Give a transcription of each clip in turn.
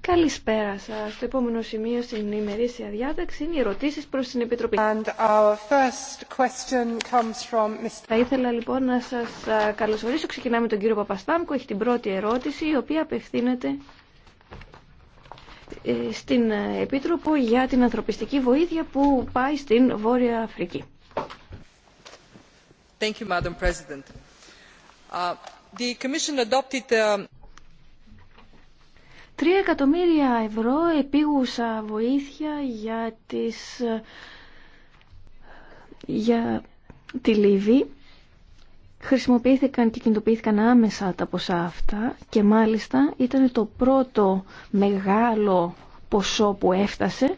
Καλησπέρα σα. Το επόμενο σημείο στην ημερήσια διάταξη είναι οι ερωτήσει προ την Επιτροπή. Θα ήθελα λοιπόν να σα καλωσορίσω. Ξεκινάμε τον κύριο Παπαστάμκο. Έχει την πρώτη ερώτηση, η οποία απευθύνεται ε, στην ε, Επίτροπο για την ανθρωπιστική βοήθεια που πάει στην Βόρεια Αφρική. Thank you, Madam President. Uh, the uh, 3 εκατομμύρια ευρώ επίγουσα βοήθεια για, τις, για τη Λίβη. Χρησιμοποιήθηκαν και κινητοποιήθηκαν άμεσα τα ποσά αυτά και μάλιστα ήταν το πρώτο μεγάλο ποσό που έφτασε.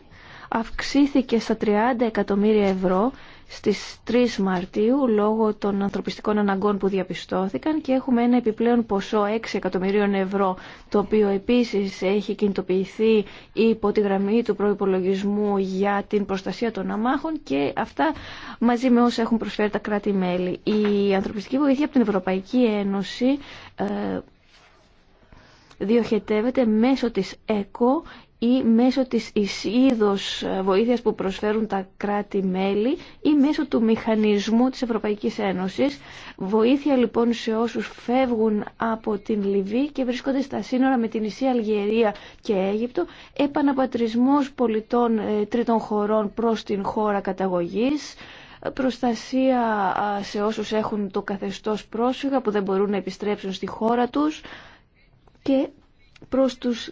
Αυξήθηκε στα 30 εκατομμύρια ευρώ στις 3 Μαρτίου λόγω των ανθρωπιστικών αναγκών που διαπιστώθηκαν και έχουμε ένα επιπλέον ποσό 6 εκατομμυρίων ευρώ το οποίο επίσης έχει κινητοποιηθεί υπό τη γραμμή του προϋπολογισμού για την προστασία των αμάχων και αυτά μαζί με όσα έχουν προσφέρει τα κράτη-μέλη. Η ανθρωπιστική βοήθεια από την Ευρωπαϊκή Ένωση ε, διοχετεύεται μέσω της ΕΚΟ ή μέσω της εισίδος βοήθειας που προσφέρουν τα κράτη-μέλη ή μέσω του μηχανισμού της Ευρωπαϊκής Ένωσης. Βοήθεια λοιπόν σε όσους φεύγουν από την Λιβύη και βρίσκονται στα σύνορα με την Ισία Αλγερία και Αίγυπτο, επαναπατρισμός πολιτών ε, τρίτων χωρών προς την χώρα καταγωγής, προστασία σε όσους έχουν το καθεστώς πρόσφυγα που δεν μπορούν να επιστρέψουν στη χώρα τους και προς τους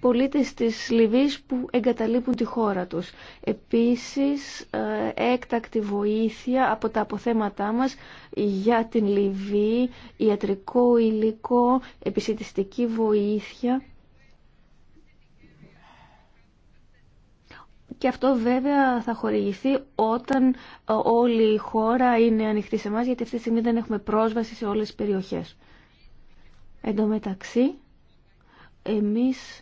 πολίτες της Λιβύης που εγκαταλείπουν τη χώρα τους. Επίσης, ε, έκτακτη βοήθεια από τα αποθέματά μας για την Λιβύη, ιατρικό υλικό, επισητιστική βοήθεια. Και αυτό βέβαια θα χορηγηθεί όταν ε, όλη η χώρα είναι ανοιχτή σε εμάς, γιατί αυτή τη στιγμή δεν έχουμε πρόσβαση σε όλες τις περιοχές. Εν τω μεταξύ, εμείς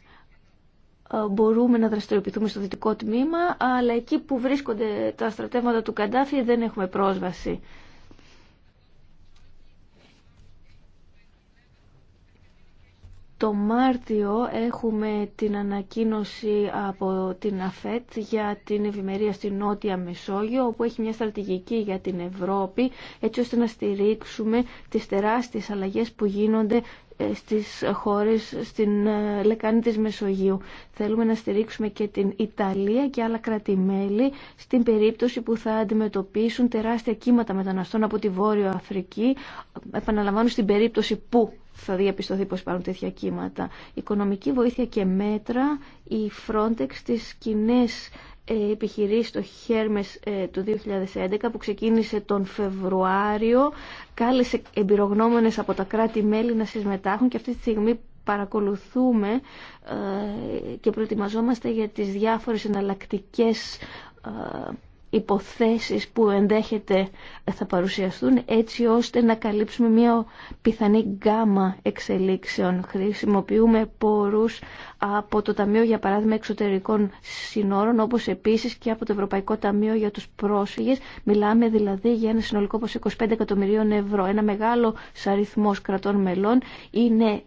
ε, μπορούμε να δραστηριοποιηθούμε στο δυτικό τμήμα, αλλά εκεί που βρίσκονται τα στρατεύματα του Καντάφη δεν έχουμε πρόσβαση. Το Μάρτιο έχουμε την ανακοίνωση από την ΑΦΕΤ για την ευημερία στην Νότια Μεσόγειο, όπου έχει μια στρατηγική για την Ευρώπη, έτσι ώστε να στηρίξουμε τις τεράστιες αλλαγές που γίνονται στις χώρες στην ε, λεκάνη της Μεσογείου. Θέλουμε να στηρίξουμε και την Ιταλία και άλλα κρατημέλη στην περίπτωση που θα αντιμετωπίσουν τεράστια κύματα μεταναστών από τη Βόρειο Αφρική. Επαναλαμβάνω στην περίπτωση που θα διαπιστωθεί πως υπάρχουν τέτοια κύματα. Οικονομική βοήθεια και μέτρα, η Frontex, τις κοινέ ε, επιχειρήσει το Χέρμες ε, του 2011 που ξεκίνησε τον Φεβρουάριο κάλεσε εμπειρογνώμονες από τα κράτη-μέλη να συμμετάχουν και αυτή τη στιγμή παρακολουθούμε ε, και προετοιμαζόμαστε για τις διάφορες εναλλακτικές υποθέσεις που ενδέχεται θα παρουσιαστούν έτσι ώστε να καλύψουμε μια πιθανή γκάμα εξελίξεων. Χρησιμοποιούμε πόρους από το Ταμείο για παράδειγμα εξωτερικών συνόρων όπως επίσης και από το Ευρωπαϊκό Ταμείο για τους πρόσφυγες. Μιλάμε δηλαδή για ένα συνολικό ποσό 25 εκατομμυρίων ευρώ. Ένα μεγάλο αριθμό κρατών μελών είναι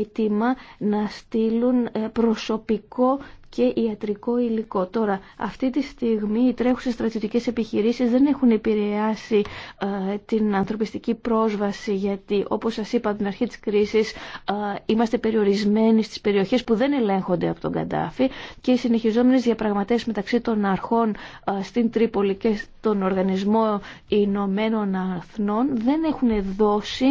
έτοιμα να στείλουν ε, προσωπικό και ιατρικό υλικό. Τώρα, αυτή τη στιγμή οι τρέχουσες στρατιωτικές επιχειρήσεις δεν έχουν επηρεάσει ε, την ανθρωπιστική πρόσβαση γιατί όπως σας είπα από την αρχή της κρίσης ε, είμαστε περιορισμένοι στις περιοχές που δεν ελέγχονται από τον Καντάφη και οι συνεχιζόμενες διαπραγματεύσεις μεταξύ των αρχών ε, στην Τρίπολη και στον Οργανισμό Ηνωμένων Αθνών δεν έχουν δώσει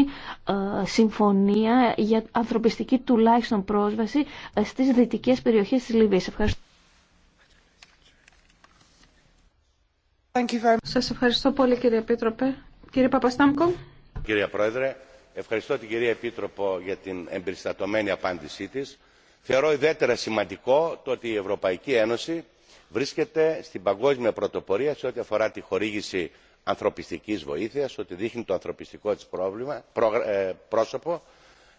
συμφωνία για ανθρωπιστική τουλάχιστον πρόσβαση στις δυτικές περιοχές της Λιβύης. Ευχαριστώ. ευχαριστώ πολύ κύριε Επίτροπε. Κύριε Παπαστάμκο. Κύριε Πρόεδρε, ευχαριστώ την κυρία Επίτροπο για την εμπεριστατωμένη απάντησή της. Θεωρώ ιδιαίτερα σημαντικό το ότι η Ευρωπαϊκή Ένωση βρίσκεται στην παγκόσμια πρωτοπορία σε ό,τι αφορά τη χορήγηση ανθρωπιστικής βοήθειας, ότι δείχνει το ανθρωπιστικό της ε, πρόσωπο.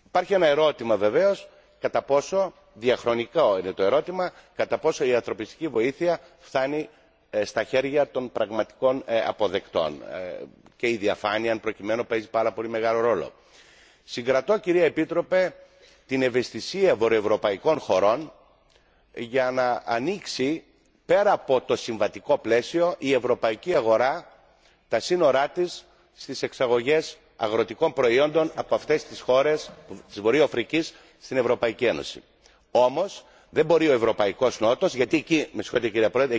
Υπάρχει ένα ερώτημα βεβαίως κατά πόσο διαχρονικό είναι το ερώτημα κατά πόσο η ανθρωπιστική βοήθεια φτάνει ε, στα χέρια των πραγματικών ε, αποδεκτών ε, και η διαφάνεια εν προκειμένου παίζει πάρα πολύ μεγάλο ρόλο. συγκρατώ κυρία επίτροπε την ευαισθησία βορειοευρωπαϊκών χωρών για να ανοίξει πέρα από το συμβατικό πλαίσιο η ευρωπαϊκή αγορά τα σύνορά της στις εξαγωγές αγροτικών προϊόντων από αυτές τις χώρες της Βορειοαφρική στην ευρωπαϊκή ένωση. όμω δεν μπορεί ο ευρωπαϊκό νότο γιατί εκεί με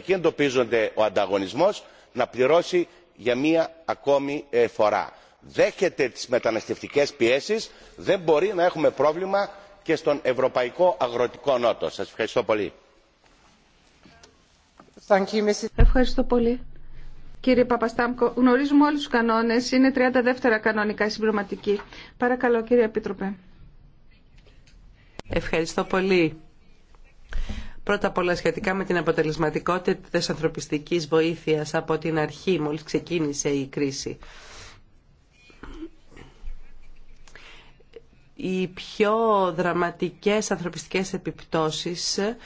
εντοπίζεται ο ανταγωνισμό να πληρώσει για μία ακόμη ε, φορά. δέχεται τι μεταναστευτικέ πιέσει δεν μπορεί να έχουμε πρόβλημα και στον ευρωπαϊκό αγροτικό νότο. σα ευχαριστώ πολύ. Ευχαριστώ πολύ. Κύριε Παπαστάμκο, γνωρίζουμε όλους τους κανόνες, είναι 32 δεύτερα κανονικά συμπληρωματική. Παρακαλώ κύριε Επίτροπε. Ευχαριστώ πολύ. Πρώτα απ' όλα σχετικά με την αποτελεσματικότητα της ανθρωπιστικής βοήθειας από την αρχή, μόλις ξεκίνησε η κρίση. οι πιο δραματικές ανθρωπιστικές επιπτώσεις ε,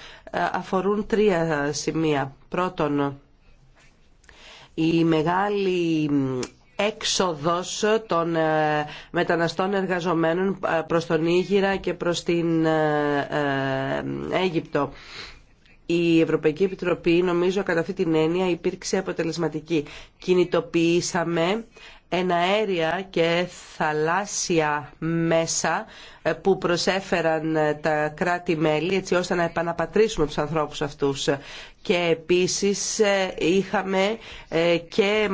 αφορούν τρία σημεία. Πρώτον, η μεγάλη έξοδος των ε, μεταναστών εργαζομένων ε, προς τον Ήγυρα και προς την ε, Αίγυπτο. Η Ευρωπαϊκή Επιτροπή νομίζω κατά αυτή την έννοια υπήρξε αποτελεσματική. Κινητοποιήσαμε ένα εναέρια και θαλάσσια μέσα που προσέφεραν τα κράτη-μέλη έτσι ώστε να επαναπατρίσουμε τους ανθρώπους αυτούς και επίσης ε, είχαμε ε, και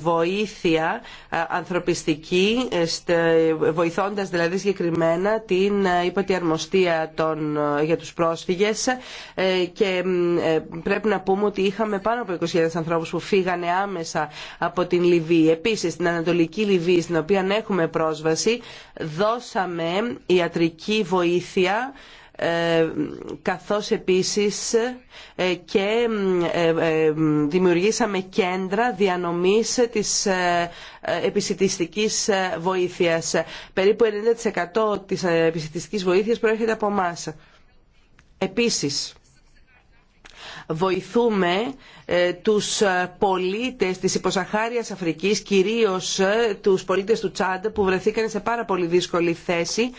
βοήθεια ε, ανθρωπιστική βοηθώντας δηλαδή συγκεκριμένα την υποτιαρμοστία των, για τους πρόσφυγες και πρέπει να πούμε ότι είχαμε πάνω από 20.000 ανθρώπους που φύγανε άμεσα από την Λιβύη. Επίσης στην Ανατολική Λιβύη στην οποία έχουμε πρόσβαση δώσαμε ιατρική βοήθεια ε, καθώς επίσης ε, και ε, δημιουργήσαμε κέντρα διανομής της επισητιστικής βοήθειας. Περίπου 90% της επισητιστικής βοήθειας προέρχεται από εμά. Επίσης, βοηθούμε τους πολίτες της υποσαχάριας Αφρικής, κυρίως τους πολίτες του Τσάντ που βρεθήκαν σε πάρα πολύ δύσκολη θέση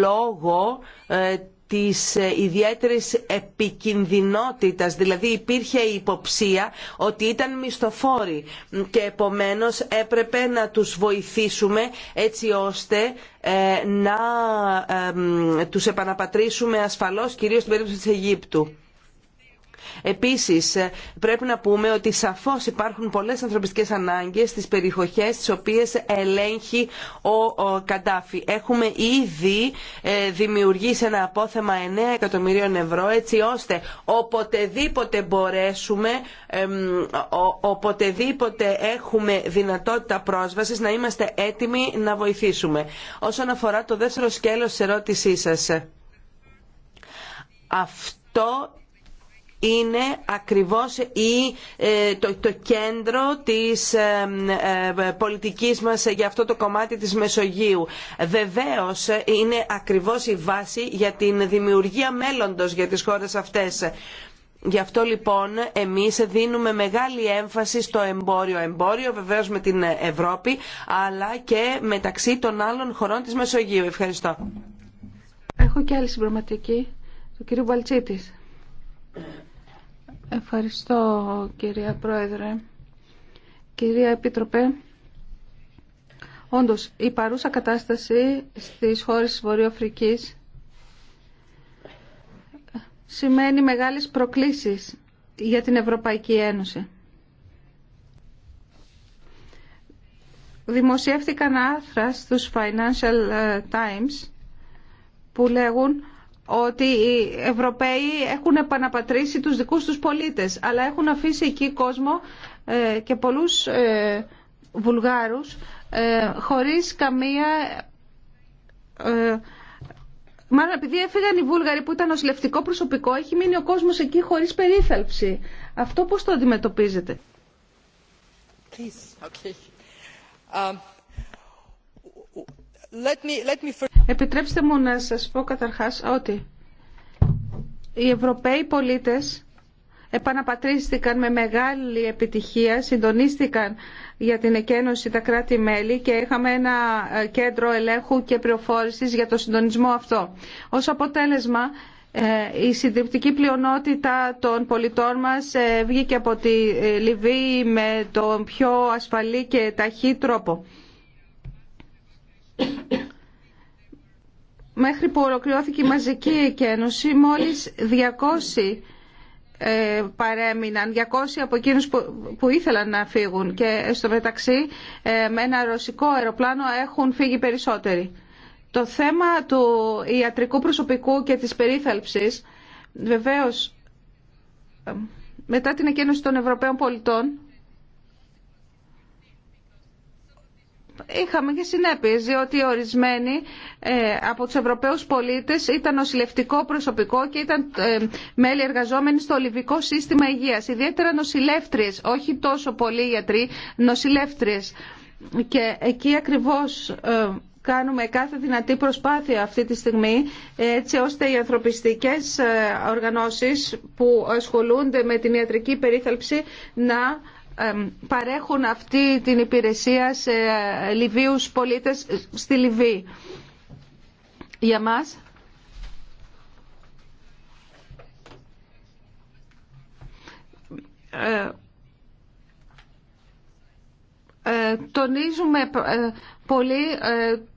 λόγω ε, της ε, ιδιαίτερης επικινδυνότητας. Δηλαδή υπήρχε η υποψία ότι ήταν μισθοφόροι και επομένως έπρεπε να τους βοηθήσουμε έτσι ώστε ε, να τους επαναπατρίσουμε ασφαλώς κυρίως στην περίπτωση της Αιγύπτου. Επίσης, πρέπει να πούμε ότι σαφώς υπάρχουν πολλές ανθρωπιστικές ανάγκες στις περιοχές τις οποίες ελέγχει ο, ο Καντάφη. Έχουμε ήδη ε, δημιουργήσει ένα απόθεμα 9 εκατομμυρίων ευρώ έτσι ώστε οποτεδήποτε μπορέσουμε, οποτεδήποτε έχουμε δυνατότητα πρόσβασης να είμαστε έτοιμοι να βοηθήσουμε. Όσον αφορά το δεύτερο σκέλος της ερώτησής σας, αυτό είναι ακριβώς η, ε, το, το κέντρο της ε, ε, πολιτικής μας για αυτό το κομμάτι της Μεσογείου. Βεβαίως είναι ακριβώς η βάση για την δημιουργία μέλλοντος για τις χώρες αυτές. Γι' αυτό λοιπόν εμείς δίνουμε μεγάλη έμφαση στο εμπόριο. Εμπόριο βεβαίως με την Ευρώπη αλλά και μεταξύ των άλλων χωρών της Μεσογείου. Ευχαριστώ. Έχω και άλλη συμπροματική του κύριο Ευχαριστώ κυρία Πρόεδρε. Κυρία Επίτροπε, όντως η παρούσα κατάσταση στις χώρες της Βορειοαφρικής σημαίνει μεγάλες προκλήσεις για την Ευρωπαϊκή Ένωση. Δημοσιεύτηκαν άθρα στους Financial ε, Times που λέγουν ότι οι Ευρωπαίοι έχουν επαναπατρίσει τους δικούς τους πολίτες, αλλά έχουν αφήσει εκεί κόσμο ε, και πολλούς ε, Βουλγάρους ε, χωρίς καμία... Μάλλον επειδή έφυγαν οι Βούλγαροι που ήταν νοσηλευτικό προσωπικό, έχει μείνει ο κόσμος εκεί χωρίς περίθαλψη. Αυτό πώς το αντιμετωπίζετε. Okay. Um, Επιτρέψτε μου να σας πω καταρχάς ότι οι Ευρωπαίοι πολίτες επαναπατρίστηκαν με μεγάλη επιτυχία, συντονίστηκαν για την εκένωση τα κράτη-μέλη και είχαμε ένα ε, κέντρο ελέγχου και πληροφόρηση για το συντονισμό αυτό. Ως αποτέλεσμα, ε, η συντριπτική πλειονότητα των πολιτών μας ε, βγήκε από τη Λιβύη με τον πιο ασφαλή και ταχύ τρόπο μέχρι που ολοκληρώθηκε η μαζική εκένωση, μόλις 200 ε, παρέμειναν 200 από εκείνους που, ήθελαν να φύγουν και στο μεταξύ ε, με ένα ρωσικό αεροπλάνο έχουν φύγει περισσότεροι. Το θέμα του ιατρικού προσωπικού και της περίθαλψης βεβαίως ε, μετά την εκένωση των Ευρωπαίων πολιτών είχαμε και συνέπειες, διότι ορισμένοι ε, από τους Ευρωπαίους πολίτες ήταν νοσηλευτικό προσωπικό και ήταν ε, μέλη εργαζόμενοι στο Λιβικό Σύστημα Υγείας. Ιδιαίτερα νοσηλεύτριες, όχι τόσο πολλοί γιατροί, νοσηλεύτριες. Και εκεί ακριβώς ε, κάνουμε κάθε δυνατή προσπάθεια αυτή τη στιγμή έτσι ώστε οι ανθρωπιστικές οργανώσεις που ασχολούνται με την ιατρική περίθαλψη να παρέχουν αυτή την υπηρεσία σε ε, Λιβύους πολίτες στη Λιβύη. Για μας ε, ε, τονίζουμε πολύ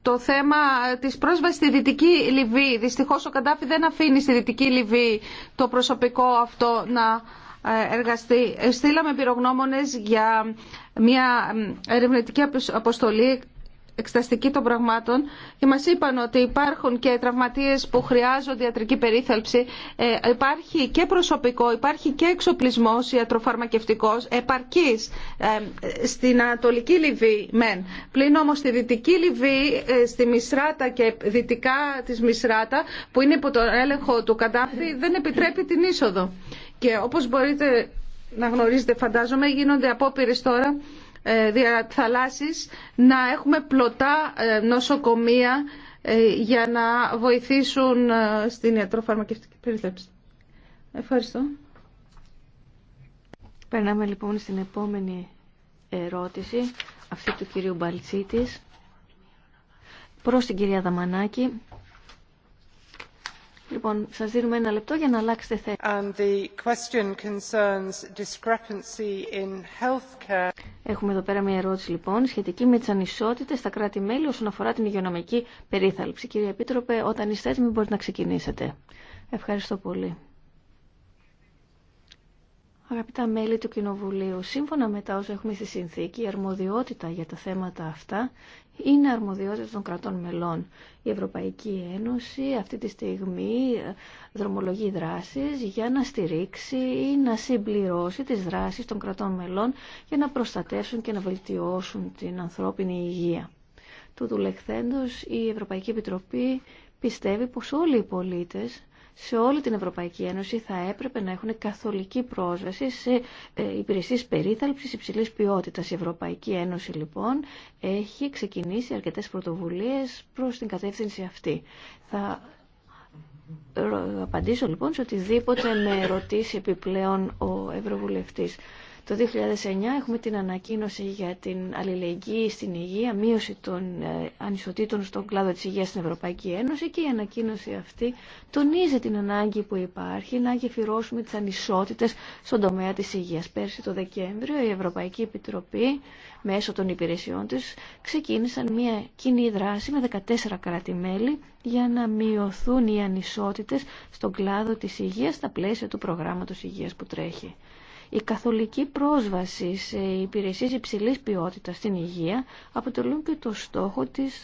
το θέμα της πρόσβασης στη Δυτική Λιβύη. Δυστυχώς ο Καντάφη δεν αφήνει στη Δυτική Λιβύη το προσωπικό αυτό να Στείλαμε πυρογνώμονες για μια ερευνητική αποστολή εξεταστική των πραγμάτων και μας είπαν ότι υπάρχουν και τραυματίες που χρειάζονται ιατρική περίθαλψη. Ε, υπάρχει και προσωπικό, υπάρχει και εξοπλισμός ιατροφαρμακευτικός επαρκής ε, στην Ανατολική Λιβύη μεν. Πλην όμως στη Δυτική Λιβύη, ε, στη Μισράτα και δυτικά της Μισράτα που είναι υπό τον έλεγχο του Καντάφη δεν επιτρέπει την είσοδο. Και όπως μπορείτε να γνωρίζετε φαντάζομαι γίνονται απόπειρες τώρα ε, δια θαλάσσης να έχουμε πλωτά ε, νοσοκομεία ε, για να βοηθήσουν στην ιατροφαρμακευτική περιθέψη. Ευχαριστώ. Περνάμε λοιπόν στην επόμενη ερώτηση, αυτή του κυρίου Μπαλτσίτης, προς την κυρία Δαμανάκη. Λοιπόν, σας δίνουμε ένα λεπτό για να αλλάξετε θέση. Έχουμε εδώ πέρα μια ερώτηση λοιπόν σχετική με τις ανισότητες στα κράτη-μέλη όσον αφορά την υγειονομική περίθαλψη. Κύριε Επίτροπε, όταν είστε έτοιμοι μπορείτε να ξεκινήσετε. Ευχαριστώ πολύ. Αγαπητά μέλη του Κοινοβουλίου, σύμφωνα με τα όσα έχουμε στη συνθήκη, η αρμοδιότητα για τα θέματα αυτά είναι αρμοδιότητα των κρατών μελών. Η Ευρωπαϊκή Ένωση αυτή τη στιγμή ε, δρομολογεί δράσεις για να στηρίξει ή να συμπληρώσει τις δράσεις των κρατών μελών για να προστατεύσουν και να βελτιώσουν την ανθρώπινη υγεία. Του δουλεχθέντος η Ευρωπαϊκή Επιτροπή πιστεύει πως όλοι οι πολίτες σε όλη την Ευρωπαϊκή Ένωση θα έπρεπε να έχουν καθολική πρόσβαση σε ε, υπηρεσίες περίθαλψης υψηλής ποιότητας. Η Ευρωπαϊκή Ένωση λοιπόν έχει ξεκινήσει αρκετές πρωτοβουλίες προς την κατεύθυνση αυτή. Θα απαντήσω λοιπόν σε οτιδήποτε με ρωτήσει επιπλέον ο Ευρωβουλευτής. Το 2009 έχουμε την ανακοίνωση για την αλληλεγγύη στην υγεία, μείωση των ε, ανισοτήτων στον κλάδο της υγείας στην Ευρωπαϊκή Ένωση και η ανακοίνωση αυτή τονίζει την ανάγκη που υπάρχει να γεφυρώσουμε τις ανισότητες στον τομέα της υγείας. Πέρσι το Δεκέμβριο η Ευρωπαϊκή Επιτροπή μέσω των υπηρεσιών της ξεκίνησαν μια κοινή δράση με 14 κράτη-μέλη για να μειωθούν οι ανισότητες στον κλάδο της υγείας στα πλαίσια του προγράμματος υγείας που τρέχει. Η καθολική πρόσβαση σε υπηρεσίες υψηλής ποιότητας στην υγεία αποτελούν και το στόχο της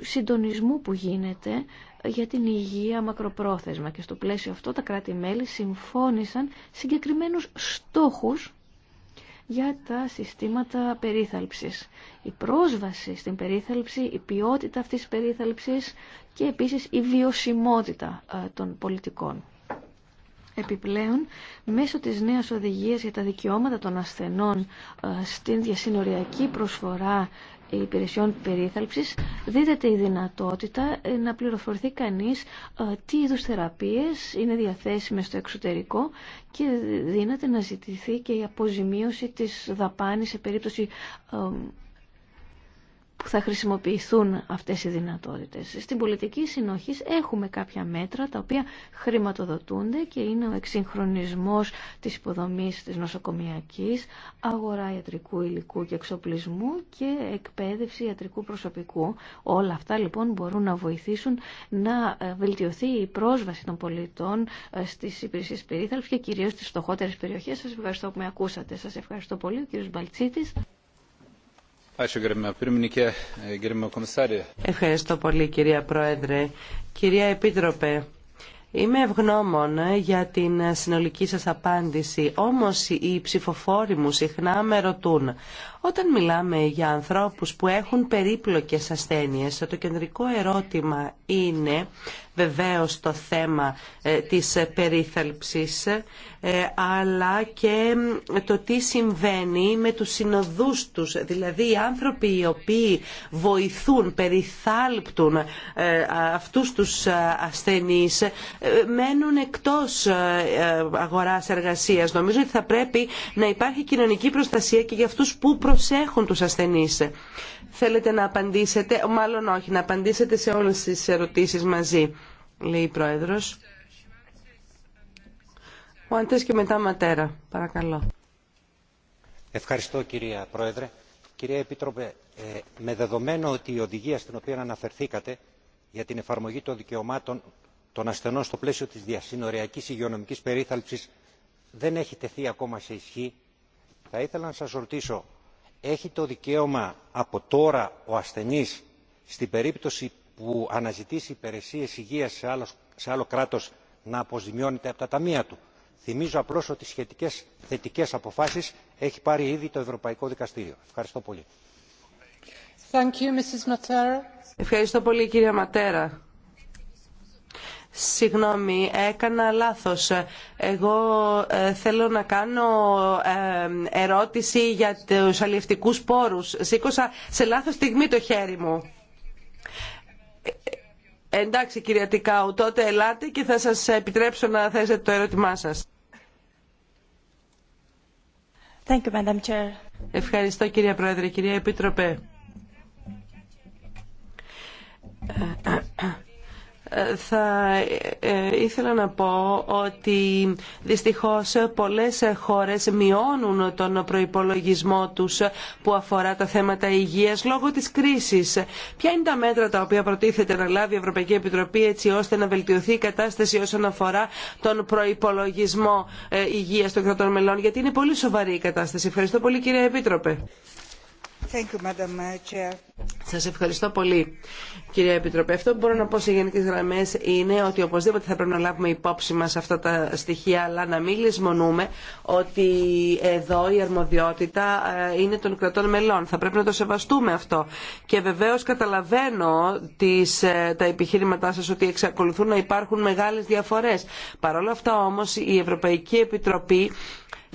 συντονισμού που γίνεται για την υγεία μακροπρόθεσμα και στο πλαίσιο αυτό τα κράτη-μέλη συμφώνησαν συγκεκριμένους στόχους για τα συστήματα περίθαλψης. Η πρόσβαση στην περίθαλψη, η ποιότητα αυτής της περίθαλψης και επίσης η βιωσιμότητα ε, των πολιτικών. Επιπλέον, μέσω της νέας οδηγίας για τα δικαιώματα των ασθενών ε, στην διασυνοριακή προσφορά υπηρεσιών περίθαλψης δίδεται η δυνατότητα ε, να πληροφορηθεί κανείς ε, τι είδους θεραπείες είναι διαθέσιμες στο εξωτερικό και δίνεται να ζητηθεί και η αποζημίωση της δαπάνης σε περίπτωση θα χρησιμοποιηθούν αυτές οι δυνατότητες. Στην πολιτική συνοχή έχουμε κάποια μέτρα τα οποία χρηματοδοτούνται και είναι ο εξυγχρονισμός της υποδομής της νοσοκομιακής, αγορά ιατρικού υλικού και εξοπλισμού και εκπαίδευση ιατρικού προσωπικού. Όλα αυτά λοιπόν μπορούν να βοηθήσουν να ε, βελτιωθεί η πρόσβαση των πολιτών ε, στις υπηρεσίες περίθαλψης και κυρίως στις φτωχότερες περιοχές. Σας ευχαριστώ που με ακούσατε. Σας ευχαριστώ πολύ ο κ. Μπαλτσίτης. E, Ευχαριστώ πολύ κυρία Πρόεδρε. Κυρία Επίτροπε, είμαι ευγνώμων για την συνολική σας απάντηση, όμως οι ψηφοφόροι μου συχνά με ρωτούν όταν μιλάμε για ανθρώπους που έχουν περίπλοκες ασθένειες, το κεντρικό ερώτημα είναι βεβαίως το θέμα ε, της περίθαλψης, ε, αλλά και το τι συμβαίνει με τους συνοδούς τους. Δηλαδή οι άνθρωποι οι οποίοι βοηθούν, περιθάλπτουν ε, αυτούς τους ασθενείς, μένουν εκτός αγοράς εργασίας. Νομίζω ότι θα πρέπει να υπάρχει κοινωνική προστασία και για αυτούς που προσπαθούν έχουν τους ασθενείς. Θέλετε να απαντήσετε, μάλλον όχι, να απαντήσετε σε όλες τις ερωτήσεις μαζί, λέει η Πρόεδρος. Ο Αντές και μετά Ματέρα, παρακαλώ. Ευχαριστώ κυρία Πρόεδρε. Κυρία Επίτροπε, ε, με δεδομένο ότι η οδηγία στην οποία αναφερθήκατε για την εφαρμογή των δικαιωμάτων των ασθενών στο πλαίσιο της διασυνοριακής υγειονομικής περίθαλψης δεν έχει τεθεί ακόμα σε ισχύ θα ήθελα να σας ρωτήσω έχει το δικαίωμα από τώρα ο ασθενής στην περίπτωση που αναζητήσει υπηρεσίες υγείας σε άλλο κράτος να αποζημιώνεται από τα ταμεία του. θυμίζω απλώς ότι σχετικές θετικές αποφάσεις έχει πάρει ήδη το ευρωπαϊκό δικαστήριο. ευχαριστώ πολύ. Συγγνώμη, έκανα λάθος. Εγώ ε, θέλω να κάνω ε, ερώτηση για τους αλλιευτικούς πόρους. Σήκωσα σε λάθος στιγμή το χέρι μου. Ε, εντάξει κυρία Τικάου, τότε ελάτε και θα σας επιτρέψω να θέσετε το ερώτημά σας. Thank you, Ευχαριστώ κυρία Πρόεδρε, κυρία Επίτροπε θα ε, ήθελα να πω ότι δυστυχώς πολλές χώρες μειώνουν τον προϋπολογισμό τους που αφορά τα θέματα υγείας λόγω της κρίσης. Ποια είναι τα μέτρα τα οποία προτίθεται να λάβει η Ευρωπαϊκή Επιτροπή έτσι ώστε να βελτιωθεί η κατάσταση όσον αφορά τον προϋπολογισμό ε, υγείας των κρατών μελών γιατί είναι πολύ σοβαρή η κατάσταση. Ευχαριστώ πολύ κύριε Επίτροπε. Thank Σας ευχαριστώ πολύ. Κυρία Επιτροπέ, αυτό που μπορώ να πω σε γενικέ γραμμέ είναι ότι οπωσδήποτε θα πρέπει να λάβουμε υπόψη μα αυτά τα στοιχεία, αλλά να μην λησμονούμε ότι εδώ η αρμοδιότητα ε, είναι των κρατών μελών. Θα πρέπει να το σεβαστούμε αυτό. Και βεβαίω καταλαβαίνω τις, ε, τα επιχείρηματά σα ότι εξακολουθούν να υπάρχουν μεγάλε διαφορέ. Παρ' όλα αυτά όμω η Ευρωπαϊκή Επιτροπή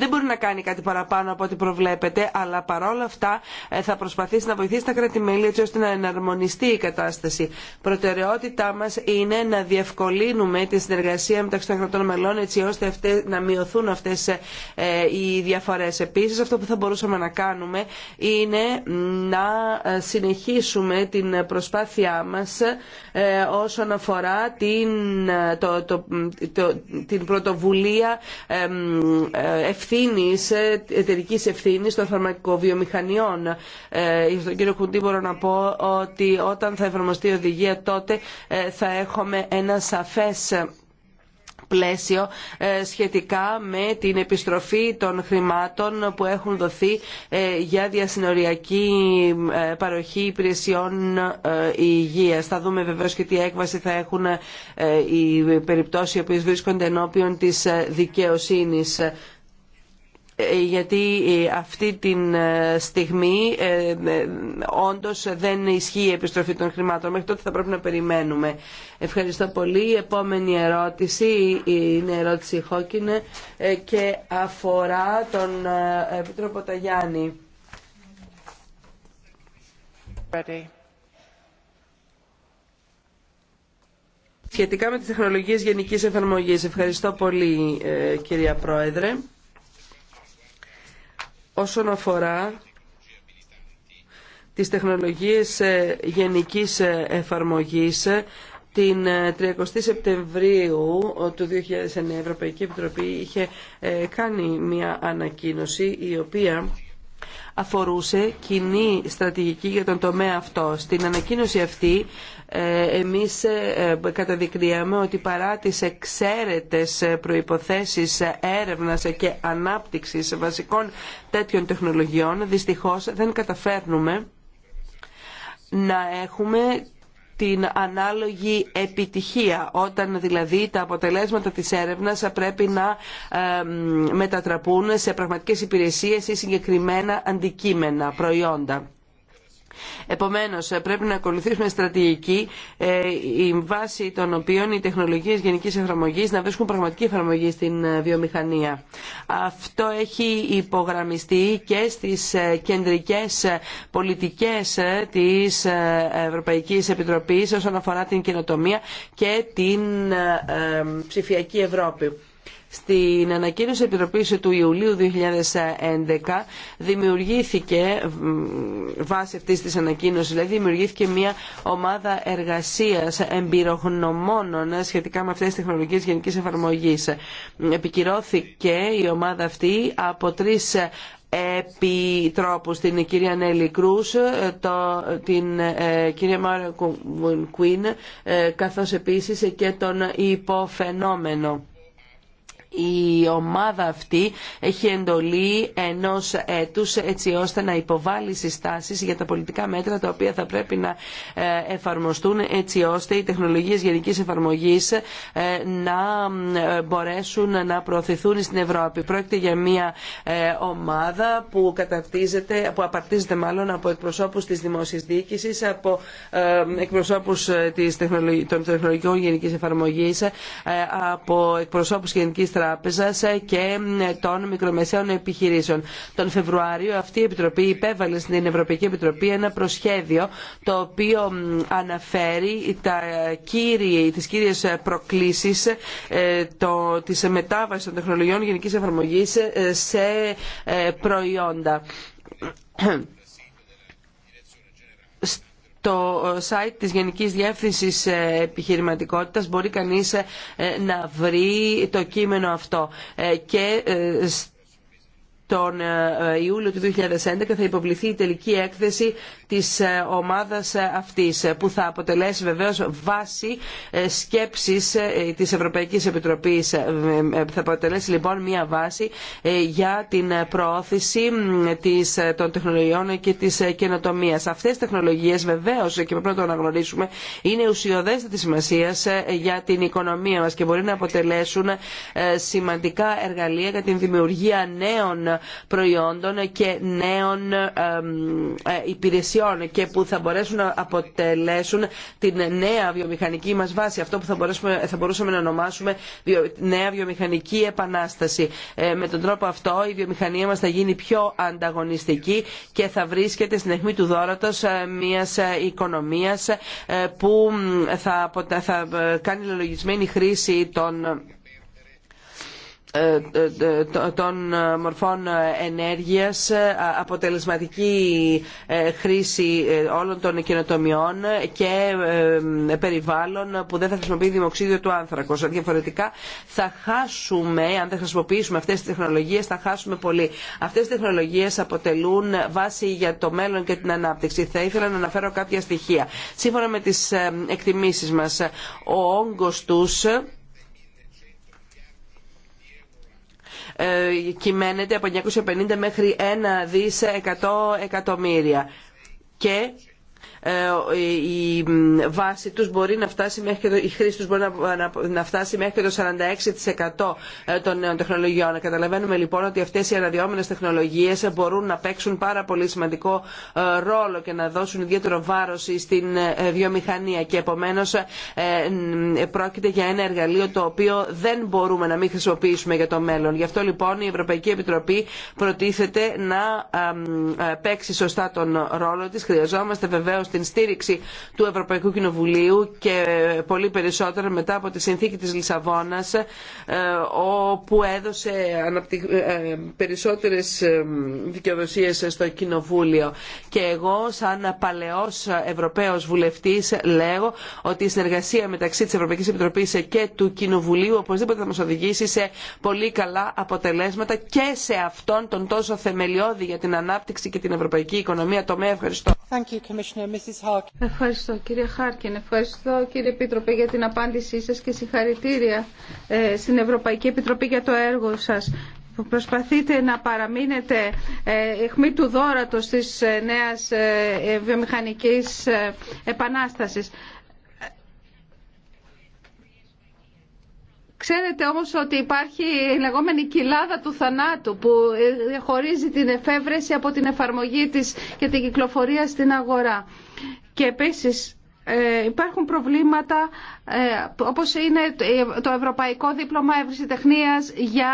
δεν μπορεί να κάνει κάτι παραπάνω από ό,τι προβλέπεται, αλλά παρόλα αυτά ε, θα προσπαθήσει να βοηθήσει τα κράτη-μέλη έτσι ώστε να εναρμονιστεί η κατάσταση. Προτεραιότητά μα είναι να διευκολύνουμε τη συνεργασία μεταξύ των κρατών μελών έτσι ώστε αυτές, να μειωθούν αυτέ ε, ε, οι διαφορέ. Επίση, αυτό που θα μπορούσαμε να κάνουμε είναι να συνεχίσουμε την προσπάθειά μας όσον αφορά την, το, το, την πρωτοβουλία ευθύνη ευθύνη, ε, εταιρική ευθύνης των φαρμακοβιομηχανιών. Ε, στον κύριο Κουντή μπορώ να πω ότι όταν θα εφαρμοστεί η οδηγία τότε ε, θα έχουμε ένα σαφές πλαίσιο ε, σχετικά με την επιστροφή των χρημάτων που έχουν δοθεί για διασυνοριακή παροχή υπηρεσιών υγείας. Θα δούμε βεβαίως και τι έκβαση θα έχουν οι περιπτώσεις οι οποίες βρίσκονται ενώπιον της δικαιοσύνης γιατί ε, αυτή τη ε, στιγμή ε, όντως δεν ισχύει η επιστροφή των χρημάτων. Μέχρι τότε θα πρέπει να περιμένουμε. Ευχαριστώ πολύ. Η επόμενη ερώτηση είναι ερώτηση Χόκκινε και αφορά τον Επίτροπο Ταγιάννη. Σχετικά με τις τεχνολογίες γενικής εφαρμογής. Ευχαριστώ πολύ κυρία Πρόεδρε όσον αφορά τις τεχνολογίες ε, γενικής ε, εφαρμογής την 30 ε, Σεπτεμβρίου του 2009 η Ευρωπαϊκή Επιτροπή είχε κάνει μια ανακοίνωση η οποία αφορούσε κοινή στρατηγική για τον τομέα αυτό. Στην ανακοίνωση αυτή εμείς ε, ε, καταδεικνύαμε ότι παρά τις εξαίρετες ε, προϋποθέσεις έρευνας και ανάπτυξης βασικών τέτοιων τεχνολογιών, δυστυχώς δεν καταφέρνουμε να έχουμε την ανάλογη επιτυχία όταν δηλαδή τα αποτελέσματα της έρευνας πρέπει να μετατραπούν σε πραγματικές υπηρεσίες ή συγκεκριμένα αντικείμενα, προϊόντα. Επομένως, πρέπει να ακολουθήσουμε στρατηγική ε, η βάση των οποίων οι τεχνολογίες γενικής εφαρμογή να βρίσκουν πραγματική εφαρμογή στην ε, βιομηχανία. Αυτό έχει υπογραμμιστεί και στις ε, κεντρικές πολιτικές της Ευρωπαϊκής Επιτροπής όσον αφορά την καινοτομία και την ψηφιακή Ευρώπη. Στην ανακοίνωση Επιτροπής του Ιουλίου 2011 δημιουργήθηκε, βάσει αυτής της ανακοίνωσης, δηλαδή δημιουργήθηκε μια ομάδα εργασίας εμπειρογνωμόνων σχετικά με αυτές τις τεχνολογίες γενικής εφαρμογής. Επικυρώθηκε η ομάδα αυτή από τρεις επιτρόπους, την κυρία Νέλη Κρούς, την ε, κυρία Μάρια Κουίν, ε, καθώς επίσης και τον υποφαινόμενο η ομάδα αυτή έχει εντολή ενός έτους έτσι ώστε να υποβάλει συστάσεις για τα πολιτικά μέτρα τα οποία θα πρέπει να ε, εφαρμοστούν έτσι ώστε οι τεχνολογίες γενικής εφαρμογής ε, να ε, μπορέσουν να προωθηθούν στην Ευρώπη. Πρόκειται για μια ομάδα που, που απαρτίζεται μάλλον από εκπροσώπους της δημόσιας διοίκησης, από εκπροσώπους των τεχνολογικών γενικής εφαρμογής, από εκπροσώπους γενικής ε, και ε, των μικρομεσαίων επιχειρήσεων. Τον Φεβρουάριο αυτή η Επιτροπή υπέβαλε στην Ευρωπαϊκή Επιτροπή ένα προσχέδιο το οποίο αναφέρει τα κύριε, τις κύριες προκλήσεις ε, το, της μετάβασης των τεχνολογιών γενικής εφαρμογής σε προϊόντα το site της Γενικής Διεύθυνσης ε, Επιχειρηματικότητας μπορεί κανείς ε, ε, να βρει το κείμενο αυτό. Και τον Ιούλιο του 2011 θα υποβληθεί η τελική έκθεση της ε, ομάδας ε, αυτής ε, που θα αποτελέσει βεβαίως βάση σκέψης της Ευρωπαϊκής Επιτροπής. Θα αποτελέσει λοιπόν μια βάση για την προώθηση των τεχνολογιών και της καινοτομίας. Αυτές οι τεχνολογίες βεβαίως και πρέπει να το αναγνωρίσουμε είναι της σημασία για την οικονομία μας και μπορεί να αποτελέσουν σημαντικά εργαλεία για την δημιουργία νέων προϊόντων και νέων υπηρεσιών και που θα μπορέσουν να αποτελέσουν την νέα βιομηχανική μας βάση, αυτό που θα, θα μπορούσαμε να ονομάσουμε νέα βιομηχανική επανάσταση. Ε, με τον τρόπο αυτό η βιομηχανία μας θα γίνει πιο ανταγωνιστική και θα βρίσκεται στην αιχμή του δόρατος ε, μιας ε, οικονομίας που θα κάνει λογισμένη χρήση των των μορφών ενέργειας, αποτελεσματική χρήση όλων των καινοτομιών και ε, περιβάλλον που δεν θα χρησιμοποιεί δημοξίδιο του άνθρακος. Διαφορετικά θα χάσουμε, αν δεν χρησιμοποιήσουμε αυτές τις τεχνολογίες, θα χάσουμε πολύ. Αυτές οι τεχνολογίες αποτελούν βάση για το μέλλον και την ανάπτυξη. Θα ήθελα να αναφέρω κάποια στοιχεία. Σύμφωνα με τις ε, εκτιμήσεις μας, ο όγκος τους Ε, κυμαίνεται από 950 μέχρι 1 δις 100 εκατομμύρια. Και ε, η βάση τους μπορεί να φτάσει μέχρι το, η χρήση τους μπορεί να, να, φτάσει μέχρι το 46% ε, των νέων τεχνολογιών. Καταλαβαίνουμε λοιπόν ότι αυτές οι αναδυόμενες τεχνολογίες μπορούν να παίξουν πάρα πολύ σημαντικό ε, ρόλο και να δώσουν ιδιαίτερο βάρος στην βιομηχανία και επομένως πρόκειται για ένα εργαλείο το οποίο δεν μπορούμε να μην χρησιμοποιήσουμε για το μέλλον. Γι' αυτό λοιπόν η Ευρωπαϊκή Επιτροπή προτίθεται να παίξει σωστά τον ρόλο της. Χρειαζόμαστε βεβαίως την στήριξη του Ευρωπαϊκού Κοινοβουλίου και πολύ περισσότερο μετά από τη συνθήκη της Λισαβόνας ε, όπου έδωσε ε, περισσότερες ε, δικαιοδοσίες στο Κοινοβούλιο. Και εγώ σαν παλαιός Ευρωπαίος βουλευτής λέγω ότι η συνεργασία μεταξύ της Ευρωπαϊκής Επιτροπής και του Κοινοβουλίου οπωσδήποτε θα μας οδηγήσει σε πολύ καλά αποτελέσματα και σε αυτόν τον τόσο θεμελιώδη για την ανάπτυξη και την ευρωπαϊκή οικονομία τομέα. Ευχαριστώ. Ευχαριστώ κύριε Χάρκιν, ευχαριστώ κύριε Επίτροπε για την απάντησή σας και συγχαρητήρια ε, στην Ευρωπαϊκή Επιτροπή για το έργο σας που προσπαθείτε να παραμείνετε εχμή του δόρατος της ε, νέας ε, βιομηχανικής επανάστασης. Ξέρετε όμως ότι υπάρχει η λεγόμενη κοιλάδα του θανάτου που ε, χωρίζει την εφεύρεση από την εφαρμογή της και την κυκλοφορία στην αγορά. Και επίσης ε, υπάρχουν προβλήματα ε, όπως είναι το ε, Ευρωπαϊκό Δίπλωμα Τεχνίας για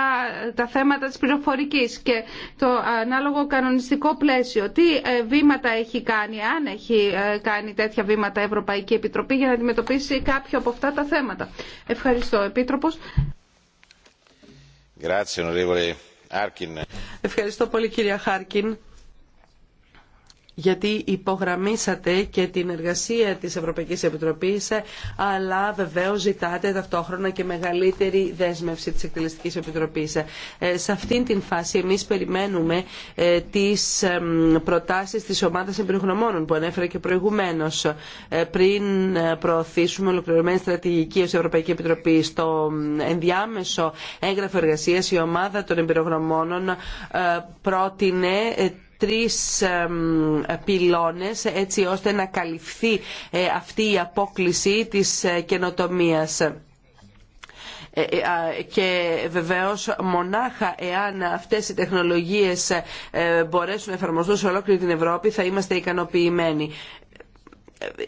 τα θέματα της πληροφορικής και το ανάλογο κανονιστικό πλαίσιο. Τι βήματα έχει κάνει, αν έχει κάνει τέτοια βήματα η Ευρωπαϊκή Επιτροπή για να αντιμετωπίσει κάποιο από αυτά τα θέματα. Ευχαριστώ. Επίτροπος. Ευχαριστώ πολύ κυρία Χάρκιν γιατί υπογραμμίσατε και την εργασία της Ευρωπαϊκής Επιτροπής αλλά βεβαίως ζητάτε ταυτόχρονα και μεγαλύτερη δέσμευση της Εκτελεστικής Επιτροπής. Ε, σε αυτήν την φάση εμείς περιμένουμε ε, τις προτάσεις της ομάδας εμπειρογνωμόνων που ανέφερα και προηγουμένως ε, πριν προωθήσουμε ολοκληρωμένη στρατηγική ως Ευρωπαϊκή Επιτροπή στο ενδιάμεσο έγγραφο εργασίας η ομάδα των εμπειρογνωμόνων πρότεινε τρεις πυλώνες έτσι ώστε να καλυφθεί ε, αυτή η απόκληση της ε, καινοτομίας ε, και βεβαίως μονάχα εάν αυτές οι τεχνολογίες μπορέσουν να εφαρμοστούν σε ολόκληρη την Ευρώπη θα είμαστε ικανοποιημένοι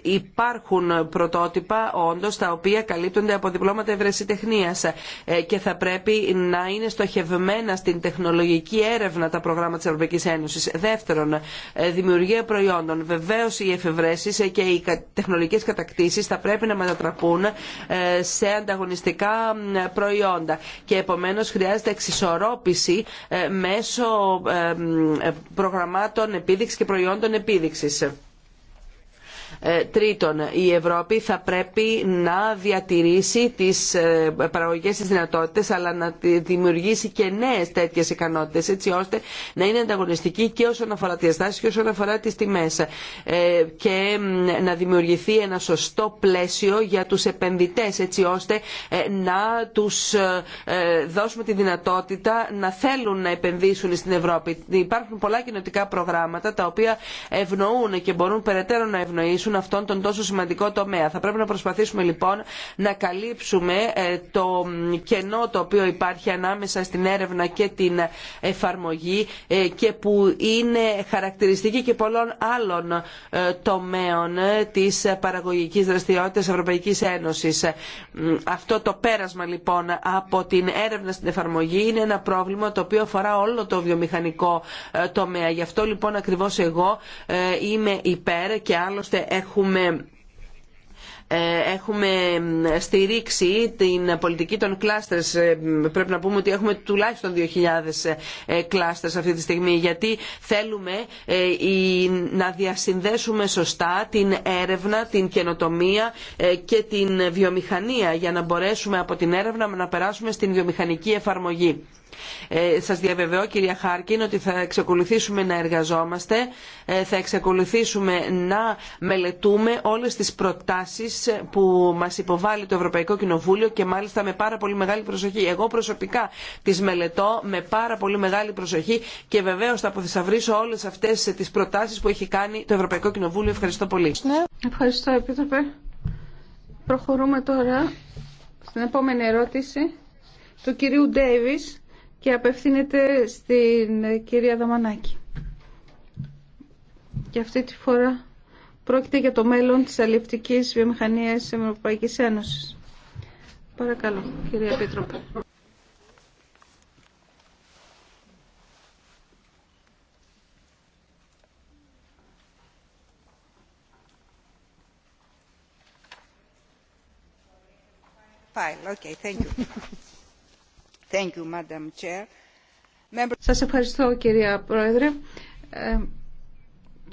υπάρχουν πρωτότυπα όντως τα οποία καλύπτονται από διπλώματα ευρεσιτεχνίας ε, και θα πρέπει να είναι στοχευμένα στην τεχνολογική έρευνα τα προγράμματα της Ευρωπαϊκής Ένωσης. Δεύτερον, ε, δημιουργία προϊόντων. Βεβαίως οι εφευρέσεις ε, και οι τεχνολογικές κατακτήσεις θα πρέπει να μετατραπούν σε ανταγωνιστικά προϊόντα και επομένως χρειάζεται εξισορρόπηση μέσω προγραμμάτων επίδειξης και προϊόντων επίδειξης ε, τρίτον, η Ευρώπη θα πρέπει να διατηρήσει τις ε, παραγωγές της δυνατότητες αλλά να δημιουργήσει και νέες τέτοιες ικανότητες έτσι ώστε να είναι ανταγωνιστική και όσον αφορά τις δάσεις και όσον αφορά τις τιμές ε, και να δημιουργηθεί ένα σωστό πλαίσιο για τους επενδυτές έτσι ώστε να τους δώσουμε τη δυνατότητα να θέλουν να επενδύσουν στην Ευρώπη. Υπάρχουν πολλά κοινοτικά προγράμματα τα οποία ευνοούν και μπορούν περαιτέρω να ευνοήσουν ρυθμίσουν αυτόν τον τόσο σημαντικό τομέα. Θα πρέπει να προσπαθήσουμε λοιπόν να καλύψουμε ε, το κενό το οποίο υπάρχει ανάμεσα στην έρευνα και την εφαρμογή ε, και που είναι χαρακτηριστική και πολλών άλλων ε, τομέων της παραγωγικής δραστηριότητας Ευρωπαϊκής Ένωσης. Αυτό το πέρασμα λοιπόν από την έρευνα στην εφαρμογή είναι ένα πρόβλημα το οποίο αφορά όλο το βιομηχανικό τομέα. Γι' αυτό λοιπόν ακριβώς εγώ είμαι υπέρ και άλλωστε έχουμε ε, έχουμε στηρίξει την πολιτική των κλάστερς ε, πρέπει να πούμε ότι έχουμε τουλάχιστον 2.000 ε, κλάστερς αυτή τη στιγμή γιατί θέλουμε να διασυνδέσουμε σωστά την έρευνα, την καινοτομία και την βιομηχανία για να μπορέσουμε από την έρευνα να περάσουμε στην βιομηχανική εφαρμογή. Ε, σας διαβεβαιώ κυρία Χάρκιν ότι θα εξακολουθήσουμε να εργαζόμαστε, ε, θα εξακολουθήσουμε να μελετούμε όλες τις προτάσεις που μας υποβάλλει το Ευρωπαϊκό Κοινοβούλιο και μάλιστα με πάρα πολύ μεγάλη προσοχή. Εγώ προσωπικά τις μελετώ με πάρα πολύ μεγάλη προσοχή και βεβαίω θα αποθυσαυρίσω όλες αυτές τις προτάσεις που έχει κάνει το Ευρωπαϊκό Κοινοβούλιο. Ευχαριστώ πολύ. Ναι. Ευχαριστώ Επίτροπε. Προχωρούμε τώρα στην επόμενη ερώτηση του κυρίου Ντέιβις και απευθύνεται στην κυρία Δαμανάκη. Και αυτή τη φορά πρόκειται για το μέλλον της αλληλευτικής βιομηχανίας της Ευρωπαϊκής Ένωσης. Παρακαλώ, κυρία Πίτροπε. Okay, thank you. Thank Σας ευχαριστώ κυρία Πρόεδρε. Ε,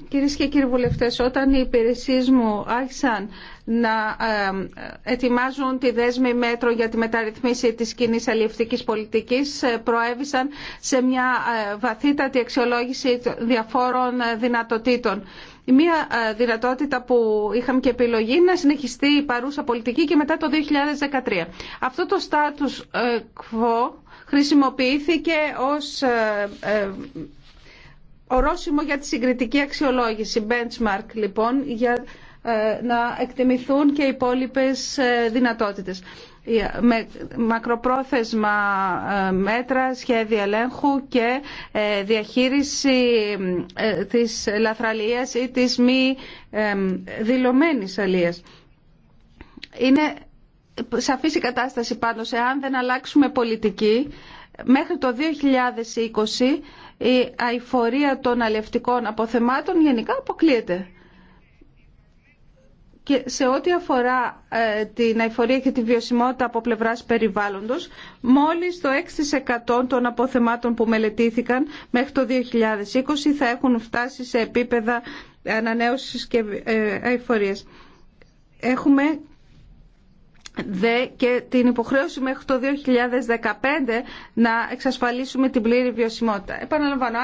κυρίες και κύριοι βουλευτές, όταν οι υπηρεσίες μου άρχισαν να ε, ετοιμάζουν τη δέσμη μέτρο για τη μεταρρυθμίση της κοινή αλληλευτικής πολιτικής, ε, προέβησαν σε μια βαθύτατη αξιολόγηση διαφόρων δυνατοτήτων. Η μία ε, δυνατότητα που είχαμε και επιλογή είναι να συνεχιστεί η παρούσα πολιτική και μετά το 2013. Αυτό το status ε, quo χρησιμοποιήθηκε ως ε, ορόσημο για τη συγκριτική αξιολόγηση, benchmark λοιπόν, για να εκτιμηθούν και οι υπόλοιπες δυνατότητες με μακροπρόθεσμα ε, μέτρα, σχέδια ελέγχου και ε, διαχείριση ε, της λαθραλίας ή της μη δηλωμένης αλίας. Είναι σαφής η κατάσταση πάντως, εάν δεν αλλάξουμε πολιτική, μέχρι το 2020 η αηφορία των αλευτικών αποθεμάτων γενικά αποκλείεται. Και σε ό,τι αφορά ε, την αηφορία και τη βιωσιμότητα από πλευράς περιβάλλοντος, μόλις το 6% των αποθεμάτων που μελετήθηκαν μέχρι το 2020 θα έχουν φτάσει σε επίπεδα ανανέωσης και ε, αηφορίας. Έχουμε δε και την υποχρέωση μέχρι το 2015 να εξασφαλίσουμε την πλήρη βιωσιμότητα. Επαναλαμβάνω,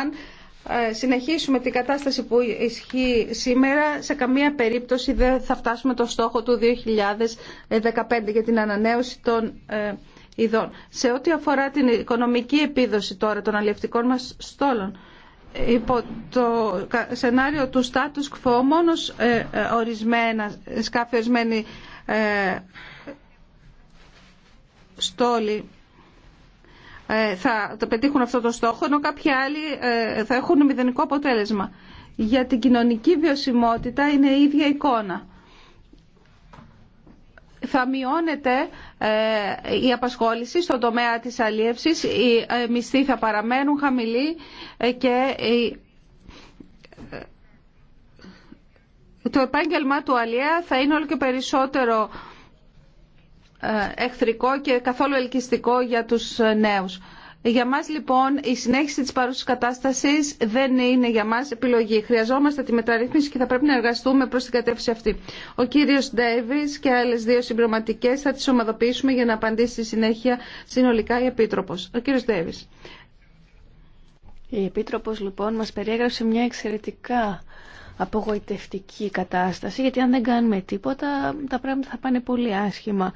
ε, συνεχίσουμε την κατάσταση που ισχύει σήμερα, σε καμία περίπτωση δεν θα φτάσουμε το στόχο του 2015 για την ανανέωση των ε, ειδών. Σε ό,τι αφορά την οικονομική επίδοση τώρα των αλληλευτικών μας στόλων, υπό το σενάριο του status quo μόνος ε, ορισμένα, σκάφη ορισμένη στόλη ε, θα το πετύχουν αυτό το στόχο, ενώ κάποιοι άλλοι ε, θα έχουν μηδενικό αποτέλεσμα. Για την κοινωνική βιωσιμότητα είναι η ίδια εικόνα. Θα μειώνεται ε, η απασχόληση στον τομέα της αλίευσης, οι μισθοί θα παραμένουν χαμηλοί και το επάγγελμα του αλία θα είναι όλο και περισσότερο ε, εχθρικό και καθόλου ελκυστικό για τους ε, νέους. Για μας λοιπόν η συνέχιση της παρούσης κατάστασης δεν είναι για μας επιλογή. Χρειαζόμαστε τη μεταρρύθμιση και θα πρέπει να εργαστούμε προς την κατεύθυνση αυτή. Ο κύριος Ντέιβις και άλλες δύο συμπροματικές θα τις ομαδοποιήσουμε για να απαντήσει στη συνέχεια συνολικά η Επίτροπος. Ο κύριος Ντέιβις. Η Επίτροπος λοιπόν μας περιέγραψε μια εξαιρετικά απογοητευτική κατάσταση γιατί αν δεν κάνουμε τίποτα τα πράγματα θα πάνε πολύ άσχημα.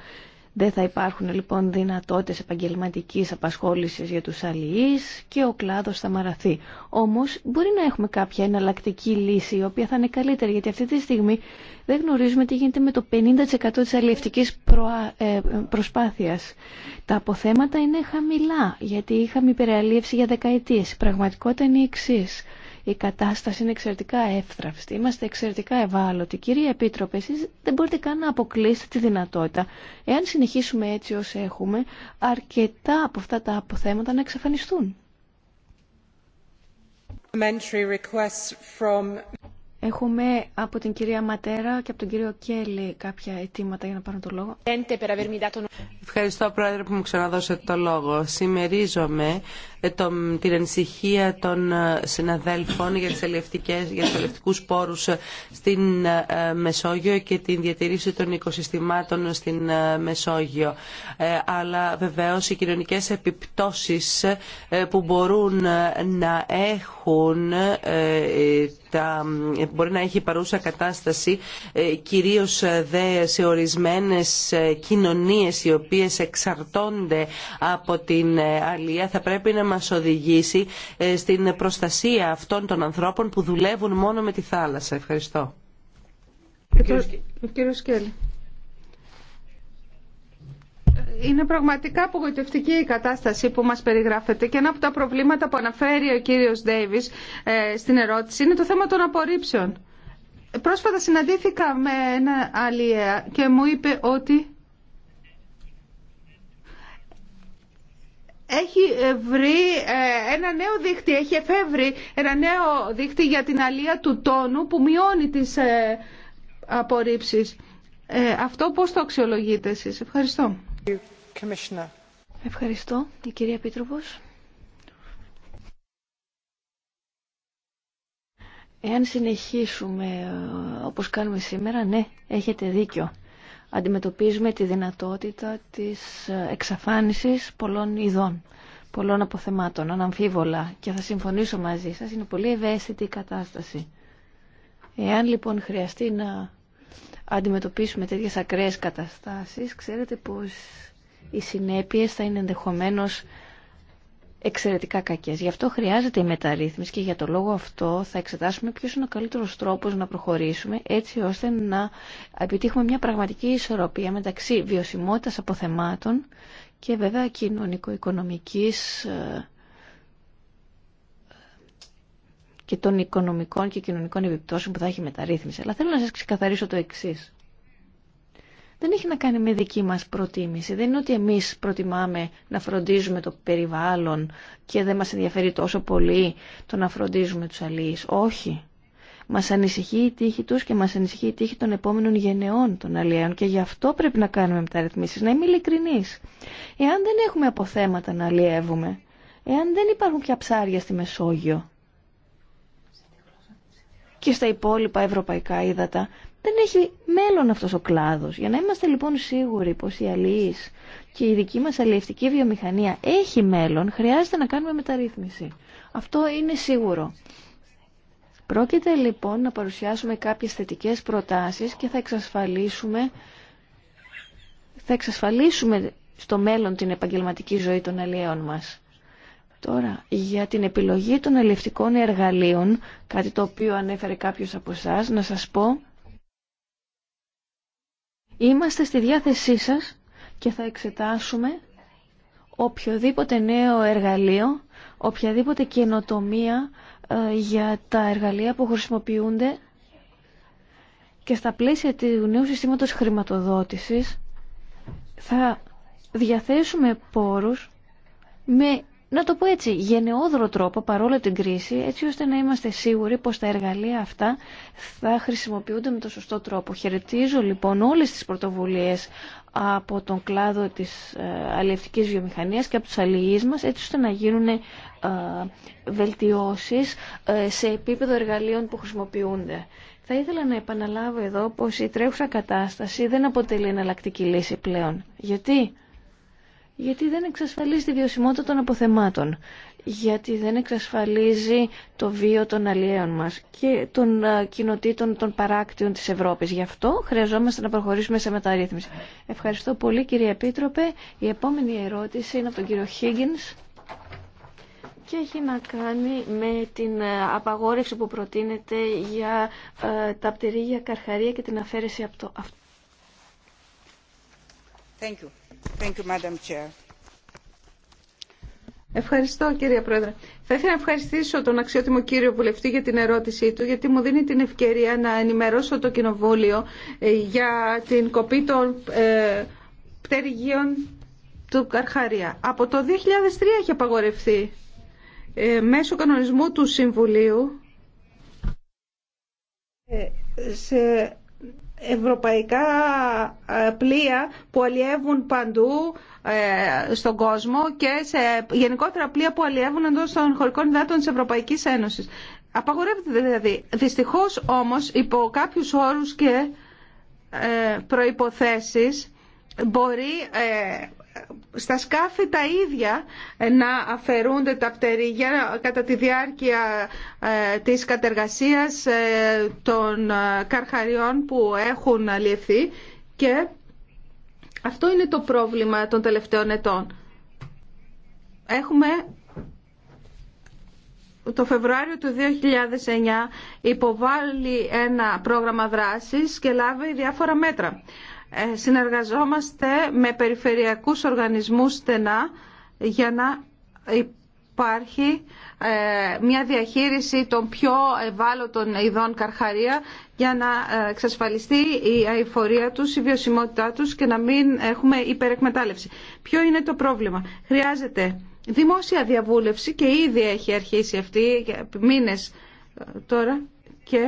Δεν θα υπάρχουν λοιπόν δυνατότητες επαγγελματικής απασχόλησης για τους αλληλείς και ο κλάδος θα μαραθεί. Όμως μπορεί να έχουμε κάποια εναλλακτική λύση η οποία θα είναι καλύτερη γιατί αυτή τη στιγμή δεν γνωρίζουμε τι γίνεται με το 50% της αλληλευτικής ε, προσπάθειας. Τα αποθέματα είναι χαμηλά γιατί είχαμε υπεραλλήλευση για δεκαετίες. Η πραγματικότητα είναι η εξής η κατάσταση είναι εξαιρετικά εύθραυστη. Είμαστε εξαιρετικά ευάλωτοι. Κύριε Επίτροπε, εσείς δεν μπορείτε καν να αποκλείσετε τη δυνατότητα, εάν συνεχίσουμε έτσι όσο έχουμε, αρκετά από αυτά τα αποθέματα να εξαφανιστούν. Έχουμε από την κυρία Ματέρα και από τον κύριο Κέλλη κάποια αιτήματα για να πάρουν το λόγο. Ευχαριστώ Πρόεδρε που μου ξαναδώσετε το λόγο. Σημερίζομαι ε, την ανησυχία των ε, συναδέλφων για, τις για τους πόρους ε, στην Μεσόγειο και την διατηρήση των οικοσυστημάτων στην Μεσόγειο. Αλλά βεβαίως οι κοινωνικές επιπτώσεις που μπορούν να έχουν τα, μπορεί να έχει παρούσα κατάσταση ε, κυρίως ε, δε σε ορισμένες ε, κοινωνίες οι οποίες εξαρτώνται από την αλία θα πρέπει να μας οδηγήσει στην προστασία αυτών των ανθρώπων που δουλεύουν μόνο με τη θάλασσα. Ευχαριστώ είναι πραγματικά απογοητευτική η κατάσταση που μας περιγράφεται και ένα από τα προβλήματα που αναφέρει ο κύριος Ντέιβις ε, στην ερώτηση είναι το θέμα των απορρίψεων. Πρόσφατα συναντήθηκα με ένα αλλιέα και μου είπε ότι έχει βρει ε, ένα νέο δίχτυ, έχει εφεύρει ένα νέο δίχτυ για την αλία του τόνου που μειώνει τις ε, απορρίψεις. Αυτό πώς το αξιολογείτε εσείς. Ευχαριστώ. Ευχαριστώ. κυρία Πίτροπος. Εάν συνεχίσουμε ε, όπως κάνουμε σήμερα, ναι, έχετε δίκιο. Αντιμετωπίζουμε τη δυνατότητα της ε, εξαφάνισης πολλών ειδών, πολλών αποθεμάτων, αναμφίβολα. Και θα συμφωνήσω μαζί σας, είναι πολύ ευαίσθητη η κατάσταση. Εάν λοιπόν χρειαστεί να αντιμετωπίσουμε τέτοιες ακραίες καταστάσεις, ξέρετε πως οι συνέπειες θα είναι ενδεχομένως εξαιρετικά κακές. Γι' αυτό χρειάζεται η μεταρρύθμιση και για το λόγο αυτό θα εξετάσουμε ποιος είναι ο καλύτερος τρόπος να προχωρήσουμε έτσι ώστε να επιτύχουμε μια πραγματική ισορροπία μεταξύ βιωσιμότητας αποθεμάτων και βέβαια κοινωνικο-οικονομικής ε, και των οικονομικών και κοινωνικών επιπτώσεων που θα έχει μεταρρύθμιση. Αλλά θέλω να σας ξεκαθαρίσω το εξή. δεν έχει να κάνει με δική μας προτίμηση. Δεν είναι ότι εμείς προτιμάμε να φροντίζουμε το περιβάλλον και δεν μας ενδιαφέρει τόσο πολύ το να φροντίζουμε τους αλλοίς. Όχι. Μας ανησυχεί η τύχη τους και μας ανησυχεί η τύχη των επόμενων γενεών των αλλιέων και γι' αυτό πρέπει να κάνουμε μεταρρυθμίσεις, να είμαι ειλικρινής. Εάν δεν έχουμε αποθέματα να αλλιεύουμε, εάν δεν υπάρχουν πια ψάρια στη Μεσόγειο, και στα υπόλοιπα ευρωπαϊκά ύδατα, δεν έχει μέλλον αυτός ο κλάδος. Για να είμαστε λοιπόν σίγουροι πως η αλληλής και η δική μας αλληλευτική βιομηχανία έχει μέλλον, χρειάζεται να κάνουμε μεταρρύθμιση. Αυτό είναι σίγουρο. Πρόκειται λοιπόν να παρουσιάσουμε κάποιες θετικές προτάσεις και θα εξασφαλίσουμε, θα εξασφαλίσουμε στο μέλλον την επαγγελματική ζωή των αλλιέων μας. Τώρα, για την επιλογή των ελευτικών εργαλείων, κάτι το οποίο ανέφερε κάποιος από εσά, να σας πω, είμαστε στη διάθεσή σας και θα εξετάσουμε οποιοδήποτε νέο εργαλείο, οποιαδήποτε καινοτομία ε, για τα εργαλεία που χρησιμοποιούνται και στα πλαίσια του νέου συστήματος χρηματοδότησης θα διαθέσουμε πόρους με να το πω έτσι, γενναιόδρο τρόπο παρόλο την κρίση, έτσι ώστε να είμαστε σίγουροι πως τα εργαλεία αυτά θα χρησιμοποιούνται με το σωστό τρόπο. Χαιρετίζω λοιπόν όλες τις πρωτοβουλίες από τον κλάδο της ε, αλληλευτικής βιομηχανίας και από τους αλληλείς μας, έτσι ώστε να γίνουν ε, βελτιώσεις ε, σε επίπεδο εργαλείων που χρησιμοποιούνται. Θα ήθελα να επαναλάβω εδώ πως η τρέχουσα κατάσταση δεν αποτελεί εναλλακτική λύση πλέον. Γιατί? γιατί δεν εξασφαλίζει τη βιωσιμότητα των αποθεμάτων, γιατί δεν εξασφαλίζει το βίο των αλλιέων μας και των κοινοτήτων των παράκτιων της Ευρώπης. Γι' αυτό χρειαζόμαστε να προχωρήσουμε σε μεταρρύθμιση. Ευχαριστώ πολύ κύριε Επίτροπε. Η επόμενη ερώτηση είναι από τον κύριο Χίγγινς και έχει να κάνει με την απαγόρευση που προτείνεται για τα πτερήγια καρχαρία και την αφαίρεση από το αυτό. Ευχαριστώ κύριε Πρόεδρε. Θα ήθελα να ευχαριστήσω τον αξιότιμο κύριο βουλευτή για την ερώτησή του, γιατί μου δίνει την ευκαιρία να ενημερώσω το Κοινοβούλιο ε, για την κοπή των ε, πτέρυγιων του Καρχαρία. Από το 2003 έχει απαγορευτεί ε, μέσω κανονισμού του Συμβουλίου ε, σε ευρωπαϊκά ε, πλοία που αλλιεύουν παντού ε, στον κόσμο και σε γενικότερα πλοία που αλλιεύουν εντό των χωρικών υδάτων τη ευρωπαϊκή Ένωση. Απαγορεύεται δηλαδή. Δυστυχώς όμως υπό κάποιους όρου και ε, προϋποθέσεις μπορεί στα σκάφη τα ίδια ε, να αφαιρούνται τα πτερίγια κατά τη διάρκεια ε, της κατεργασίας ε, των καρχαριών που έχουν αλλιευθεί και αυτό είναι το πρόβλημα των τελευταίων ετών. Έχουμε το Φεβρουάριο του 2009 υποβάλει ένα πρόγραμμα δράσης και λάβει διάφορα μέτρα. Ε, συνεργαζόμαστε με περιφερειακούς οργανισμούς στενά για να υπάρχει ε, μια διαχείριση των πιο ευάλωτων ειδών καρχαρία για να ε, εξασφαλιστεί η αηφορία τους, η βιωσιμότητά τους και να μην έχουμε υπερεκμετάλλευση. Ποιο είναι το πρόβλημα. Χρειάζεται δημόσια διαβούλευση και ήδη έχει αρχίσει αυτή μήνες τώρα και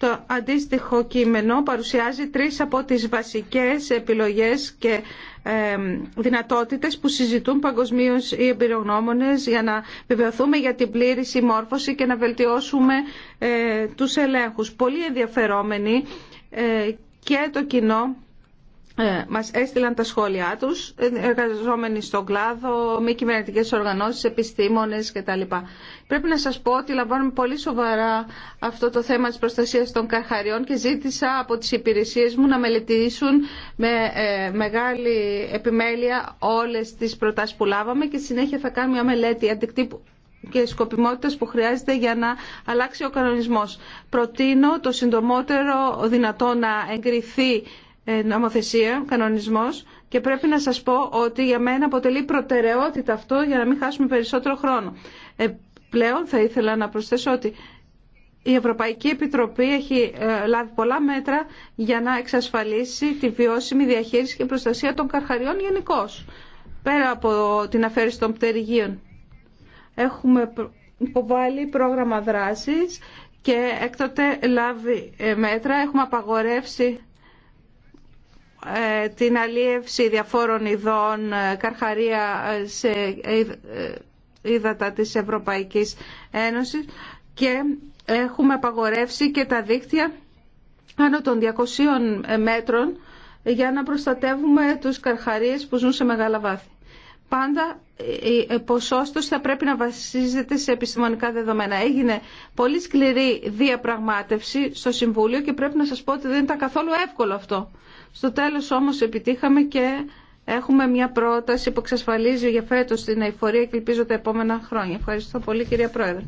το αντίστοιχο κείμενο παρουσιάζει τρεις από τις βασικές επιλογές και δυνατότητες που συζητούν παγκοσμίω οι εμπειρογνώμονες για να βεβαιωθούμε για την πλήρη συμμόρφωση και να βελτιώσουμε ε, τους ελέγχους. Πολύ ενδιαφερόμενοι ε, και το κοινό ε, μας έστειλαν τα σχόλιά τους, ε, εργαζόμενοι στον κλάδο, μη κυβερνητικέ οργανώσεις, επιστήμονες κτλ. Πρέπει να σας πω ότι λαμβάνουμε πολύ σοβαρά αυτό το θέμα της προστασίας των καρχαριών και ζήτησα από τις υπηρεσίες μου να μελετήσουν με ε, μεγάλη επιμέλεια όλες τις προτάσεις που λάβαμε και συνέχεια θα κάνουμε μια μελέτη αντικτύπου και σκοπιμότητας που χρειάζεται για να αλλάξει ο κανονισμός. Προτείνω το συντομότερο δυνατό να εγκριθεί ε, νομοθεσία, κανονισμός και πρέπει να σας πω ότι για μένα αποτελεί προτεραιότητα αυτό για να μην χάσουμε περισσότερο χρόνο. Ε, πλέον θα ήθελα να προσθέσω ότι η Ευρωπαϊκή Επιτροπή έχει ε, λάβει πολλά μέτρα για να εξασφαλίσει τη βιώσιμη διαχείριση και προστασία των καρχαριών γενικώ. Πέρα από την αφαίρεση των πτερυγίων. Έχουμε υποβάλει πρόγραμμα δράσης και έκτοτε λάβει μέτρα. Έχουμε απαγορεύσει ε, την αλίευση διαφόρων ειδών ε, καρχαρία ε, σε ύδατα της Ευρωπαϊκής Ένωσης και έχουμε απαγορεύσει και τα δίκτυα άνω των 200 μέτρων για να προστατεύουμε τους καρχαρίες που ζουν σε μεγάλα βάθη. Πάντα η ποσόστος θα πρέπει να βασίζεται σε επιστημονικά δεδομένα. Έγινε πολύ σκληρή διαπραγμάτευση στο Συμβούλιο και πρέπει να σας πω ότι δεν ήταν καθόλου εύκολο αυτό. Στο τέλος όμως επιτύχαμε και έχουμε μια πρόταση που εξασφαλίζει για φέτος την εφορία και ελπίζω τα επόμενα χρόνια. Ευχαριστώ πολύ κυρία Πρόεδρε.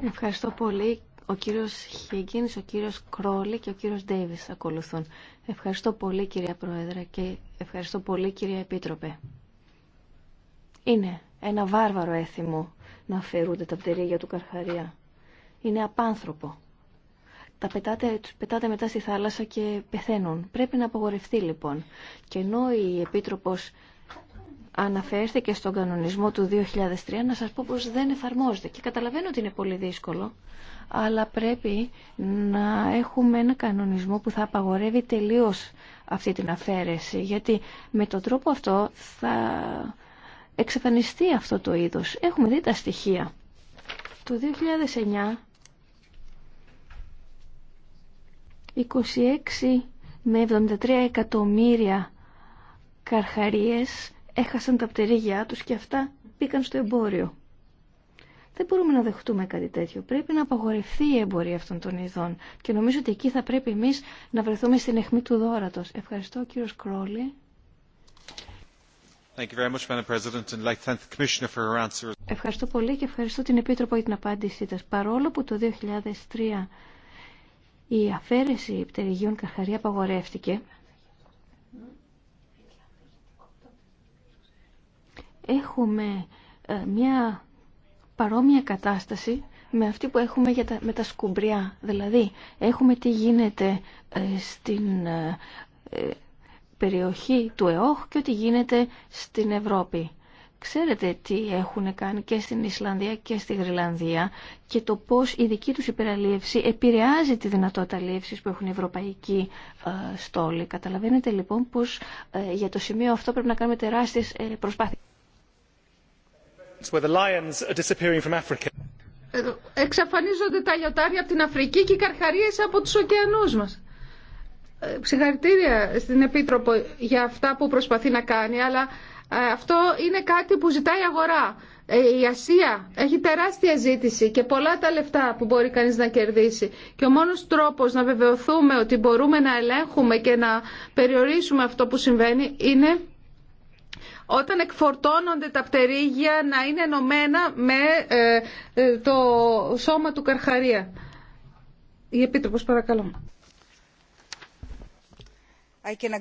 Ευχαριστώ πολύ. Ο κύριος Χίγκινς, ο κύριος Κρόλη και ο κύριος Ντέιβις ακολουθούν. Ευχαριστώ πολύ κυρία Πρόεδρε και ευχαριστώ πολύ κυρία Επίτροπε. Είναι ένα βάρβαρο έθιμο να αφαιρούνται τα πτερίγια του Καρχαρία. Είναι απάνθρωπο τα πετάτε, τους πετάτε μετά στη θάλασσα και πεθαίνουν. Πρέπει να απογορευτεί λοιπόν. Και ενώ η Επίτροπος αναφέρθηκε στον κανονισμό του 2003, να σας πω πως δεν εφαρμόζεται. Και καταλαβαίνω ότι είναι πολύ δύσκολο, αλλά πρέπει να έχουμε ένα κανονισμό που θα απαγορεύει τελείως αυτή την αφαίρεση, γιατί με τον τρόπο αυτό θα εξαφανιστεί αυτό το είδος. Έχουμε δει τα στοιχεία. Το 2009 26 με 73 εκατομμύρια καρχαρίες έχασαν τα πτερίγια τους και αυτά μπήκαν στο εμπόριο. Δεν μπορούμε να δεχτούμε κάτι τέτοιο. Πρέπει να απαγορευτεί η εμπορία αυτών των ειδών και νομίζω ότι εκεί θα πρέπει εμείς να βρεθούμε στην αιχμή του δόρατος. Ευχαριστώ κύριο Κρόλη. Ευχαριστώ πολύ και ευχαριστώ την Επίτροπο για την απάντησή της. Παρόλο που το 2003 η αφαίρεση πτερυγίων καρχαρία απαγορεύτηκε έχουμε ε, μια παρόμοια κατάσταση με αυτή που έχουμε για τα, με τα σκουμπριά. Δηλαδή, έχουμε τι γίνεται ε, στην ε, περιοχή του ΕΟΧ και ό,τι γίνεται στην Ευρώπη. Ξέρετε τι έχουν κάνει και στην Ισλανδία και στη Γρυλανδία και το πώς η δική τους υπεραλίευση επηρεάζει τη δυνατότητα λίευσης που έχουν οι ευρωπαϊκοί ε, στόλοι. Καταλαβαίνετε λοιπόν πως ε, για το σημείο αυτό πρέπει να κάνουμε τεράστιες ε, προσπάθειες. Εξαφανίζονται τα λιωτάρια από την Αφρική και οι καρχαρίες από τους ωκεανούς μας. Συγχαρητήρια στην Επίτροπο για αυτά που προσπαθεί να κάνει, αλλά ε, αυτό είναι κάτι που ζητάει η αγορά. Ε, η Ασία έχει τεράστια ζήτηση και πολλά τα λεφτά που μπορεί κανείς να κερδίσει. Και ο μόνος τρόπος να βεβαιωθούμε ότι μπορούμε να ελέγχουμε και να περιορίσουμε αυτό που συμβαίνει είναι όταν εκφορτώνονται τα πτερίγια να είναι ενωμένα με ε, το σώμα του Καρχαρία. Η Επίτροπος παρακαλώ. I can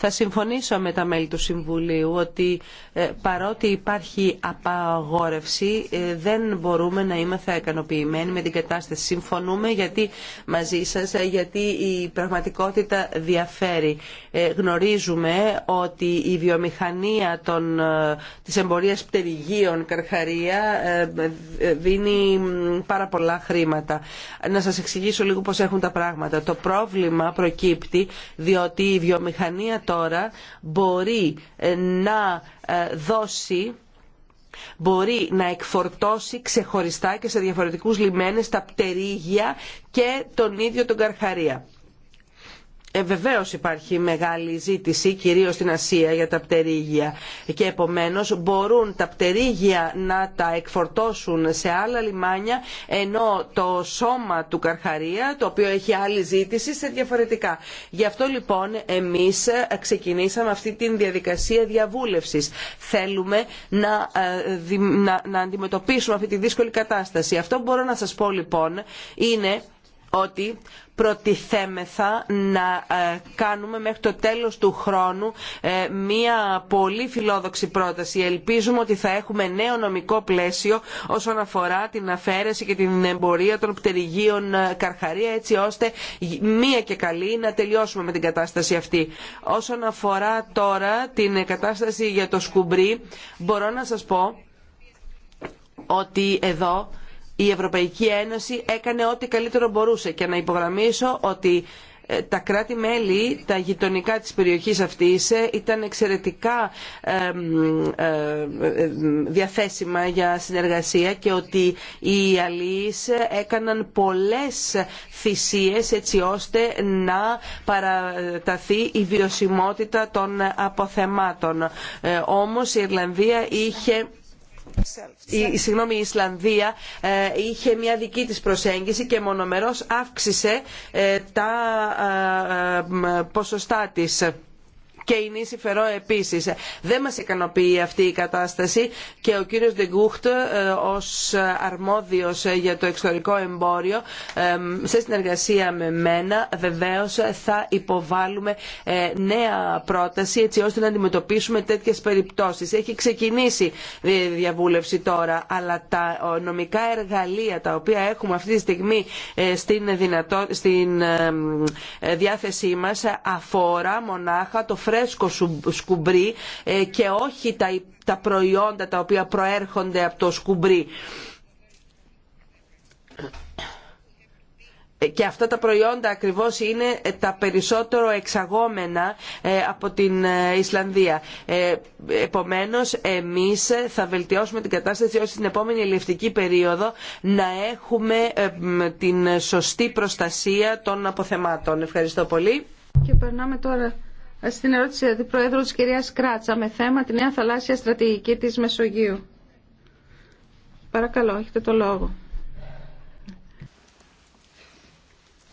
θα συμφωνήσω με τα μέλη του Συμβουλίου ότι ε, παρότι υπάρχει απαγόρευση ε, δεν μπορούμε να είμαστε ικανοποιημένοι με την κατάσταση. Συμφωνούμε γιατί, μαζί σας ε, γιατί η πραγματικότητα διαφέρει. Γνωρίζουμε ότι η βιομηχανία των, της εμπορίας πτερυγίων Καρχαρία δίνει πάρα πολλά χρήματα. Να σας εξηγήσω λίγο πώς έχουν τα πράγματα. Το πρόβλημα προκύπτει διότι η βιομηχανία τώρα μπορεί ε, να ε, δώσει μπορεί να εκφορτώσει ξεχωριστά και σε διαφορετικούς λιμένες τα πτερίγια και τον ίδιο τον Καρχαρία. Ε, Βεβαίω υπάρχει μεγάλη ζήτηση, κυρίως στην Ασία, για τα πτερήγια και επομένως μπορούν τα πτερήγια να τα εκφορτώσουν σε άλλα λιμάνια ενώ το σώμα του Καρχαρία, το οποίο έχει άλλη ζήτηση, σε διαφορετικά. Γι' αυτό λοιπόν εμείς ξεκινήσαμε αυτή τη διαδικασία διαβούλευσης. Θέλουμε ε, να, αντιμετωπίσουμε αυτή τη δύσκολη κατάσταση. Αυτό που μπορώ να σας πω λοιπόν είναι ότι προτιθέμεθα να ε, κάνουμε μέχρι το τέλος του χρόνου ε, μια πολύ φιλόδοξη πρόταση. Ελπίζουμε ότι θα έχουμε νέο νομικό πλαίσιο όσον αφορά την αφαίρεση και την εμπορία των πτερυγίων ε, καρχαρία έτσι ώστε μία και καλή να τελειώσουμε με την κατάσταση αυτή. Όσον αφορά τώρα την κατάσταση για το σκουμπρί μπορώ να σας πω ότι εδώ η Ευρωπαϊκή Ένωση έκανε ό,τι καλύτερο μπορούσε και να υπογραμμίσω ότι ε, τα κράτη-μέλη, τα γειτονικά της περιοχής αυτής ε, ήταν εξαιρετικά ε, διαθέσιμα για συνεργασία και ότι οι αλλοί έκαναν πολλές θυσίες έτσι ώστε να παραταθεί η βιωσιμότητα των αποθεμάτων. Όμως η Ιρλανδία είχε η, Ισλανδία ε, είχε μια δική της προσέγγιση και μονομερός αύξησε ε, τα ε, ποσοστά της και η Νίση Φερό επίσης. Δεν μας ικανοποιεί αυτή η κατάσταση και ο κύριος Ντεγκούχτ ε, ως αρμόδιος για το εξωτερικό εμπόριο ε, σε συνεργασία με μένα βεβαίως θα υποβάλουμε ε, νέα πρόταση έτσι ώστε να αντιμετωπίσουμε τέτοιες περιπτώσεις. Έχει ξεκινήσει διαβούλευση τώρα αλλά τα νομικά εργαλεία τα οποία έχουμε αυτή τη στιγμή στην διάθεσή μας αφορά μονάχα το σκουμπρί ε, και όχι τα προϊόντα τα οποία προέρχονται από το σκουμπρί και αυτά τα προϊόντα ακριβώς είναι ε, τα περισσότερο εξαγόμενα ε, από την Ισλανδία. Επομένως, εμείς θα βελτιώσουμε την κατάσταση ώστε στην επόμενη ελευτική περίοδο να έχουμε την σωστή προστασία των αποθεμάτων. Ευχαριστώ πολύ. Και περνάμε τώρα στην ερώτηση του Προέδρου της κυρίας Κράτσα με θέμα τη νέα θαλάσσια στρατηγική της Μεσογείου. Παρακαλώ, έχετε το λόγο.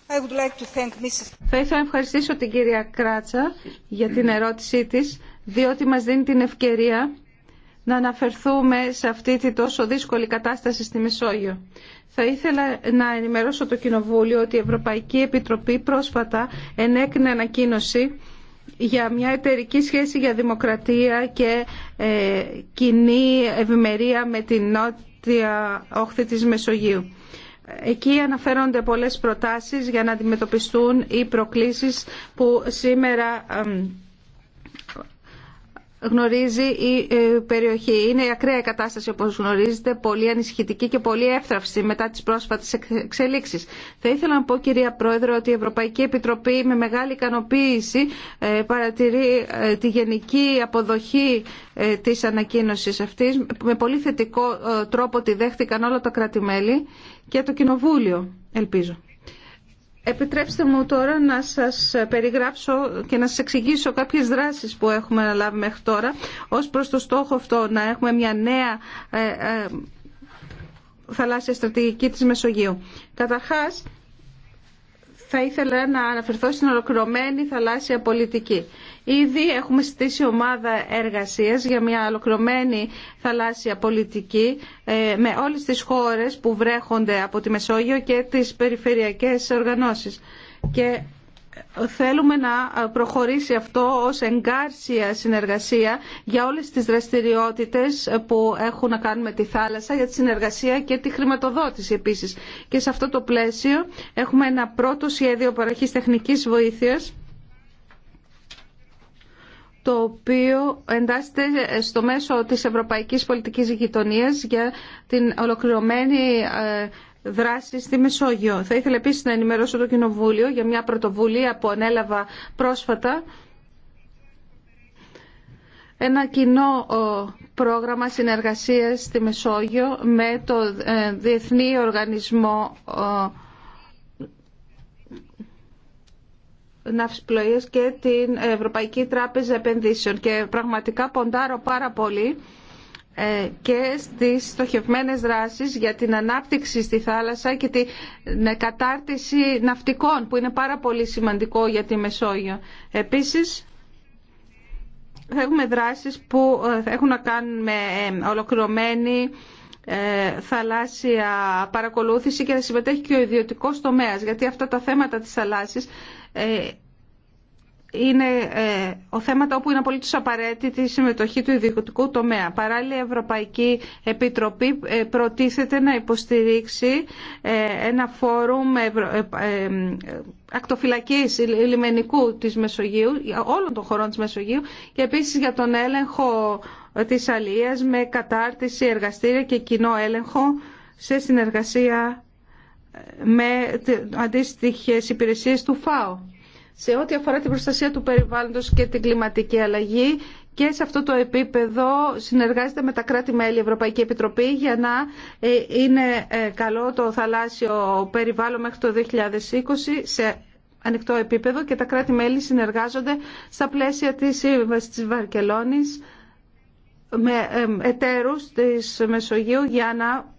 I would like to thank Mrs. Θα ήθελα να ευχαριστήσω την κυρία Κράτσα για την ερώτησή της, διότι μας δίνει την ευκαιρία να αναφερθούμε σε αυτή τη τόσο δύσκολη κατάσταση στη Μεσόγειο. Θα ήθελα να ενημερώσω το Κοινοβούλιο ότι η Ευρωπαϊκή Επιτροπή πρόσφατα ενέκρινε ανακοίνωση για μια εταιρική σχέση για δημοκρατία και ε, κοινή ευημερία με την νότια όχθη της Μεσογείου. Εκεί αναφέρονται πολλές προτάσεις για να αντιμετωπιστούν οι προκλήσεις που σήμερα γνωρίζει η ε, περιοχή. Είναι η ακραία κατάσταση όπως γνωρίζετε, πολύ ανησυχητική και πολύ εύθραυστη μετά τις πρόσφατες εξελίξεις. Θα ήθελα να πω κυρία Πρόεδρε ότι η Ευρωπαϊκή Επιτροπή με μεγάλη ικανοποίηση ε, παρατηρεί ε, τη γενική αποδοχή της ανακοίνωση αυτής. Με πολύ θετικό τρόπο τη δέχτηκαν όλα τα κράτη-μέλη και το Κοινοβούλιο, ελπίζω. Επιτρέψτε μου τώρα να σας περιγράψω και να σας εξηγήσω κάποιες δράσεις που έχουμε αναλάβει μέχρι τώρα ως προς το στόχο αυτό να έχουμε μια νέα ε, ε, θαλάσσια στρατηγική της Μεσογείου. Καταρχάς, θα ήθελα να αναφερθώ στην ολοκληρωμένη θαλάσσια πολιτική. Ήδη έχουμε στήσει ομάδα εργασίας για μια ολοκληρωμένη θαλάσσια πολιτική ε, με όλες τις χώρες που βρέχονται από τη Μεσόγειο και τις περιφερειακές οργανώσεις. Και θέλουμε να προχωρήσει αυτό ως εγκάρσια συνεργασία για όλες τις δραστηριότητες που έχουν να κάνουν με τη θάλασσα, για τη συνεργασία και τη χρηματοδότηση επίσης. Και σε αυτό το πλαίσιο έχουμε ένα πρώτο σχέδιο παραχής τεχνικής βοήθειας το οποίο εντάσσεται στο μέσο της ευρωπαϊκής πολιτικής γειτονίας για την ολοκληρωμένη ε, δράση στη Μεσόγειο. Θα ήθελα επίσης να ενημερώσω το Κοινοβούλιο για μια πρωτοβουλία που ανέλαβα πρόσφατα ένα κοινό πρόγραμμα συνεργασίας στη Μεσόγειο με το ε, Διεθνή Οργανισμό και την Ευρωπαϊκή Τράπεζα Επενδύσεων και πραγματικά ποντάρω πάρα πολύ ε, και στις στοχευμένες δράσεις για την ανάπτυξη στη θάλασσα και την ε, κατάρτιση ναυτικών που είναι πάρα πολύ σημαντικό για τη Μεσόγειο. Επίσης, θα έχουμε δράσεις που ε, έχουν να κάνουν με ολοκληρωμένη θαλάσσια παρακολούθηση και να συμμετέχει και ο ιδιωτικό τομέας. Γιατί αυτά τα θέματα της θαλάσσης ε, είναι ε, ο θέματα όπου είναι απολύτως απαραίτητη η συμμετοχή του ιδιωτικού τομέα. Παράλληλα, η Ευρωπαϊκή Επιτροπή ε, προτίθεται να υποστηρίξει ένα φόρουμ ακτοφυλακής λιμενικού της Μεσογείου, όλων των χωρών της Μεσογείου και επίσης για τον έλεγχο της αλίας με κατάρτιση εργαστήρια και κοινό έλεγχο σε συνεργασία με αντίστοιχες υπηρεσίες του ΦΑΟ σε ό,τι αφορά την προστασία του περιβάλλοντος και την κλιματική αλλαγή και σε αυτό το επίπεδο συνεργάζεται με τα κράτη-μέλη Ευρωπαϊκή Επιτροπή για να ε, είναι ε, καλό το θαλάσσιο περιβάλλον μέχρι το 2020 σε ανοιχτό επίπεδο και τα κράτη-μέλη συνεργάζονται στα πλαίσια της Σύμβασης της Βαρκελόνης με ε, εταίρους της Μεσογείου για να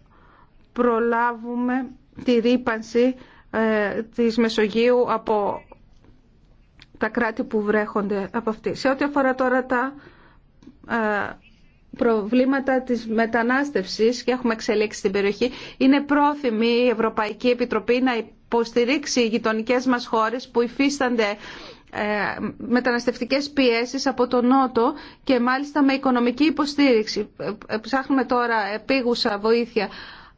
προλάβουμε τη ρήπανση ε, της Μεσογείου από τα κράτη που βρέχονται από αυτή. Σε ό,τι αφορά τώρα τα ε, προβλήματα της μετανάστευσης και έχουμε εξελίξει την περιοχή, είναι πρόθυμη η Ευρωπαϊκή Επιτροπή να υποστηρίξει οι γειτονικές μας χώρες που υφίστανται ε, μεταναστευτικές πιέσεις από τον Νότο και μάλιστα με οικονομική υποστήριξη. Ψάχνουμε τώρα επίγουσα βοήθεια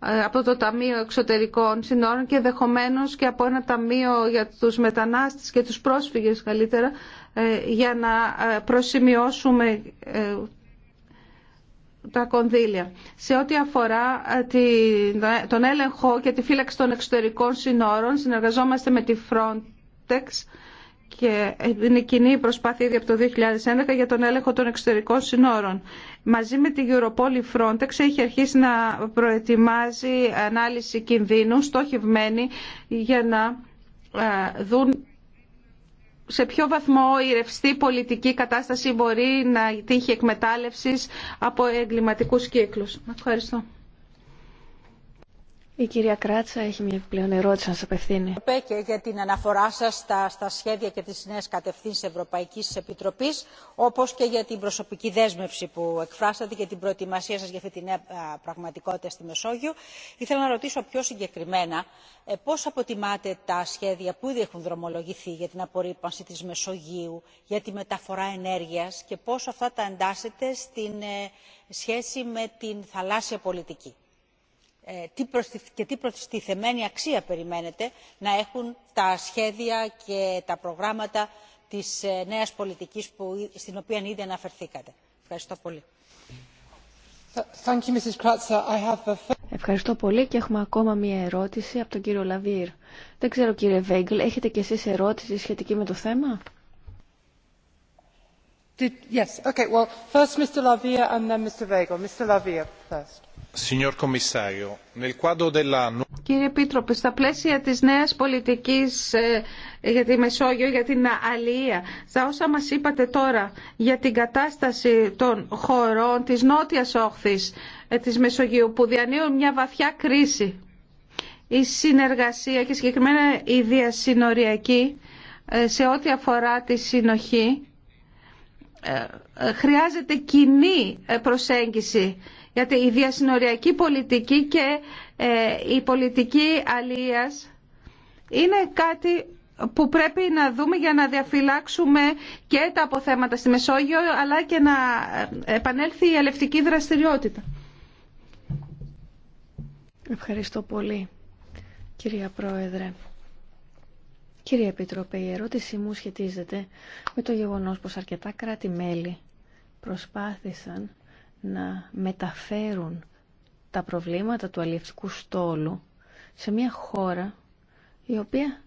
ε, από το Ταμείο Εξωτερικών Συνόρων και δεχομένω και από ένα ταμείο για τους μετανάστες και τους πρόσφυγες καλύτερα ε, για να ε, προσημειώσουμε τα κονδύλια. Σε ό,τι αφορά τον έλεγχο και τη φύλαξη των εξωτερικών συνόρων συνεργαζόμαστε με τη Frontex και είναι κοινή η προσπάθεια ήδη από το 2011 για τον έλεγχο των εξωτερικών συνόρων. Μαζί με την Europol η Frontex έχει αρχίσει να προετοιμάζει ανάλυση κινδύνου στοχευμένη για να ε, δουν σε ποιο βαθμό η ρευστή πολιτική κατάσταση μπορεί να τύχει εκμετάλλευσης από εγκληματικούς κύκλους. Ευχαριστώ. Η κυρία Κράτσα έχει μια επιπλέον ερώτηση να σα απευθύνει. Και για την αναφορά σα στα, στα σχέδια και τι νέε κατευθύνσει Ευρωπαϊκή Επιτροπή, όπω και για την προσωπική δέσμευση που εκφράσατε και την προετοιμασία σα για αυτή τη νέα πραγματικότητα στη Μεσόγειο. Ήθελα να ρωτήσω πιο συγκεκριμένα ε, πώ αποτιμάτε τα σχέδια που ήδη έχουν δρομολογηθεί για την απορρίπανση τη Μεσογείου, για τη μεταφορά ενέργεια και πώ αυτά τα εντάσσετε στην ε, σχέση με την θαλάσσια πολιτική. Ε, και τι προστιθεμένη αξία περιμένετε να έχουν τα σχέδια και τα προγράμματα της ε, νέας πολιτικής στην οποία ήδη αναφερθήκατε. Ευχαριστώ πολύ. Ευχαριστώ πολύ και έχουμε ακόμα μία ερώτηση από τον κύριο Λαβίρ. Δεν ξέρω κύριε Βέγγελ, έχετε κι εσείς ερώτηση σχετική με το θέμα? Yes. Okay. Well, first Mr. Lavia and then Mr. Κύριε Mr. Κύριε Επίτροπε, στα πλαίσια της νέας πολιτικής ε, για τη Μεσόγειο, για την Αλία, στα όσα μας είπατε τώρα για την κατάσταση των χωρών της νότιας όχθης ε, της Μεσογείου που διανύουν μια βαθιά κρίση, η συνεργασία και συγκεκριμένα η διασυνοριακή ε, σε ό,τι αφορά τη συνοχή, χρειάζεται κοινή προσέγγιση γιατί η διασυνοριακή πολιτική και ε, η πολιτική αλίας είναι κάτι που πρέπει να δούμε για να διαφυλάξουμε και τα αποθέματα στη Μεσόγειο αλλά και να ε, επανέλθει η ελευτική δραστηριότητα. Ευχαριστώ πολύ, κυρία Πρόεδρε. Κυρία Επίτροπε, η ερώτησή μου σχετίζεται με το γεγονός πως αρκετά κράτη-μέλη προσπάθησαν να μεταφέρουν τα προβλήματα του αλληλευτικού στόλου σε μια χώρα η οποία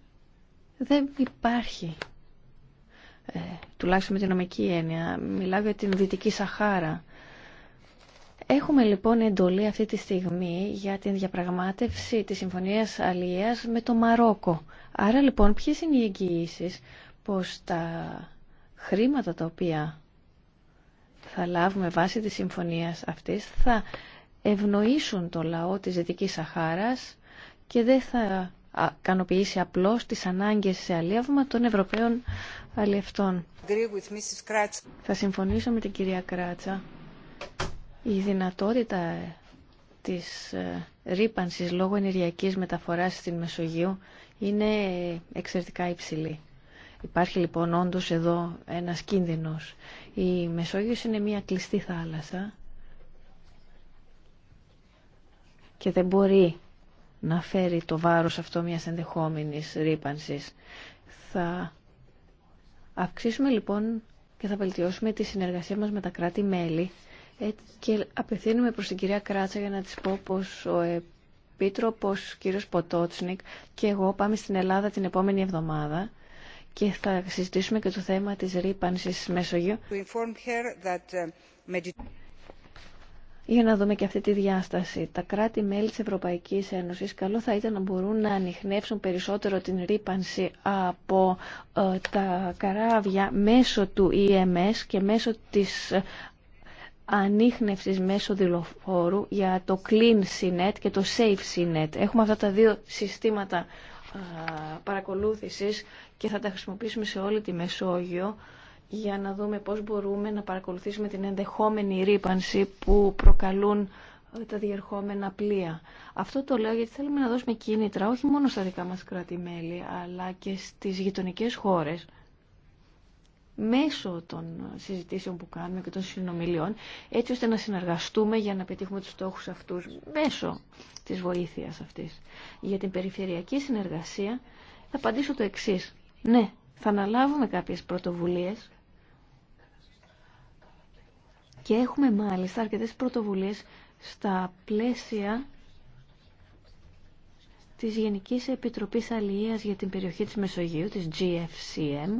δεν υπάρχει. Ε, τουλάχιστον με την νομική έννοια. Μιλάω για την Δυτική Σαχάρα. Έχουμε λοιπόν εντολή αυτή τη στιγμή για την διαπραγμάτευση της Συμφωνίας Αλίας με το Μαρόκο. Άρα λοιπόν ποιες είναι οι εγγυήσει πως τα χρήματα τα οποία θα λάβουμε βάση τη συμφωνίας αυτής θα ευνοήσουν το λαό της Δυτικής Σαχάρας και δεν θα κανοποιήσει απλώς τις ανάγκες σε αλλιεύμα των Ευρωπαίων αλλιευτών. Θα συμφωνήσω με την κυρία Κράτσα. Η δυνατότητα της ε, ρήπανσης λόγω ενεργειακής μεταφοράς στην Μεσογείο είναι εξαιρετικά υψηλή. Υπάρχει λοιπόν όντως εδώ ένας κίνδυνος. Η Μεσόγειος είναι μια κλειστή θάλασσα και δεν μπορεί να φέρει το βάρος αυτό μιας ενδεχόμενης ρήπανσης. Θα αυξήσουμε λοιπόν και θα βελτιώσουμε τη συνεργασία μας με τα κράτη-μέλη ε, και απευθύνουμε προς την κυρία Κράτσα για να της πω πως ο Επίτροπος κ. Ποτότσνικ και εγώ πάμε στην Ελλάδα την επόμενη εβδομάδα και θα συζητήσουμε και το θέμα της ρήπανσης Μεσογείου uh, για να δούμε και αυτή τη διάσταση. Τα κράτη-μέλη της Ευρωπαϊκής Ένωσης καλό θα ήταν να μπορούν να ανοιχνεύσουν περισσότερο την ρήπανση από ε, τα καράβια μέσω του EMS και μέσω της ε, ανείχνευσης μέσω δηλοφόρου για το Clean Sinet και το Safe Sinet. Έχουμε αυτά τα δύο συστήματα ε, παρακολούθησης και θα τα χρησιμοποιήσουμε σε όλη τη Μεσόγειο για να δούμε πώς μπορούμε να παρακολουθήσουμε την ενδεχόμενη ρήπανση που προκαλούν ε, τα διερχόμενα πλοία. Αυτό το λέω γιατί θέλουμε να δώσουμε κίνητρα όχι μόνο στα δικά μας κράτη-μέλη αλλά και στις γειτονικές χώρες μέσω των συζητήσεων που κάνουμε και των συνομιλιών, έτσι ώστε να συνεργαστούμε για να πετύχουμε τους στόχους αυτούς μέσω της βοήθειας αυτής. Για την περιφερειακή συνεργασία θα απαντήσω το εξή. Ναι, θα αναλάβουμε κάποιες πρωτοβουλίες και έχουμε μάλιστα αρκετές πρωτοβουλίες στα πλαίσια της Γενικής Επιτροπής Αλληλείας για την περιοχή της Μεσογείου, της GFCM,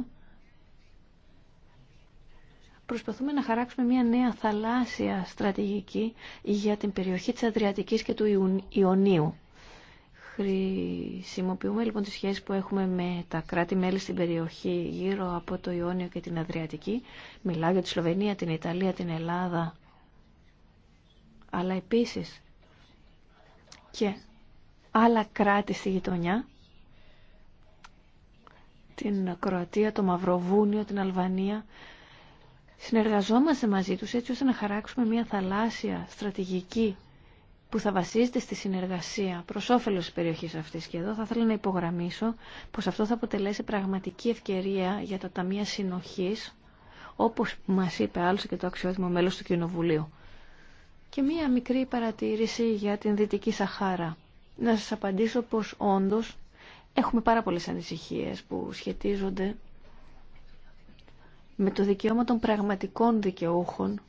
προσπαθούμε να χαράξουμε μια νέα θαλάσσια στρατηγική για την περιοχή της Αδριατικής και του Ιωνίου. Χρησιμοποιούμε λοιπόν τις σχέσεις που έχουμε με τα κράτη-μέλη στην περιοχή γύρω από το Ιόνιο και την Αδριατική. Μιλάω για τη Σλοβενία, την Ιταλία, την Ελλάδα, αλλά επίσης και άλλα κράτη στη γειτονιά, την Κροατία, το Μαυροβούνιο, την Αλβανία, συνεργαζόμαστε μαζί τους έτσι ώστε να χαράξουμε μια θαλάσσια στρατηγική που θα βασίζεται στη συνεργασία προ όφελο τη περιοχή αυτή. Και εδώ θα ήθελα να υπογραμμίσω πω αυτό θα αποτελέσει πραγματική ευκαιρία για τα ταμεία συνοχή, όπω μα είπε άλλωστε και το αξιότιμο μέλο του Κοινοβουλίου. Και μία μικρή παρατήρηση για την Δυτική Σαχάρα. Να σα απαντήσω πω όντως έχουμε πάρα πολλέ ανησυχίε που σχετίζονται με το δικαίωμα των πραγματικών δικαιούχων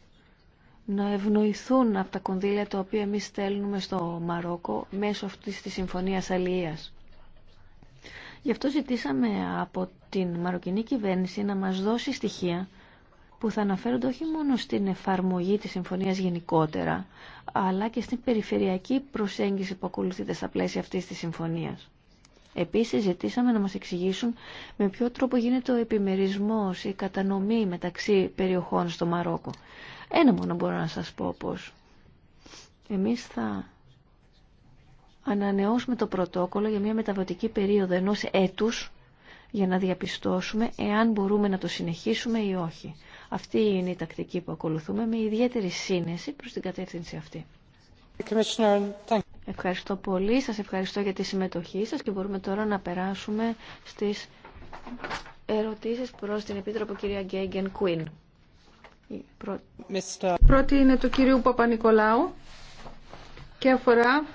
να ευνοηθούν από τα κονδύλια τα οποία εμείς στέλνουμε στο Μαρόκο μέσω αυτής της Συμφωνίας Αλληλείας. Γι' αυτό ζητήσαμε από την μαροκινή κυβέρνηση να μας δώσει στοιχεία που θα αναφέρονται όχι μόνο στην εφαρμογή της συμφωνίας γενικότερα, αλλά και στην περιφερειακή προσέγγιση που ακολουθείται στα πλαίσια αυτής της συμφωνίας. Επίσης ζητήσαμε να μας εξηγήσουν με ποιο τρόπο γίνεται ο επιμερισμός, η κατανομή μεταξύ περιοχών στο Μαρόκο. Ένα μόνο μπορώ να σας πω πως εμείς θα ανανεώσουμε το πρωτόκολλο για μια μεταβατική περίοδο ενός έτους για να διαπιστώσουμε εάν μπορούμε να το συνεχίσουμε ή όχι. Αυτή είναι η τακτική που ακολουθούμε με ιδιαίτερη σύνεση προς την κατεύθυνση αυτή. Ευχαριστώ πολύ, σας ευχαριστώ για τη συμμετοχή σας και μπορούμε τώρα να περάσουμε στις ερωτήσεις προς την Επίτροπο κυρία Γκέγγεν Κουίν. Πρώτη είναι του κυρίου Παπα-Νικολάου και αφορά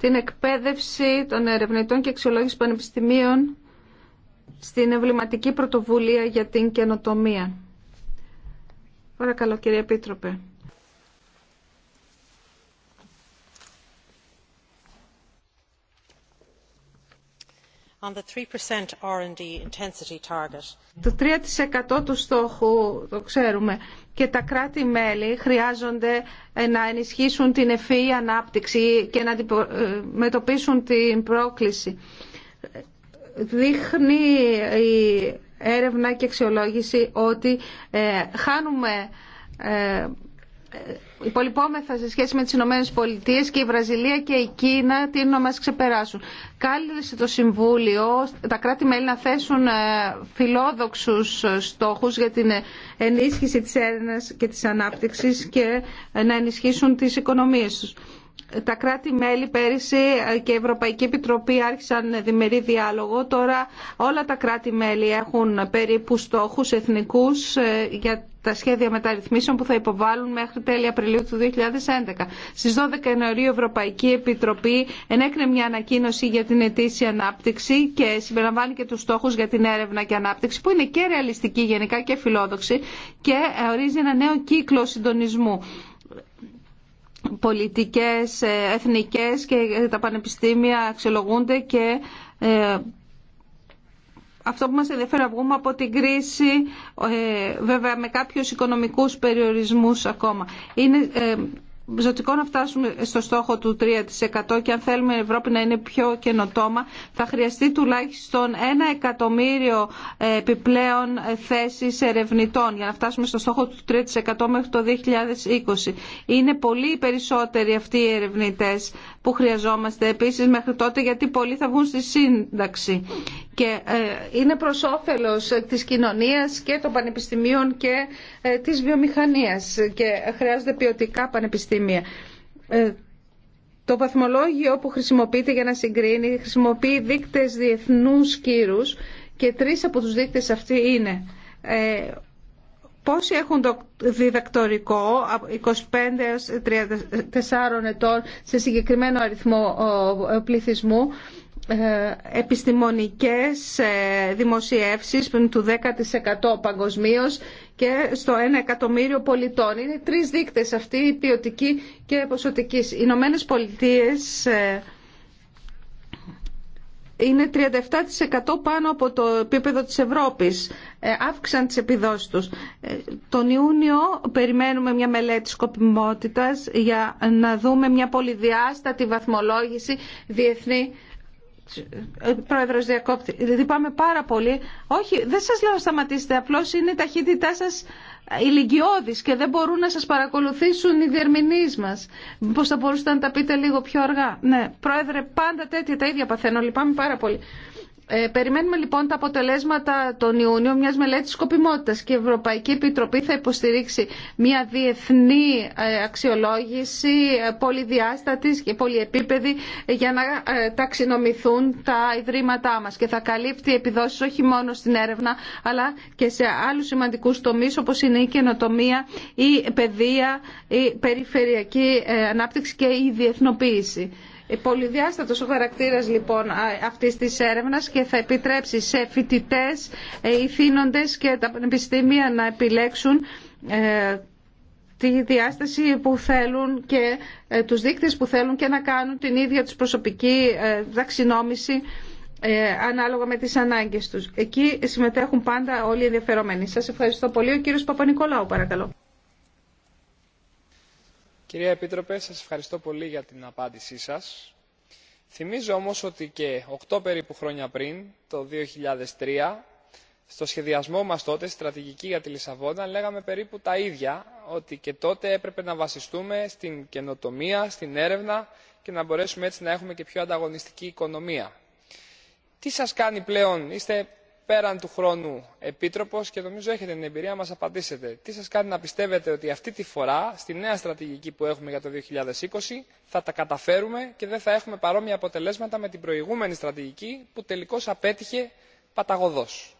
την εκπαίδευση των ερευνητών και αξιολόγηση πανεπιστημίων στην εμβληματική πρωτοβουλία για την καινοτομία. Παρακαλώ κύριε Επίτροπε. on the 3% R&D intensity target. Το 3% του στόχου το ξέρουμε και τα κράτη-μέλη χρειάζονται ε, να ενισχύσουν την ευφυή ανάπτυξη και να αντιμετωπίσουν ε, την πρόκληση. Δείχνει η έρευνα και αξιολόγηση ότι ε, χάνουμε υπολοιπόμεθα σε σχέση με τις Ηνωμένες Πολιτείες και η Βραζιλία και η Κίνα τι να μας ξεπεράσουν. Κάλεσε το Συμβούλιο τα κράτη-μέλη να θέσουν ε, φιλόδοξους ε, στόχους για την ε, ενίσχυση της έρευνας και της ανάπτυξης και να ενισχύσουν τις οικονομίες τους τα κράτη-μέλη πέρυσι και η Ευρωπαϊκή Επιτροπή άρχισαν διμερή διάλογο. Τώρα όλα τα κράτη-μέλη έχουν περίπου στόχους εθνικούς ε, για τα σχέδια μεταρρυθμίσεων που θα υποβάλουν μέχρι τέλη Απριλίου του 2011. Στις 12 Ιανουαρίου η Ευρωπαϊκή Επιτροπή ενέκρινε μια ανακοίνωση για την ετήσια ανάπτυξη και συμπεριλαμβάνει και τους στόχους για την έρευνα και ανάπτυξη που είναι και ρεαλιστική γενικά και φιλόδοξη και ορίζει ένα νέο κύκλο συντονισμού πολιτικές, ε, εθνικές και ε, τα πανεπιστήμια αξιολογούνται και ε, αυτό που μας ενδιαφέρει να βγούμε από την κρίση, βέβαια με κάποιους οικονομικούς περιορισμούς ακόμα ζωτικό να φτάσουμε στο στόχο του 3% και αν θέλουμε η Ευρώπη να είναι πιο καινοτόμα θα χρειαστεί τουλάχιστον ένα εκατομμύριο ε, επιπλέον ε, θέσεις ερευνητών για να φτάσουμε στο στόχο του 3% μέχρι το 2020. Είναι πολύ περισσότεροι αυτοί οι ερευνητές που χρειαζόμαστε επίσης μέχρι τότε γιατί πολλοί θα βγουν στη σύνταξη και ε, είναι προ όφελο τη κοινωνία και των πανεπιστημίων και τη βιομηχανία. και χρειάζονται ποιοτικά πανεπιστήμια ε, το βαθμολόγιο που χρησιμοποιείται για να συγκρίνει χρησιμοποιεί δείκτες διεθνούς κύρους και τρεις από τους δείκτες αυτοί είναι ε, πόσοι έχουν διδακτορικό από 25 έως 34 ετών σε συγκεκριμένο αριθμό πληθυσμού ε, επιστημονικές ε, δημοσιεύσεις του 10% παγκοσμίω και στο 1 εκατομμύριο πολιτών. Είναι τρεις δείκτες αυτοί, η ποιοτική και ποσοτική. Οι Ηνωμένε Πολιτείε ε, είναι 37% πάνω από το επίπεδο της Ευρώπης. αύξαν τις επιδόσεις τους. τον Ιούνιο περιμένουμε μια μελέτη σκοπιμότητας για να δούμε μια πολυδιάστατη βαθμολόγηση διεθνή ε, πρόεδρος διακόπτη, δηλαδή πάμε πάρα πολύ. Όχι, δεν σας λέω σταματήστε, απλώς είναι η ταχύτητά σας ηλικιώδης και δεν μπορούν να σας παρακολουθήσουν οι διερμηνείς μας. Πώς θα μπορούσατε να τα πείτε λίγο πιο αργά. Ναι, Πρόεδρε, πάντα τέτοια τα ίδια παθαίνω, λυπάμαι πάρα πολύ. Ε, περιμένουμε λοιπόν τα αποτελέσματα τον Ιούνιο μιας μελέτης σκοπιμότητας και η Ευρωπαϊκή Επιτροπή θα υποστηρίξει μια διεθνή ε, αξιολόγηση ε, πολυδιάστατης και πολυεπίπεδη για να ταξινομηθούν τα ιδρύματά μας και θα καλύπτει επιδόσεις όχι μόνο στην έρευνα αλλά και σε άλλους σημαντικούς τομείς όπως είναι η καινοτομία, η παιδεία, η περιφερειακή ανάπτυξη και η διεθνοποίηση. Πολυδιάστατο ο χαρακτήρας λοιπόν αυτής της έρευνας και θα επιτρέψει σε φοιτητέ ε, ηθήνοντε και τα πανεπιστήμια να επιλέξουν ε, τη διάσταση που θέλουν και ε, τους δείκτες που θέλουν και να κάνουν την ίδια τους προσωπική δαξινόμηση ανάλογα με τις ανάγκες τους. Εκεί συμμετέχουν πάντα όλοι οι ενδιαφερόμενοι. Σας ευχαριστώ πολύ. Ο κύριος Παπα-Νικολάου παρακαλώ. Κυρία Επίτροπε, σας ευχαριστώ πολύ για την απάντησή σας. Θυμίζω όμως ότι και 8 περίπου χρόνια πριν, το 2003, στο σχεδιασμό μας τότε, στρατηγική για τη Λισαβόνα, λέγαμε περίπου τα ίδια, ότι και τότε έπρεπε να βασιστούμε στην καινοτομία, στην έρευνα και να μπορέσουμε έτσι να έχουμε και πιο ανταγωνιστική οικονομία. Τι σας κάνει πλέον, είστε πέραν του χρόνου επίτροπο και νομίζω έχετε την εμπειρία να μας απαντήσετε. Τι σας κάνει να πιστεύετε ότι αυτή τη φορά στη νέα στρατηγική που έχουμε για το 2020 θα τα καταφέρουμε και δεν θα έχουμε παρόμοια αποτελέσματα με την προηγούμενη στρατηγική που τελικώ απέτυχε παταγωδός.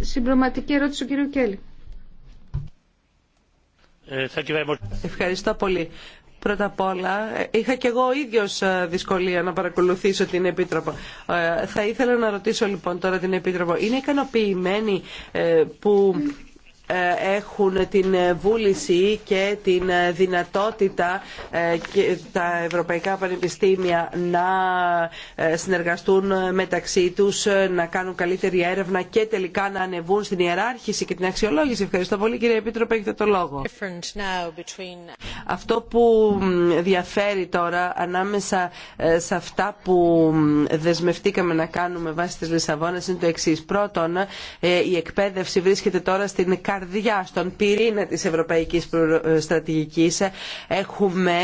Συμπληρωματική ερώτηση του κ. Κέλλη. Ε, Ευχαριστώ πολύ. Πρώτα απ' όλα, είχα κι εγώ ίδιος ε, δυσκολία να παρακολουθήσω την Επίτροπο. Ε, θα ήθελα να ρωτήσω λοιπόν τώρα την Επίτροπο, είναι ικανοποιημένη ε, που έχουν την βούληση και την δυνατότητα ε, και τα ευρωπαϊκά πανεπιστήμια να ε, συνεργαστούν μεταξύ τους, ε, να κάνουν καλύτερη έρευνα και τελικά να ανεβούν στην ιεράρχηση και την αξιολόγηση. Ευχαριστώ πολύ κύριε Επίτροπε, έχετε το λόγο. Αυτό που διαφέρει τώρα ανάμεσα σε αυτά που δεσμευτήκαμε να κάνουμε βάσει της Λισαβόνας είναι το εξής. Πρώτον, η εκπαίδευση βρίσκεται τώρα στην καρδιά καρδιά, στον πυρήνα της ευρωπαϊκής στρατηγικής έχουμε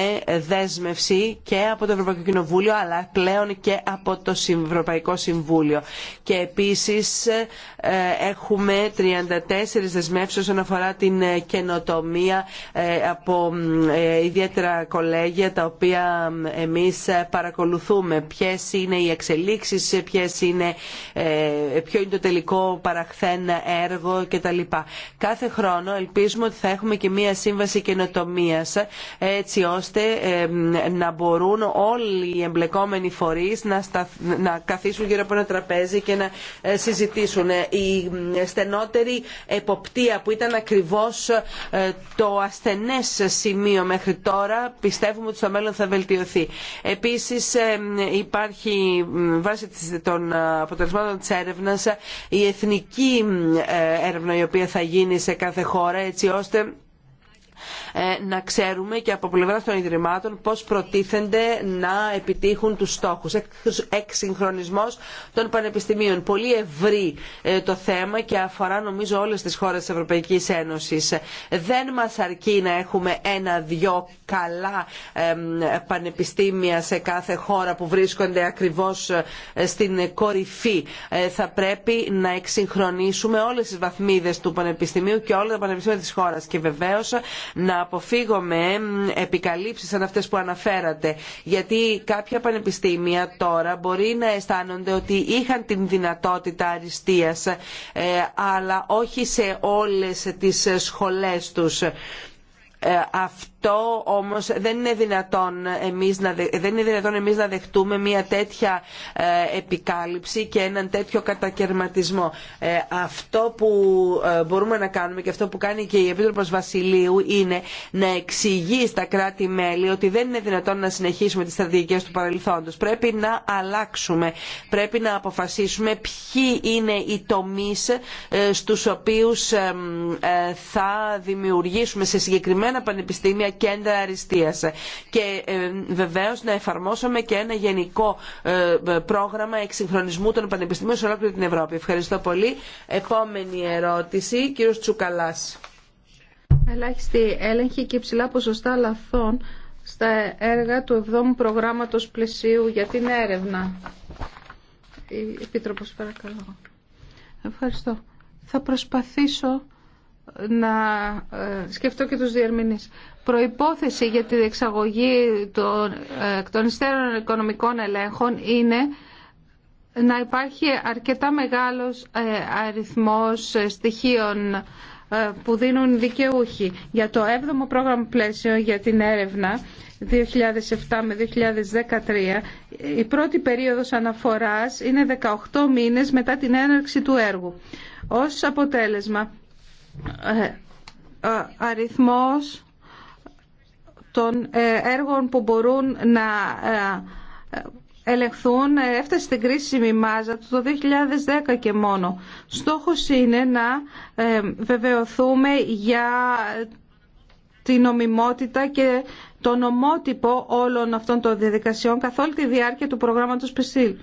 δέσμευση και από το Ευρωπαϊκό Κοινοβούλιο αλλά πλέον και από το Ευρωπαϊκό Συμβούλιο. Και επίσης ε, έχουμε 34 δεσμεύσεις όσον αφορά την ε, καινοτομία ε, από ιδιαίτερα κολέγια τα οποία εμείς παρακολουθούμε. Ποιες είναι οι εξελίξεις, είναι, ποιο είναι το τελικό παραχθέν έργο κτλ. Κάθε χρόνο ελπίζουμε ότι θα έχουμε και μία σύμβαση καινοτομία έτσι ώστε να μπορούν όλοι οι εμπλεκόμενοι φορεί να, να καθίσουν γύρω από ένα τραπέζι και να ε, συζητήσουν. Ε, η ε, στενότερη εποπτεία που ήταν ακριβώ το ασθενέ σημείο μέχρι τώρα πιστεύουμε ότι στο μέλλον θα βελτιωθεί. Επίση υπάρχει βάσει των αποτελεσμάτων τη έρευνα η εθνική έρευνα η οποία θα γίνει γίνει σε κάθε χώρα έτσι ώστε ε, να ξέρουμε και από πλευρά των Ιδρυμάτων πώς προτίθενται να επιτύχουν τους στόχους. Εξυγχρονισμός των πανεπιστημίων. Πολύ ευρύ ε, το θέμα και αφορά νομίζω όλες τις χώρες της Ευρωπαϊκής Ένωσης. Δεν μας αρκεί να έχουμε ένα-δυο καλά πανεπιστήμια σε κάθε χώρα που βρίσκονται ακριβώς ε, στην κορυφή. Θα πρέπει να εξυγχρονίσουμε όλες τις βαθμίδες του πανεπιστημίου και όλα τα πανεπιστήμια της χώρας και να με επικαλύψεις σαν αυτές που αναφέρατε γιατί κάποια πανεπιστήμια τώρα μπορεί να αισθάνονται ότι είχαν την δυνατότητα αριστείας ε, αλλά όχι σε όλες τις σχολές τους. Ε, Αυτό αυτό όμως δεν είναι δυνατόν εμείς να, δεν είναι δυνατόν εμείς να δεχτούμε μια τέτοια ε, επικάλυψη και έναν τέτοιο κατακαιρματισμό. Ε, αυτό που ε, μπορούμε να κάνουμε και αυτό που κάνει και η Επίτροπος Βασιλείου είναι να εξηγεί στα κράτη-μέλη ότι δεν είναι δυνατόν να συνεχίσουμε τις στρατηγικές του παρελθόντος. Πρέπει να αλλάξουμε. Πρέπει να αποφασίσουμε ποιοι είναι οι τομείς στους οποίους θα δημιουργήσουμε σε συγκεκριμένα πανεπιστήμια κέντρα αριστείας. Και ε, βεβαίως να εφαρμόσουμε και ένα γενικό ε, πρόγραμμα εξυγχρονισμού των πανεπιστημίων σε ολόκληρη την Ευρώπη. Ευχαριστώ πολύ. Επόμενη ερώτηση, κύριος Τσουκαλάς. Ελάχιστη έλεγχη και υψηλά ποσοστά λαθών στα έργα του 7ου προγράμματος πλαισίου για την έρευνα. Επίτροπος, παρακαλώ. Ευχαριστώ. Θα προσπαθήσω να ε, σκεφτώ και τους διερμηνείς. Προϋπόθεση για τη διεξαγωγή των, ε, των οικονομικών ελέγχων είναι να υπάρχει αρκετά μεγάλος ε, αριθμός στοιχείων που δίνουν δικαιούχοι. Για το 7ο πρόγραμμα πλαίσιο για την έρευνα 2007 με 2013 η πρώτη περίοδος αναφοράς είναι 18 μήνες μετά την έναρξη του έργου. Ως αποτέλεσμα ε, αριθμός των ε, έργων που μπορούν να ε, ελεγχθούν έφτασε στην κρίσιμη μάζα του το 2010 και μόνο. Στόχος είναι να βεβαιωθούμε για την νομιμότητα και το νομότυπο όλων αυτών των διαδικασιών καθ' όλη τη διάρκεια του προγράμματος Πεσίλ.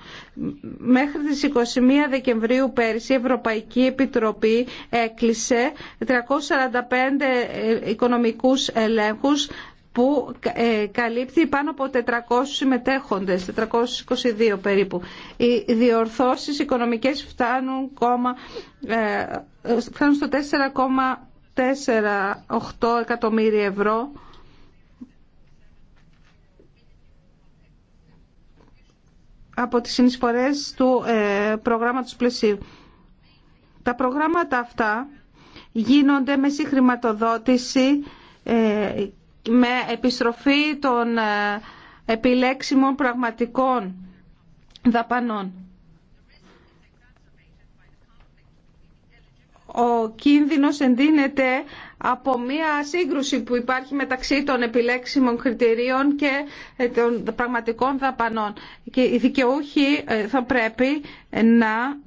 Μέχρι τις 21 Δεκεμβρίου πέρυσι η Ευρωπαϊκή Επιτροπή έκλεισε 345 ε, οικονομικούς ελέγχους που ε, καλύπτει πάνω από 400 συμμετέχοντες, 422 περίπου. Οι διορθώσεις οικονομικές φτάνουν, ε, φτάνουν στο 4,48 εκατομμύρια ευρώ από τις συνεισφορές του ε, προγράμματος πλαισίου. Τα προγράμματα αυτά γίνονται με συγχρηματοδότηση, ε, με επιστροφή των ε, επιλέξιμων πραγματικών δαπανών. Ο κίνδυνος εντείνεται από μια σύγκρουση που υπάρχει μεταξύ των επιλέξιμων κριτηρίων και των πραγματικών δαπανών. Και οι δικαιούχοι ε, θα πρέπει να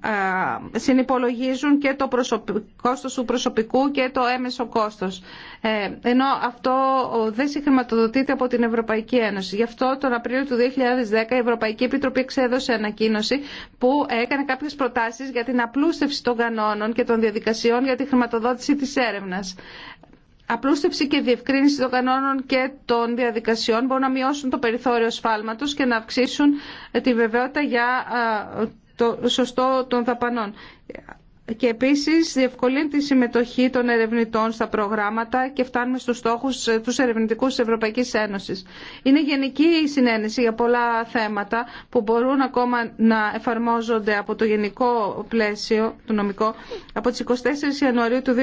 συνυπολογίζουν και το κόστος του προσωπικού και το έμεσο κόστος. Ε, ενώ αυτό δεν συγχρηματοδοτείται από την Ευρωπαϊκή Ένωση. Γι' αυτό τον Απρίλιο του 2010 η Ευρωπαϊκή Επιτροπή εξέδωσε ανακοίνωση που έκανε κάποιες προτάσεις για την απλούστευση των κανόνων και των διαδικασιών για τη χρηματοδότηση της έρευνας. Απλούστευση και διευκρίνηση των κανόνων και των διαδικασιών μπορούν να μειώσουν το περιθώριο σφάλματος και να αυξήσουν τη βεβαιότητα για το σωστό των δαπανών. Και επίσης διευκολύνει τη συμμετοχή των ερευνητών στα προγράμματα και φτάνουμε στους στόχους ε, του ερευνητικού της Ευρωπαϊκής Ένωσης. Είναι γενική η συνένεση για πολλά θέματα που μπορούν ακόμα να εφαρμόζονται από το γενικό πλαίσιο, το νομικό. Από τις 24 Ιανουαρίου του 2011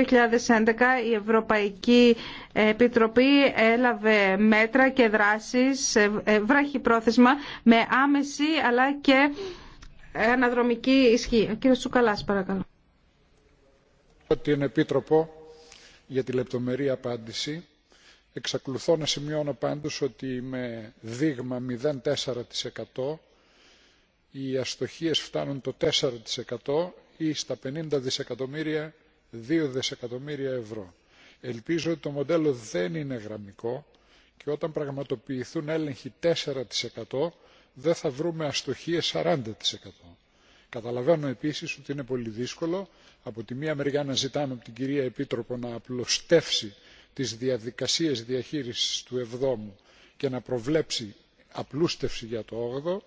η Ευρωπαϊκή Επιτροπή έλαβε μέτρα και δράσεις ε, ε, βράχη πρόθεσμα με άμεση αλλά και αναδρομική ισχύ. Ο κύριος Τσουκαλάς, παρακαλώ. Την Επίτροπο για τη λεπτομερή απάντηση. Εξακολουθώ να σημειώνω πάντως ότι με δείγμα 0,4% οι αστοχίες φτάνουν το 4% ή στα 50 δισεκατομμύρια 2 δισεκατομμύρια ευρώ. Ελπίζω ότι το μοντέλο δεν είναι γραμμικό και όταν πραγματοποιηθούν έλεγχοι 4% δεν θα βρούμε αστοχίες 40%. Καταλαβαίνω επίσης ότι είναι πολύ δύσκολο από τη μία μεριά να ζητάμε από την κυρία Επίτροπο να απλοστεύσει τις διαδικασίες διαχείρισης του εβδομού και να προβλέψει απλούστευση για το 8ο,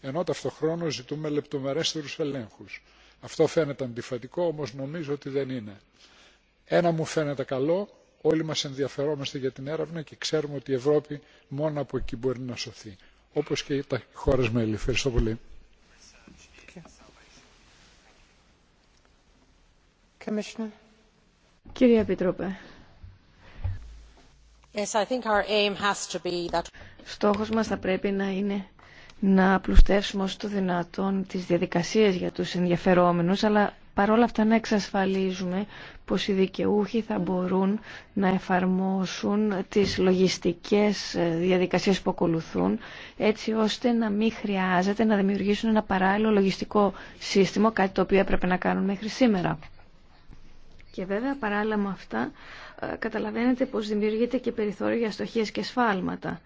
ενώ ταυτοχρόνω ζητούμε λεπτομερέστερους ελέγχους. Αυτό φαίνεται αντιφατικό, όμως νομίζω ότι δεν είναι. Ένα μου φαίνεται καλό, όλοι μας ενδιαφερόμαστε για την έρευνα και ξέρουμε ότι η Ευρώπη μόνο από εκεί μπορεί να σωθεί όπως και τα χώρες μέλη. Ευχαριστώ πολύ. Κύριε Επιτρόπε, yes, I think our aim has to be that... στόχος μας θα πρέπει να είναι να πλουστεύσουμε όσο το δυνατόν τις διαδικασίες για τους ενδιαφερόμενους, αλλά παρόλα αυτά να εξασφαλίζουμε πως οι δικαιούχοι θα μπορούν να εφαρμόσουν τις λογιστικές ε, διαδικασίες που ακολουθούν έτσι ώστε να μην χρειάζεται να δημιουργήσουν ένα παράλληλο λογιστικό σύστημα, κάτι το οποίο έπρεπε να κάνουν μέχρι σήμερα. Και βέβαια παράλληλα με αυτά ε, καταλαβαίνετε πως δημιουργείται και περιθώριο για και σφάλματα.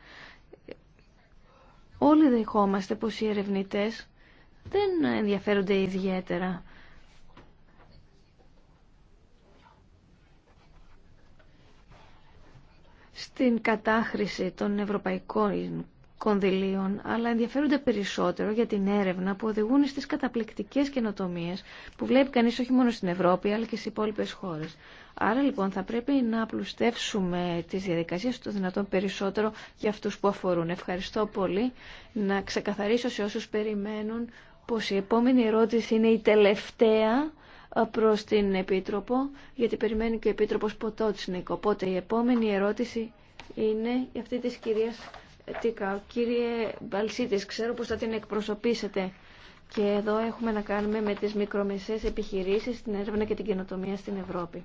Όλοι δεχόμαστε πως οι ερευνητές δεν ενδιαφέρονται ιδιαίτερα στην κατάχρηση των ευρωπαϊκών κονδυλίων, αλλά ενδιαφέρονται περισσότερο για την έρευνα που οδηγούν στις καταπληκτικές καινοτομίες που βλέπει κανείς όχι μόνο στην Ευρώπη αλλά και στις υπόλοιπες χώρες. Άρα λοιπόν θα πρέπει να απλουστεύσουμε τις διαδικασίες το δυνατόν περισσότερο για αυτούς που αφορούν. Ευχαριστώ πολύ να ξεκαθαρίσω σε όσους περιμένουν πως η επόμενη ερώτηση είναι η τελευταία προς την Επίτροπο, γιατί περιμένει και ο Επίτροπος Ποτότσνικ. Οπότε η επόμενη ερώτηση είναι αυτή της κυρίας Τίκαου. Κύριε Μπαλσίτης, ξέρω πως θα την εκπροσωπήσετε. Και εδώ έχουμε να κάνουμε με τις μικρομεσαίες επιχειρήσεις, την έρευνα και την καινοτομία στην Ευρώπη.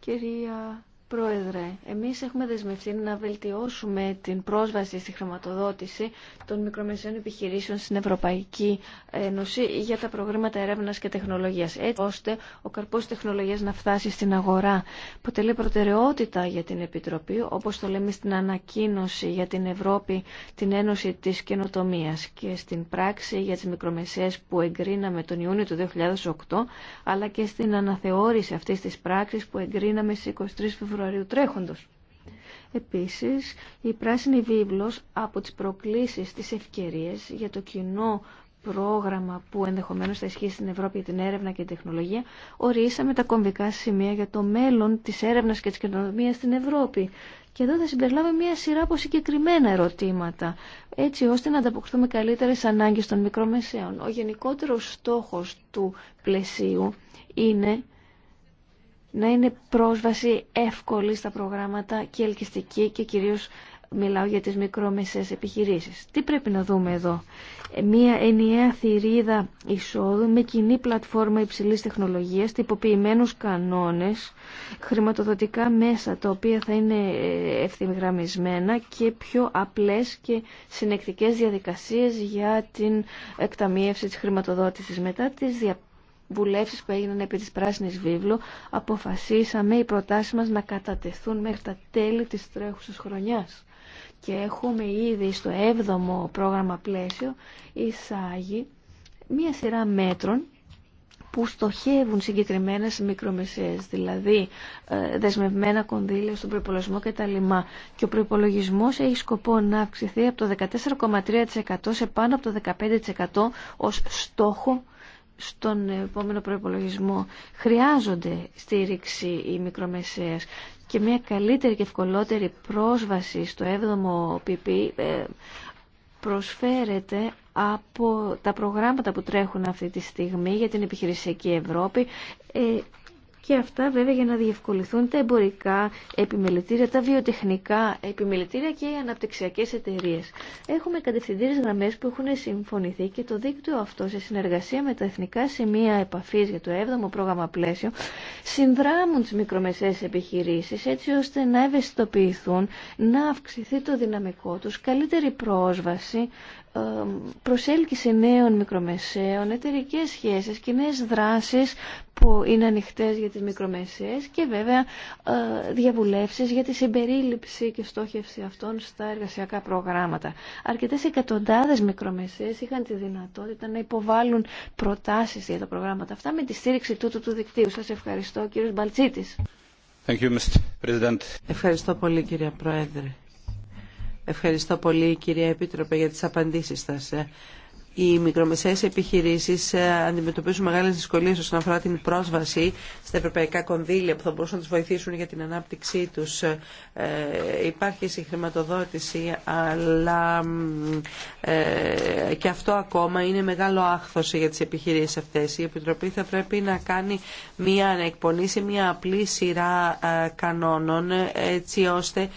Κυρία Πρόεδρε, εμείς έχουμε δεσμευτεί να βελτιώσουμε την πρόσβαση στη χρηματοδότηση των μικρομεσαίων επιχειρήσεων στην Ευρωπαϊκή Ένωση για τα προγράμματα έρευνας και τεχνολογίας, έτσι ώστε ο καρπός τεχνολογίας να φτάσει στην αγορά. Ποτελεί προτεραιότητα για την Επιτροπή, όπως το λέμε στην ανακοίνωση για την Ευρώπη, την Ένωση της Καινοτομίας και στην πράξη για τις μικρομεσαίες που εγκρίναμε τον Ιούνιο του 2008, αλλά και στην αναθεώρηση αυτής της πράξης που εγκρίναμε στις 23 Φεβρουαρίου Φεβρουαρίου τρέχοντος. Επίσης, η Πράσινη Βίβλος από τις προκλήσεις της ευκαιρία για το κοινό πρόγραμμα που ενδεχομένως θα ισχύσει στην Ευρώπη για την έρευνα και την τεχνολογία, ορίσαμε τα κομβικά σημεία για το μέλλον της έρευνας και της κοινωνία στην Ευρώπη. Και εδώ θα συμπεριλάβουμε μια σειρά από συγκεκριμένα ερωτήματα, έτσι ώστε να ανταποκριθούμε καλύτερε ανάγκε των μικρομεσαίων. Ο γενικότερο στόχο του πλαισίου είναι να είναι πρόσβαση εύκολη στα προγράμματα και ελκυστική και κυρίως μιλάω για τις μικρόμεσες επιχειρήσεις. Τι πρέπει να δούμε εδώ. Ε, μία ενιαία θηρίδα εισόδου με κοινή πλατφόρμα υψηλής τεχνολογίας, τυποποιημένους κανόνες, χρηματοδοτικά μέσα τα οποία θα είναι ε, ευθυγραμμισμένα και πιο απλές και συνεκτικές διαδικασίες για την εκταμείευση της χρηματοδότησης. Μετά τις δια βουλεύσεις που έγιναν επί της Πράσινης Βίβλου αποφασίσαμε οι προτάσεις μας να κατατεθούν μέχρι τα τέλη της τρέχουσας χρονιάς. Και έχουμε ήδη στο 7ο πρόγραμμα πλαίσιο εισάγει μία σειρά μέτρων που στοχεύουν συγκεκριμένα σε μικρομεσαίες, δηλαδή ε, δεσμευμένα κονδύλια στον προπολογισμό και τα λοιμά. Και ο προπολογισμό έχει σκοπό να αυξηθεί από το 14,3% σε πάνω από το 15% ως στόχο στον επόμενο προπολογισμό χρειάζονται στήριξη οι μικρομεσαίες και μια καλύτερη και ευκολότερη πρόσβαση στο 7ο PP ε, προσφέρεται από τα προγράμματα που τρέχουν αυτή τη στιγμή για την επιχειρησιακή Ευρώπη ε, και αυτά βέβαια για να διευκολυθούν τα εμπορικά επιμελητήρια, τα βιοτεχνικά επιμελητήρια και οι αναπτυξιακέ εταιρείε. Έχουμε κατευθυντήρε γραμμέ που έχουν συμφωνηθεί και το δίκτυο αυτό σε συνεργασία με τα εθνικά σημεία επαφή για το 7ο πρόγραμμα πλαίσιο συνδράμουν τι μικρομεσαίες επιχειρήσει έτσι ώστε να ευαισθητοποιηθούν, να αυξηθεί το δυναμικό του καλύτερη πρόσβαση προσέλκυση νέων μικρομεσαίων, εταιρικέ σχέσεις, κοινέ δράσεις που είναι ανοιχτές για τις μικρομεσαίες και βέβαια ε, διαβουλεύσεις για τη συμπερίληψη και στόχευση αυτών στα εργασιακά προγράμματα. Αρκετές εκατοντάδες μικρομεσαίες είχαν τη δυνατότητα να υποβάλουν προτάσεις για τα προγράμματα αυτά με τη στήριξη τούτου του δικτύου. Σας ευχαριστώ Κύριο Μπαλτσίτης. Ευχαριστώ πολύ κύριε Πρόεδρε. Ευχαριστώ πολύ κυρία Επίτροπε για τις απαντήσεις σας οι μικρομεσαίες επιχειρήσεις ε, αντιμετωπίζουν μεγάλες δυσκολίες όσον αφορά την πρόσβαση στα ευρωπαϊκά κονδύλια που θα μπορούσαν να τους βοηθήσουν για την ανάπτυξή τους. Ε, υπάρχει συγχρηματοδότηση, αλλά ε, και αυτό ακόμα είναι μεγάλο άχθος για τις επιχειρήσεις αυτές. Η Επιτροπή θα πρέπει να κάνει μια, να εκπονήσει μια απλή σειρά ε, κανόνων έτσι ώστε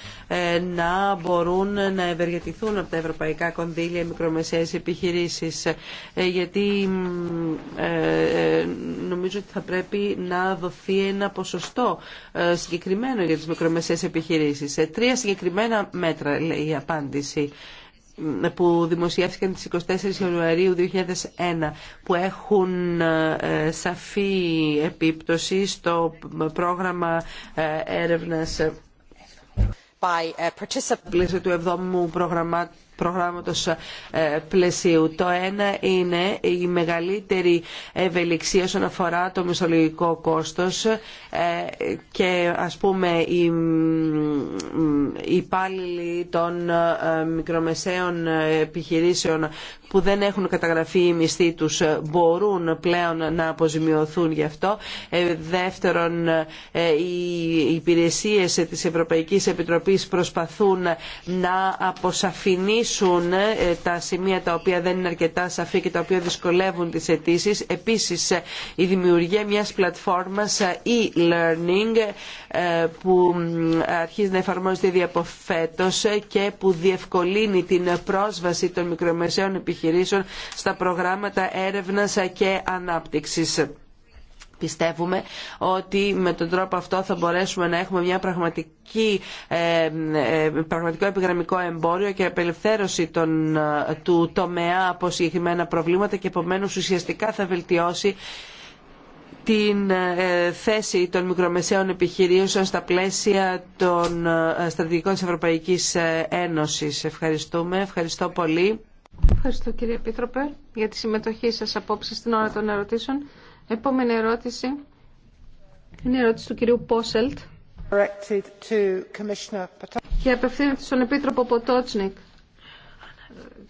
να μπορούν να ευεργετηθούν από τα ευρωπαϊκά κονδύλια οι μικρομεσαίες επιχειρήσεις ε, γιατί ε, ε, νομίζω ότι θα πρέπει να δοθεί ένα ποσοστό συγκεκριμένο για τις μικρομεσαίες επιχειρήσεις. Τρία συγκεκριμένα μέτρα λέει η απάντηση που δημοσιεύθηκαν τις 24 Ιανουαρίου 2001 που έχουν σαφή επίπτωση στο πρόγραμμα έρευνας By, του προγραμμάτου προγράμματος ε, πλαισίου. Το ένα είναι η μεγαλύτερη ευελιξία όσον αφορά το μισολογικό κόστος ε, και ας πούμε οι υπάλληλοι των ε, μικρομεσαίων επιχειρήσεων που δεν έχουν καταγραφεί οι μισθοί τους μπορούν πλέον να αποζημιωθούν γι' αυτό. Δεύτερον, οι υπηρεσίες της Ευρωπαϊκής Επιτροπής προσπαθούν να αποσαφηνίσουν λύσουν ε, τα σημεία τα οποία δεν είναι αρκετά σαφή και τα οποία δυσκολεύουν τις αιτήσει. Επίσης ε, η δημιουργία μιας πλατφόρμας ε, e-learning που αρχίζει να εφαρμόζεται ήδη από φέτος και που διευκολύνει την πρόσβαση των μικρομεσαίων επιχειρήσεων στα προγράμματα έρευνας και ανάπτυξης. Πιστεύουμε ότι με τον τρόπο αυτό θα μπορέσουμε να έχουμε μια πραγματική, ε, ε, πραγματικό επιγραμμικό εμπόριο και απελευθέρωση των, ε, του τομέα από συγκεκριμένα προβλήματα και επομένω, ουσιαστικά θα βελτιώσει την θέση των μικρομεσαίων επιχειρήσεων στα πλαίσια των στρατηγικών της Ευρωπαϊκής Ένωσης. Ευχαριστούμε. Ευχαριστώ πολύ. Ευχαριστώ κύριε Επίτροπε για τη συμμετοχή σας απόψε στην ώρα των ερωτήσεων. Επόμενη ερώτηση είναι η ερώτηση του κυρίου Πόσελτ και απευθύνεται στον Επίτροπο Ποτότσνικ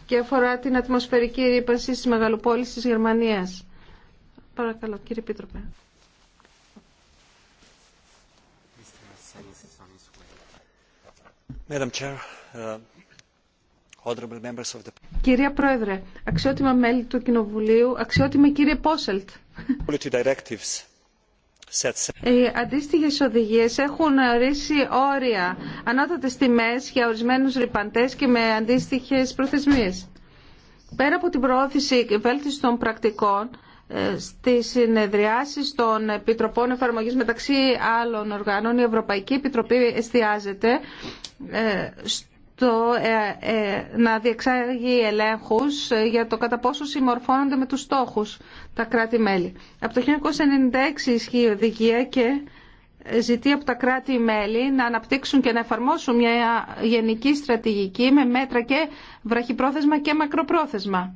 και αφορά την ατμοσφαιρική ρήπανση στις μεγαλοπόλεις της Γερμανίας. Παρακαλώ, κύριε Επίτροπε. Uh, Κυρία Πρόεδρε, αξιότιμα μέλη του Κοινοβουλίου, αξιότιμη κύριε Πόσελτ. Οι αντίστοιχε οδηγίε έχουν ορίσει όρια, ανώτατε τιμέ για ορισμένου ρηπαντέ και με αντίστοιχε προθεσμίε. Πέρα από την προώθηση βέλτιση των πρακτικών, ε, στις συνεδριάσεις των Επιτροπών Εφαρμογής μεταξύ άλλων οργάνων η Ευρωπαϊκή Επιτροπή εστιάζεται ε, το, ε, ε, να διεξάγει ελέγχους για το κατά πόσο συμμορφώνονται με τους στόχους τα κράτη-μέλη. Από το 1996 ισχύει η οδηγία και ζητεί από τα κράτη-μέλη να αναπτύξουν και να εφαρμόσουν μια γενική στρατηγική με μέτρα και βραχυπρόθεσμα και μακροπρόθεσμα.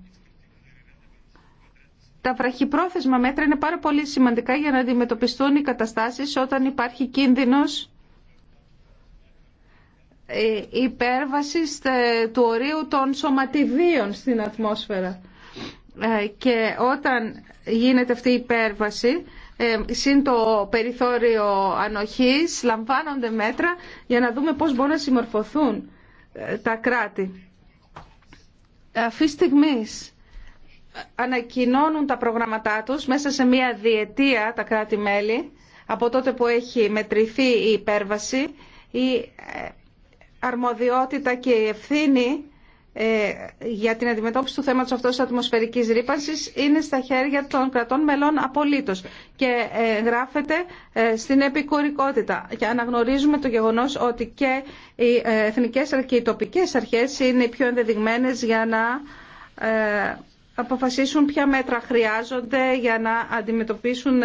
Τα βραχυπρόθεσμα μέτρα είναι πάρα πολύ σημαντικά για να αντιμετωπιστούν οι καταστάσεις όταν υπάρχει κίνδυνος ε, υπέρβαση του ορίου των σωματιδίων στην ατμόσφαιρα. Ε, και όταν γίνεται αυτή η υπέρβαση, ε, συν το περιθώριο ανοχής, λαμβάνονται μέτρα για να δούμε πώς μπορούν να συμμορφωθούν τα κράτη. Αυτή στιγμή ανακοινώνουν τα προγραμματά τους μέσα σε μία διετία τα κράτη-μέλη από τότε που έχει μετρηθεί η υπέρβαση ή αρμοδιότητα και η ευθύνη ε, για την αντιμετώπιση του θέματος αυτός της ατμοσφαιρικής ρήπανσης είναι στα χέρια των κρατών μελών απολύτως και ε, γράφεται ε, στην επικουρικότητα. Και αναγνωρίζουμε το γεγονός ότι και οι εθνικές και οι τοπικές αρχές είναι οι πιο ενδεδειγμένες για να αποφασίσουν ποια μέτρα χρειάζονται για να αντιμετωπίσουν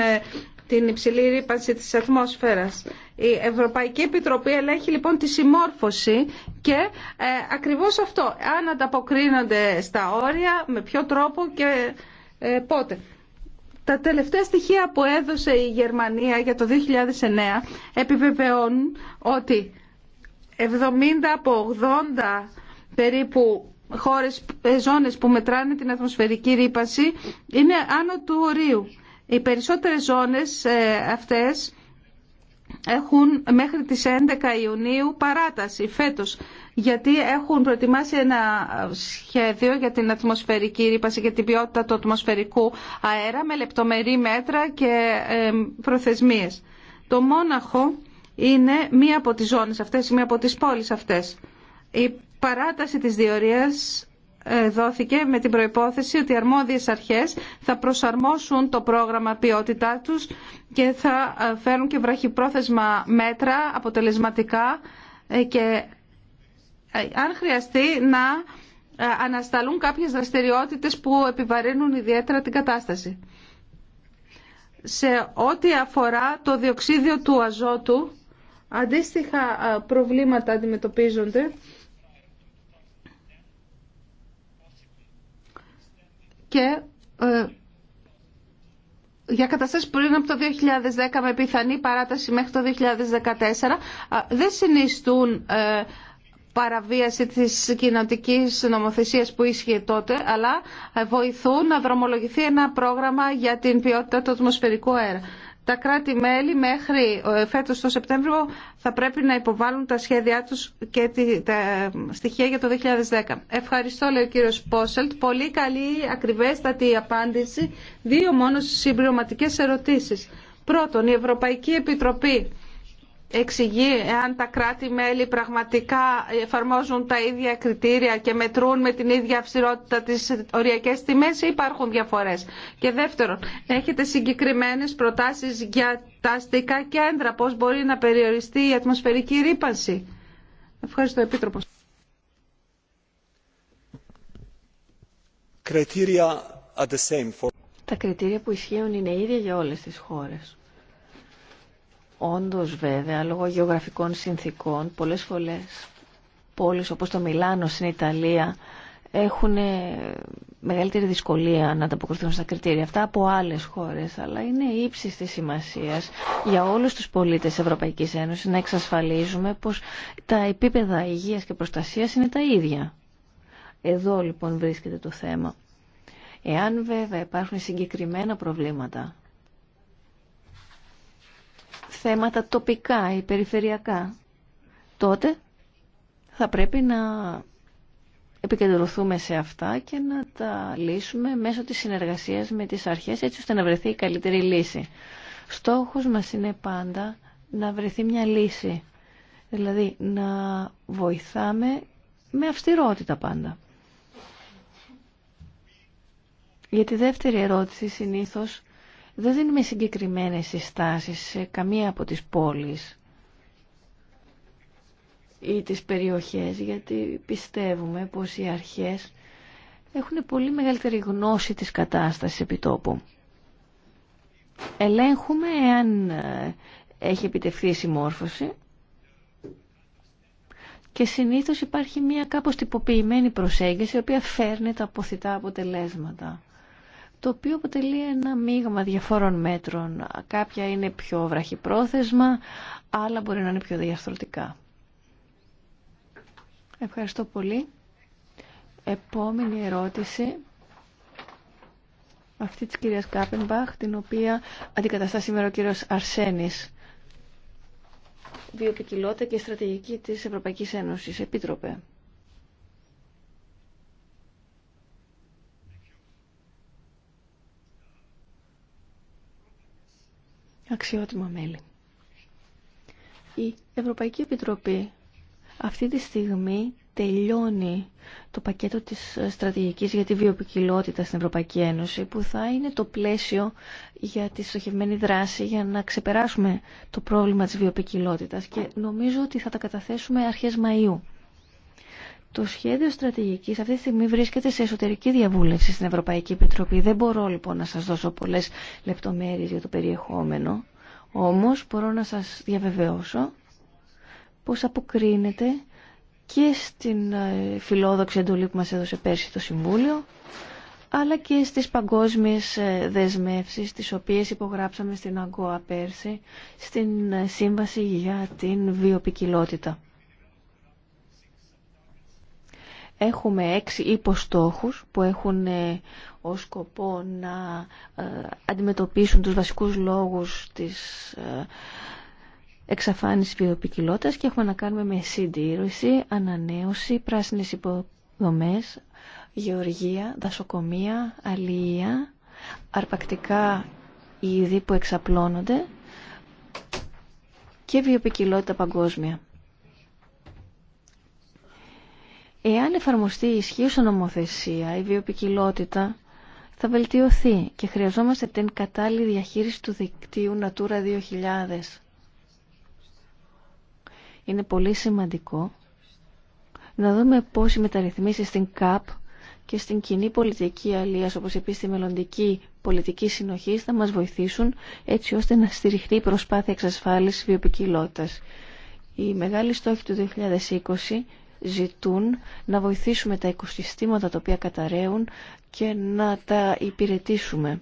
την υψηλή ρήπανση της ατμόσφαιρας. Η Ευρωπαϊκή Επιτροπή ελέγχει λοιπόν τη συμμόρφωση και ε, ακριβώς αυτό, αν ανταποκρίνονται στα όρια, με ποιο τρόπο και ε, πότε. Τα τελευταία στοιχεία που έδωσε η Γερμανία για το 2009 επιβεβαιώνουν ότι 70 από 80 περίπου χώρες, ε, ζώνες που μετράνε την ατμοσφαιρική ρήπανση είναι άνω του ορίου. Οι περισσότερες ζώνες ε, αυτές έχουν μέχρι τις 11 Ιουνίου παράταση φέτος γιατί έχουν προετοιμάσει ένα σχέδιο για την ατμοσφαιρική ρήπαση και την ποιότητα του ατμοσφαιρικού αέρα με λεπτομερή μέτρα και ε, προθεσμίες. Το Μόναχο είναι μία από τις ζώνες αυτές, μία από τις πόλεις αυτές. Η παράταση της διορίας ε, δόθηκε με την προϋπόθεση ότι οι αρμόδιες αρχές θα προσαρμόσουν το πρόγραμμα ποιότητά τους και θα ε, φέρουν και βραχυπρόθεσμα μέτρα αποτελεσματικά ε, και αν χρειαστεί να ανασταλούν κάποιες δραστηριότητες που επιβαρύνουν ιδιαίτερα την κατάσταση. Σε ό,τι αφορά το διοξίδιο του αζότου, αντίστοιχα προβλήματα αντιμετωπίζονται και ε, για καταστάσεις πριν από το 2010 με πιθανή παράταση μέχρι το 2014 δεν συνιστούν ε, παραβίαση της κοινοτικής νομοθεσίας που ίσχυε τότε, αλλά ε, βοηθούν να δρομολογηθεί ένα πρόγραμμα για την ποιότητα του ατμοσφαιρικού αέρα τα κράτη-μέλη μέχρι ε, φέτος το Σεπτέμβριο θα πρέπει να υποβάλουν τα σχέδιά τους και τα στοιχεία για το 2010. Ευχαριστώ, λέει ο κύριος Πόσελτ. Πολύ καλή, ακριβέστατη απάντηση. Δύο μόνο συμπληρωματικές ερωτήσεις. Πρώτον, η Ευρωπαϊκή Επιτροπή εξηγεί εάν τα κράτη-μέλη πραγματικά εφαρμόζουν τα ίδια κριτήρια και μετρούν με την ίδια αυστηρότητα τις οριακέ τιμές ή υπάρχουν διαφορές. Και δεύτερον, έχετε συγκεκριμένες προτάσεις για τα αστικά κέντρα, πώς μπορεί να περιοριστεί η ατμοσφαιρική ρήπανση. Ευχαριστώ, Επίτροπο. Τα κριτήρια που ισχύουν είναι ίδια για όλες τις χώρες. Όντως βέβαια, λόγω γεωγραφικών συνθήκων, πολλές φορές πόλεις όπως το Μιλάνο στην Ιταλία έχουν ε, μεγαλύτερη δυσκολία να ανταποκριθούν στα κριτήρια αυτά από άλλες χώρες, αλλά είναι ύψη της σημασίας για όλους τους πολίτες της Ευρωπαϊκής Ένωσης να εξασφαλίζουμε πως τα επίπεδα υγείας και προστασίας είναι τα ίδια. Εδώ λοιπόν βρίσκεται το θέμα. Εάν βέβαια υπάρχουν συγκεκριμένα προβλήματα θέματα τοπικά ή περιφερειακά, τότε θα πρέπει να επικεντρωθούμε σε αυτά και να τα λύσουμε μέσω της συνεργασίας με τις αρχές έτσι ώστε να βρεθεί η καλύτερη λύση. Στόχος μας είναι πάντα να βρεθεί μια λύση, δηλαδή να βοηθάμε με αυστηρότητα πάντα. Για τη δεύτερη ερώτηση συνήθως δεν δίνουμε συγκεκριμένες συστάσεις σε καμία από τις πόλεις ή τις περιοχές γιατί πιστεύουμε πως οι αρχές έχουν πολύ μεγαλύτερη γνώση της κατάστασης επιτόπου. Ελέγχουμε εάν ε, έχει επιτευχθεί η συμμόρφωση και συνήθως υπάρχει μια κάπως τυποποιημένη προσέγγιση η οποία φέρνει τα αποθητά αποτελέσματα το οποίο αποτελεί ένα μείγμα διαφόρων μέτρων. Κάποια είναι πιο βραχυπρόθεσμα, άλλα μπορεί να είναι πιο διαστρωτικά. Ευχαριστώ πολύ. Επόμενη ερώτηση αυτή της κυρίας Κάπενμπαχ, την οποία αντικαταστά σήμερα ο κύριος Αρσένης. Βιοπικιλότητα και στρατηγική της Ευρωπαϊκής Ένωσης. Επίτροπε. αξιότιμα μέλη. Η Ευρωπαϊκή Επιτροπή αυτή τη στιγμή τελειώνει το πακέτο της στρατηγικής για τη βιοποικιλότητα στην Ευρωπαϊκή Ένωση που θα είναι το πλαίσιο για τη στοχευμένη δράση για να ξεπεράσουμε το πρόβλημα της βιοποικιλότητας και νομίζω ότι θα τα καταθέσουμε αρχές Μαΐου. Το σχέδιο στρατηγικής αυτή τη στιγμή βρίσκεται σε εσωτερική διαβούλευση στην Ευρωπαϊκή Επιτροπή. Δεν μπορώ λοιπόν να σας δώσω πολλές λεπτομέρειες για το περιεχόμενο. Όμως μπορώ να σας διαβεβαιώσω πως αποκρίνεται και στην ε, φιλόδοξη εντολή που μας έδωσε πέρσι το Συμβούλιο αλλά και στις παγκόσμιες ε, δεσμεύσεις τις οποίες υπογράψαμε στην Αγκόα πέρσι στην ε, Σύμβαση για την Βιοπικιλότητα. Έχουμε έξι υποστόχους που έχουν ε, ως σκοπό να ε, αντιμετωπίσουν τους βασικούς λόγους της ε, εξαφάνισης βιοποικιλότητας και έχουμε να κάνουμε με συντήρηση, ανανέωση, πράσινες υποδομές, γεωργία, δασοκομεία, αλληλεία, αρπακτικά είδη που εξαπλώνονται και βιοποικιλότητα παγκόσμια. Εάν εφαρμοστεί η ισχύουσα νομοθεσία, η βιοπικιλότητα θα βελτιωθεί και χρειαζόμαστε την κατάλληλη διαχείριση του δικτύου Natura 2000. Είναι πολύ σημαντικό να δούμε πώς οι μεταρρυθμίσεις στην ΚΑΠ και στην κοινή πολιτική αλίας, όπως επίσης στη μελλοντική πολιτική συνοχή, θα μας βοηθήσουν έτσι ώστε να στηριχθεί η προσπάθεια εξασφάλισης βιοπικιλότητας. Η μεγάλη στόχη του 2020 ζητούν να βοηθήσουμε τα οικοσυστήματα τα οποία καταραίουν και να τα υπηρετήσουμε.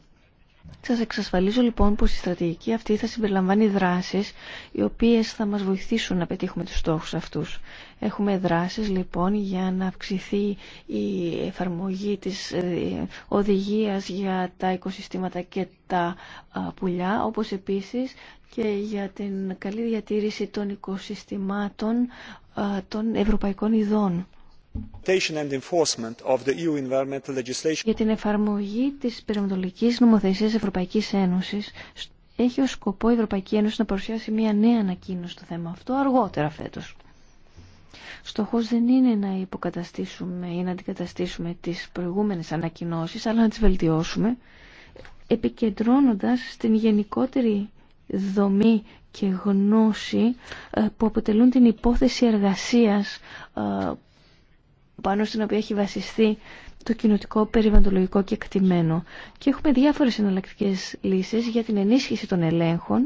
Σας εξασφαλίζω λοιπόν πως η στρατηγική αυτή θα συμπεριλαμβάνει δράσεις οι οποίες θα μας βοηθήσουν να πετύχουμε τους στόχους αυτούς. Έχουμε δράσεις λοιπόν για να αυξηθεί η εφαρμογή της ε, οδηγίας για τα οικοσυστήματα και τα πουλιά, όπως επίσης και για την καλή διατήρηση των οικοσυστημάτων των ευρωπαϊκών ειδών. E για την εφαρμογή της περιβαλλοντικής νομοθεσίας Ευρωπαϊκής Ένωσης έχει ως σκοπό η Ευρωπαϊκή Ένωση να παρουσιάσει μια νέα ανακοίνωση στο θέμα αυτό αργότερα φέτος. Στοχός δεν είναι να υποκαταστήσουμε ή να αντικαταστήσουμε τις προηγούμενες ανακοινώσεις, αλλά να τις βελτιώσουμε, επικεντρώνοντας στην γενικότερη δομή και γνώση ε, που αποτελούν την υπόθεση εργασίας ε, πάνω στην οποία έχει βασιστεί το κοινοτικό περιβαλλοντολογικό και Και έχουμε διάφορες εναλλακτικέ λύσεις για την ενίσχυση των ελέγχων.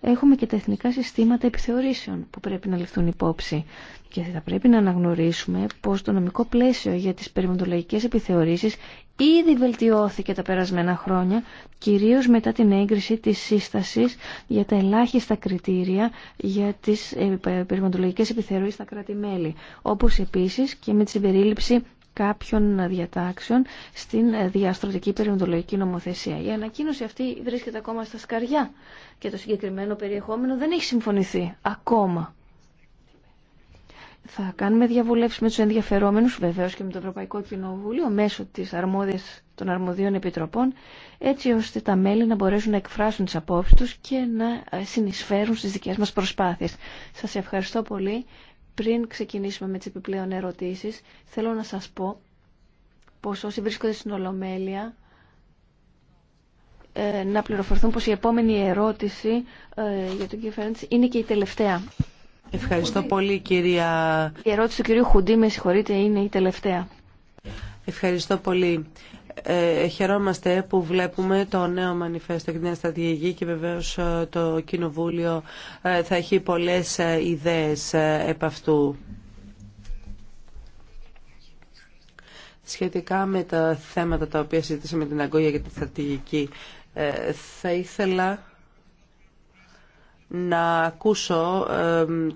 Έχουμε και τα εθνικά συστήματα επιθεωρήσεων που πρέπει να ληφθούν υπόψη. Και θα πρέπει να αναγνωρίσουμε πως το νομικό πλαίσιο για τις περιβαλλοντολογικές επιθεωρήσεις ήδη βελτιώθηκε τα περασμένα χρόνια, κυρίως μετά την έγκριση της σύστασης για τα ελάχιστα κριτήρια για τις ε, περιβαλλοντολογικές επιθεωρήσεις στα κράτη-μέλη, όπως επίσης και με τη συμπερίληψη κάποιων διατάξεων στην διαστρωτική περιβαλλοντολογική νομοθεσία. Η ανακοίνωση αυτή βρίσκεται ακόμα στα σκαριά και το συγκεκριμένο περιεχόμενο δεν έχει συμφωνηθεί ακόμα. Θα κάνουμε διαβουλεύσει με του ενδιαφερόμενους βεβαίω και με το Ευρωπαϊκό Κοινοβούλιο μέσω τη αρμόδια των αρμοδίων επιτροπών έτσι ώστε τα μέλη να μπορέσουν να εκφράσουν τι απόψει του και να ε, συνεισφέρουν στι δικέ μα προσπάθειε. Σα ευχαριστώ πολύ. Πριν ξεκινήσουμε με τι επιπλέον ερωτήσει. θέλω να σα πω πω όσοι βρίσκονται στην Ολομέλεια ε, να πληροφορθούν πως η επόμενη ερώτηση ε, για τον κύριο Φέρεντς είναι και η τελευταία. Ευχαριστώ πολύ κυρία... Η ερώτηση του κυρίου Χουντή, με συγχωρείτε, είναι η τελευταία. Ευχαριστώ πολύ. Ε, χαιρόμαστε που βλέπουμε το νέο μανιφέστο και την νέα στρατηγική και βεβαίως ε, το Κοινοβούλιο ε, θα έχει πολλές ε, ιδέες επ' αυτού. Σχετικά με τα θέματα τα οποία συζήτησαμε την Αγκόγια για τη στρατηγική, θα ήθελα να ακούσω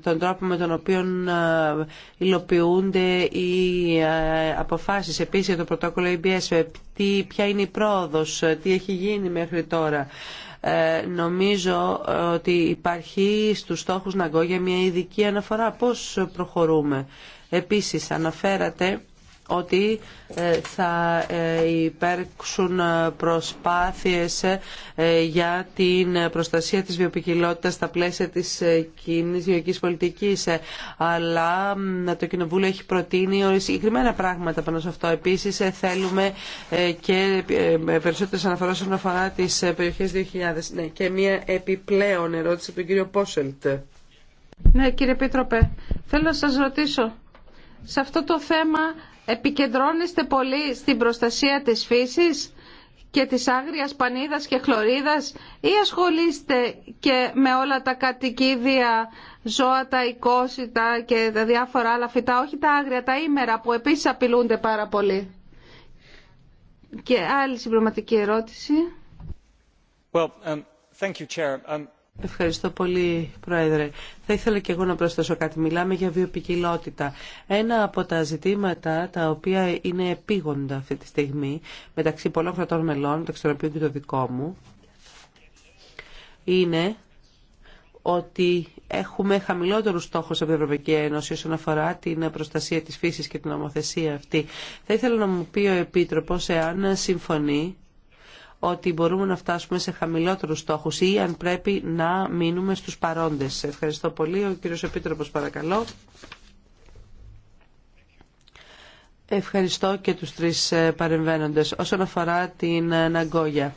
τον τρόπο με τον οποίο ε, υλοποιούνται οι ε, αποφάσεις επίσης για το πρωτόκολλο EBS, ε, ποια είναι η πρόοδος, τι έχει γίνει μέχρι τώρα. Νομίζω ότι υπάρχει στους στόχους να μια ειδική αναφορά πώς προχωρούμε. Επίσης αναφέρατε ότι ε, θα ε, υπέρξουν ε, προσπάθειες για την προστασία της βιοποικιλότητας στα πλαίσια της κοινής βιοικής πολιτικής. Αλλά το Κοινοβούλιο έχει προτείνει συγκεκριμένα πράγματα πάνω σε αυτό. Επίσης θέλουμε και περισσότερες αναφορές όσον αφορά τις περιοχές 2000. Ναι, και μία επιπλέον ερώτηση από τον κύριο Πόσελτ. Ναι, κύριε Πίτροπε, θέλω να σας ρωτήσω. Σε αυτό το θέμα επικεντρώνεστε πολύ στην προστασία της φύσης και της άγριας πανίδας και χλωρίδας ή ασχολείστε και με όλα τα κατοικίδια, ζώα, τα οικόσιτα και τα διάφορα άλλα φυτά, όχι τα άγρια, τα ήμερα που επίσης απειλούνται πάρα πολύ. Και άλλη συμπληρωματική ερώτηση. Well, um, thank um, Ευχαριστώ πολύ, Πρόεδρε. Θα ήθελα και εγώ να προσθέσω κάτι. Μιλάμε για βιοπικιλότητα. Ένα από τα ζητήματα τα οποία είναι επίγοντα αυτή τη στιγμή μεταξύ πολλών κρατών μελών, το των οποίων και το δικό μου, είναι ότι έχουμε χαμηλότερους στόχους από την Ευρωπαϊκή Ένωση όσον αφορά την προστασία της φύσης και την νομοθεσία αυτή. Θα ήθελα να μου πει ο Επίτροπος εάν συμφωνεί ότι μπορούμε να φτάσουμε σε χαμηλότερους στόχους ή αν πρέπει να μείνουμε στους παρόντες. Ευχαριστώ πολύ. Ο κύριος Επίτροπος παρακαλώ. Ευχαριστώ και τους τρεις ε, παρεμβαίνοντες. Όσον αφορά την ε, Ναγκόγια,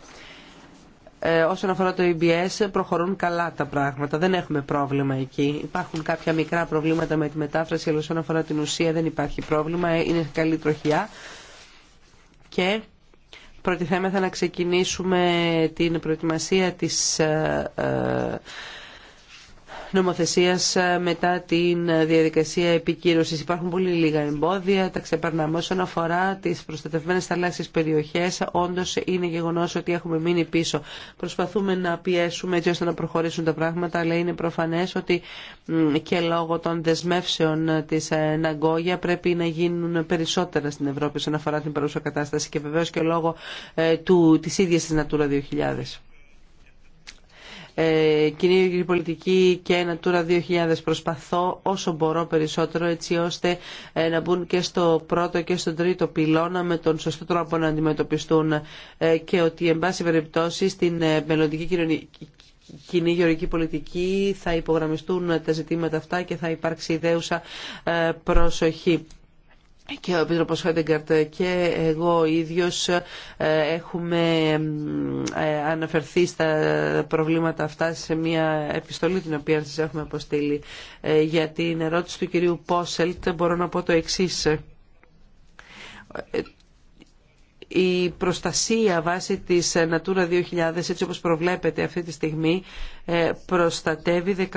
ε, όσον αφορά το EBS προχωρούν καλά τα πράγματα. Δεν έχουμε πρόβλημα εκεί. Υπάρχουν κάποια μικρά προβλήματα με τη μετάφραση, αλλά όσον αφορά την ουσία δεν υπάρχει πρόβλημα. Είναι καλή τροχιά. Και προτιθέμεθα να ξεκινήσουμε την προετοιμασία της ε, ε, νομοθεσία ε, μετά την ε, διαδικασία επικύρωση, Υπάρχουν πολύ λίγα εμπόδια, τα ξεπερνάμε. Όσον αφορά τι προστατευμένε θαλάσσιε περιοχέ, όντω είναι γεγονό ότι έχουμε μείνει πίσω. Προσπαθούμε να πιέσουμε έτσι ώστε να προχωρήσουν τα πράγματα, αλλά είναι προφανέ ότι και λόγω των δεσμεύσεων τη ε, Ναγκόγια πρέπει να γίνουν περισσότερα στην Ευρώπη όσον αφορά την παρούσα κατάσταση και βεβαίω και λόγω του, της ίδιας της Natura 2000. Ε, κοινή πολιτική και Natura 2000. Προσπαθώ όσο μπορώ περισσότερο έτσι ώστε ε, να μπουν και στο πρώτο και στο τρίτο πυλώνα με τον σωστό τρόπο να αντιμετωπιστούν ε, και ότι εν πάση περιπτώσει στην μελλοντική κοινή γεωργική πολιτική θα υπογραμμιστούν τα ζητήματα αυτά και θα υπάρξει ιδέουσα προσοχή και ο Επίτροπος Χέντεγκαρτ και εγώ ίδιος ε, έχουμε ε, αναφερθεί στα προβλήματα αυτά σε μια επιστολή την οποία σας έχουμε αποστείλει. Ε, για την ερώτηση του κυρίου Πόσελτ μπορώ να πω το εξής η προστασία βάσει της Natura 2000 έτσι όπως προβλέπεται αυτή τη στιγμή ε, προστατεύει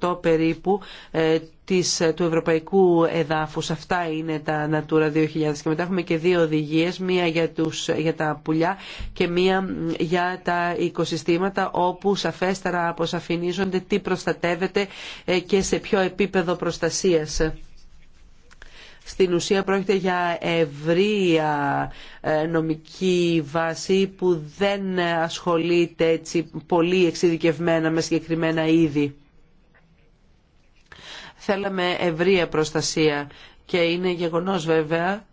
18% περίπου ε, της, του ευρωπαϊκού εδάφους. Αυτά είναι τα Natura 2000 και μετά έχουμε και δύο οδηγίες, μία για, τους, για τα πουλιά και μία για τα οικοσυστήματα όπου σαφέστερα αποσαφηνίζονται τι προστατεύεται ε, και σε ποιο επίπεδο προστασίας. Στην ουσία πρόκειται για ευρία ε, νομική βάση που δεν ασχολείται έτσι πολύ εξειδικευμένα με συγκεκριμένα είδη. Θέλαμε ευρεία προστασία και είναι γεγονός βέβαια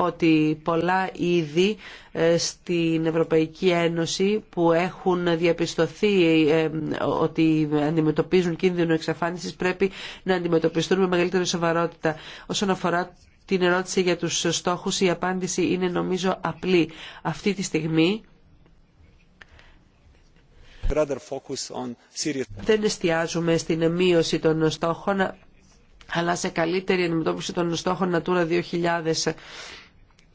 ότι πολλά είδη ε, στην Ευρωπαϊκή Ένωση που έχουν διαπιστωθεί ε, ότι αντιμετωπίζουν κίνδυνο εξαφάνισης πρέπει να αντιμετωπιστούν με μεγαλύτερη σοβαρότητα. Όσον αφορά την ερώτηση για τους στόχους, η απάντηση είναι νομίζω απλή. Αυτή τη στιγμή δεν εστιάζουμε στην μείωση των στόχων αλλά σε καλύτερη αντιμετώπιση των στόχων Natura 2000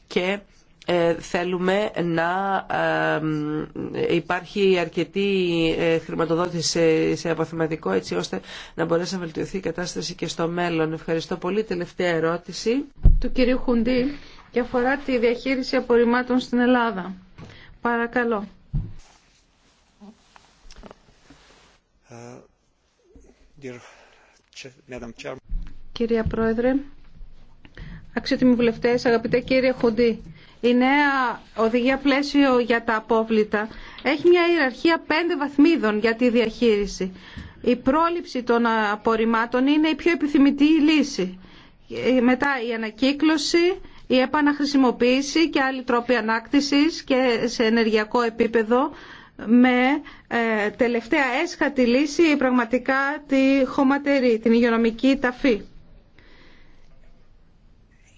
και ε, θέλουμε να ε, υπάρχει αρκετή ε, χρηματοδότηση σε αποθεματικό έτσι ώστε να μπορέσει να βελτιωθεί η κατάσταση και στο μέλλον. Ευχαριστώ πολύ. Τελευταία ερώτηση. Του κυρίου Χουντή και αφορά τη διαχείριση απορριμμάτων στην Ελλάδα. Παρακαλώ. Κυρία Πρόεδρε, Αξιότιμοι βουλευτέ, αγαπητέ κύριε Χοντή, η νέα οδηγία πλαίσιο για τα απόβλητα έχει μια ιεραρχία πέντε βαθμίδων για τη διαχείριση. Η πρόληψη των απορριμμάτων είναι η πιο επιθυμητή λύση. Μετά η ανακύκλωση, η επαναχρησιμοποίηση και άλλοι τρόποι ανάκτησης και σε ενεργειακό επίπεδο με ε, τελευταία έσχατη λύση πραγματικά τη χωματερή, την υγειονομική ταφή.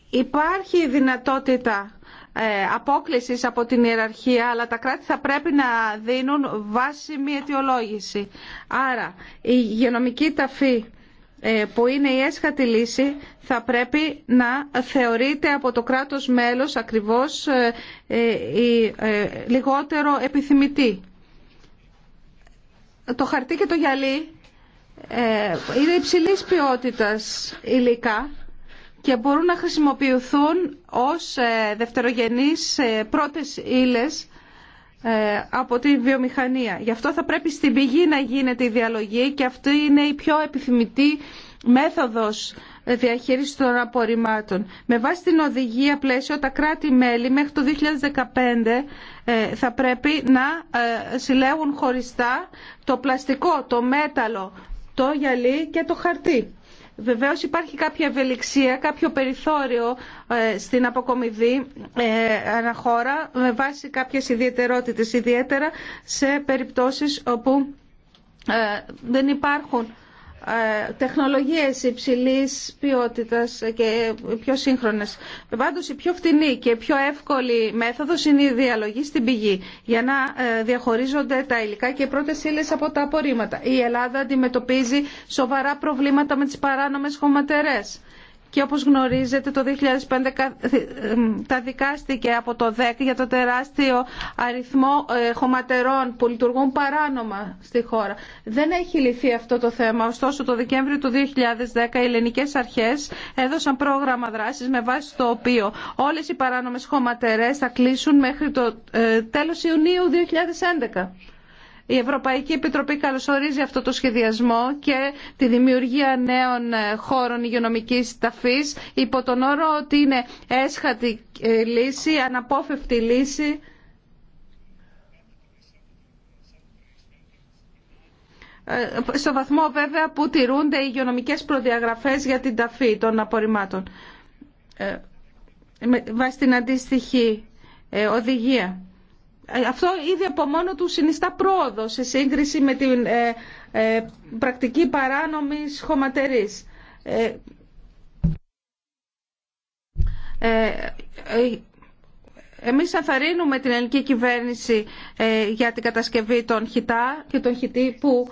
Υπάρχει δυνατότητα ε, απόκλησης από την ιεραρχία, αλλά τα κράτη θα πρέπει να δίνουν βάσιμη αιτιολόγηση. Άρα, η γενομική ταφή ε, που είναι η έσχατη λύση θα πρέπει να θεωρείται από το κράτος μέλος ακριβώς ε, η λιγότερο επιθυμητή. Το χαρτί και το γυαλί είναι υψηλής ποιότητας υλικά και μπορούν να χρησιμοποιηθούν ως ε, δευτερογενείς ε, πρώτες ύλες ε, από τη βιομηχανία. Γι' αυτό θα πρέπει στην πηγή να γίνεται η διαλογή και αυτή είναι η πιο επιθυμητή μέθοδος διαχείρισης των απορριμμάτων. Με βάση την οδηγία πλαίσιο, τα κράτη-μέλη μέχρι το 2015 θα πρέπει να συλλέγουν χωριστά το πλαστικό, το μέταλλο, το γυαλί και το χαρτί. Βεβαίως υπάρχει κάποια ευελιξία, κάποιο περιθώριο ε, στην αποκομιδή ε, αναχώρα με βάση κάποιες ιδιαιτερότητες, ιδιαίτερα σε περιπτώσεις όπου ε, δεν υπάρχουν ε, τεχνολογίες υψηλής ποιότητας και πιο σύγχρονες. Πάντως η πιο φτηνή και πιο εύκολη μέθοδος είναι η διαλογή στην πηγή για να ε, διαχωρίζονται τα υλικά και οι πρώτες ύλες από τα απορρίμματα. Η Ελλάδα αντιμετωπίζει σοβαρά προβλήματα με τις παράνομες χωματερές και όπως γνωρίζετε το 2015 ε, τα δικάστηκε από το ΔΕΚ για το τεράστιο αριθμό ε, χωματερών που λειτουργούν παράνομα στη χώρα. Δεν έχει λυθεί αυτό το θέμα, ωστόσο το Δεκέμβριο του 2010 οι ελληνικές αρχές έδωσαν πρόγραμμα δράσης με βάση το οποίο όλες οι παράνομες χωματερές θα κλείσουν μέχρι το ε, τέλος Ιουνίου 2011. Η Ευρωπαϊκή Επιτροπή καλωσορίζει αυτό το σχεδιασμό και τη δημιουργία νέων ε, χώρων υγειονομική ταφή υπό τον όρο ότι είναι έσχατη ε, λύση, αναπόφευτη λύση. Ε, στο βαθμό βέβαια που τηρούνται οι υγειονομικές προδιαγραφές για την ταφή των απορριμμάτων. Βάσει την αντίστοιχη οδηγία. Αυτό ήδη από μόνο του συνιστά πρόοδο σε σύγκριση με την ε, ε πρακτική παράνομης χωματερής. Ε, ε, ε εμείς αθαρρύνουμε την ελληνική κυβέρνηση για την κατασκευή των χιτά και των χιτή που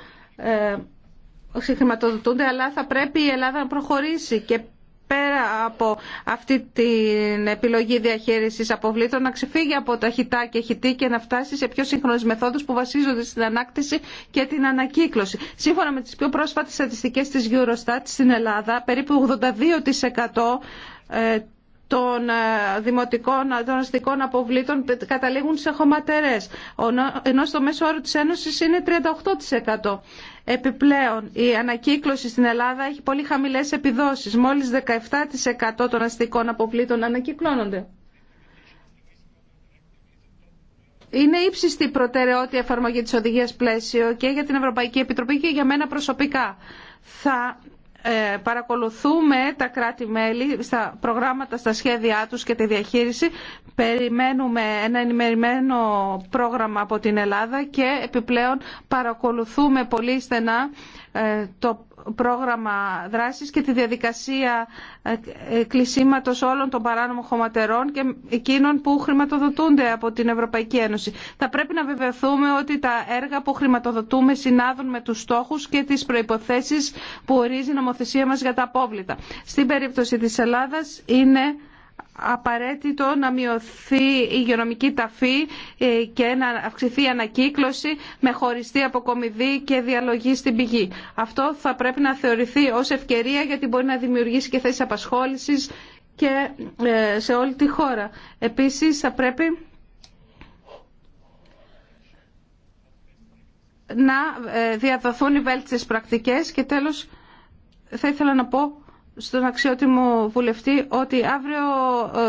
συγχρηματοδοτούνται, αλλά θα πρέπει η Ελλάδα να προχωρήσει και πέρα από αυτή την επιλογή διαχείρισης αποβλήτων να ξεφύγει από τα χιτά και χιτή και να φτάσει σε πιο σύγχρονες μεθόδους που βασίζονται στην ανάκτηση και την ανακύκλωση. Σύμφωνα με τις πιο πρόσφατες στατιστικές της Eurostat στην Ελλάδα, περίπου 82% ε, των ε, δημοτικών, των αστικών αποβλήτων καταλήγουν σε χωματερές, ενώ στο μέσο όρο της Ένωσης είναι 38%. Επιπλέον, η ανακύκλωση στην Ελλάδα έχει πολύ χαμηλές επιδόσεις. Μόλις 17% των αστικών αποπλήτων ανακυκλώνονται. Είναι ύψιστη προτεραιότητα η εφαρμογή της οδηγίας πλαίσιο και για την Ευρωπαϊκή Επιτροπή και για μένα προσωπικά. Θα ε, παρακολουθούμε τα κράτη-μέλη στα προγράμματα, στα σχέδιά τους και τη διαχείριση. Περιμένουμε ένα ενημερημένο πρόγραμμα από την Ελλάδα και επιπλέον παρακολουθούμε πολύ στενά ε, το πρόγραμμα δράσης και τη διαδικασία ε, ε, κλεισίματος όλων των παράνομων χωματερών και εκείνων που χρηματοδοτούνται από την Ευρωπαϊκή Ένωση. Θα πρέπει να βεβαιωθούμε ότι τα έργα που χρηματοδοτούμε συνάδουν με τους στόχους και τις προϋποθέσεις που ορίζει η νομοθεσία μας για τα απόβλητα. Στην περίπτωση της Ελλάδας είναι απαραίτητο να μειωθεί η υγειονομική ταφή ε, και να αυξηθεί η ανακύκλωση με χωριστή αποκομιδή και διαλογή στην πηγή. Αυτό θα πρέπει να θεωρηθεί ως ευκαιρία γιατί μπορεί να δημιουργήσει και θέσεις απασχόλησης και ε, σε όλη τη χώρα. Επίσης θα πρέπει να ε, διαδοθούν οι βέλτιστες πρακτικές και τέλος θα ήθελα να πω στον αξιότιμο βουλευτή ότι αύριο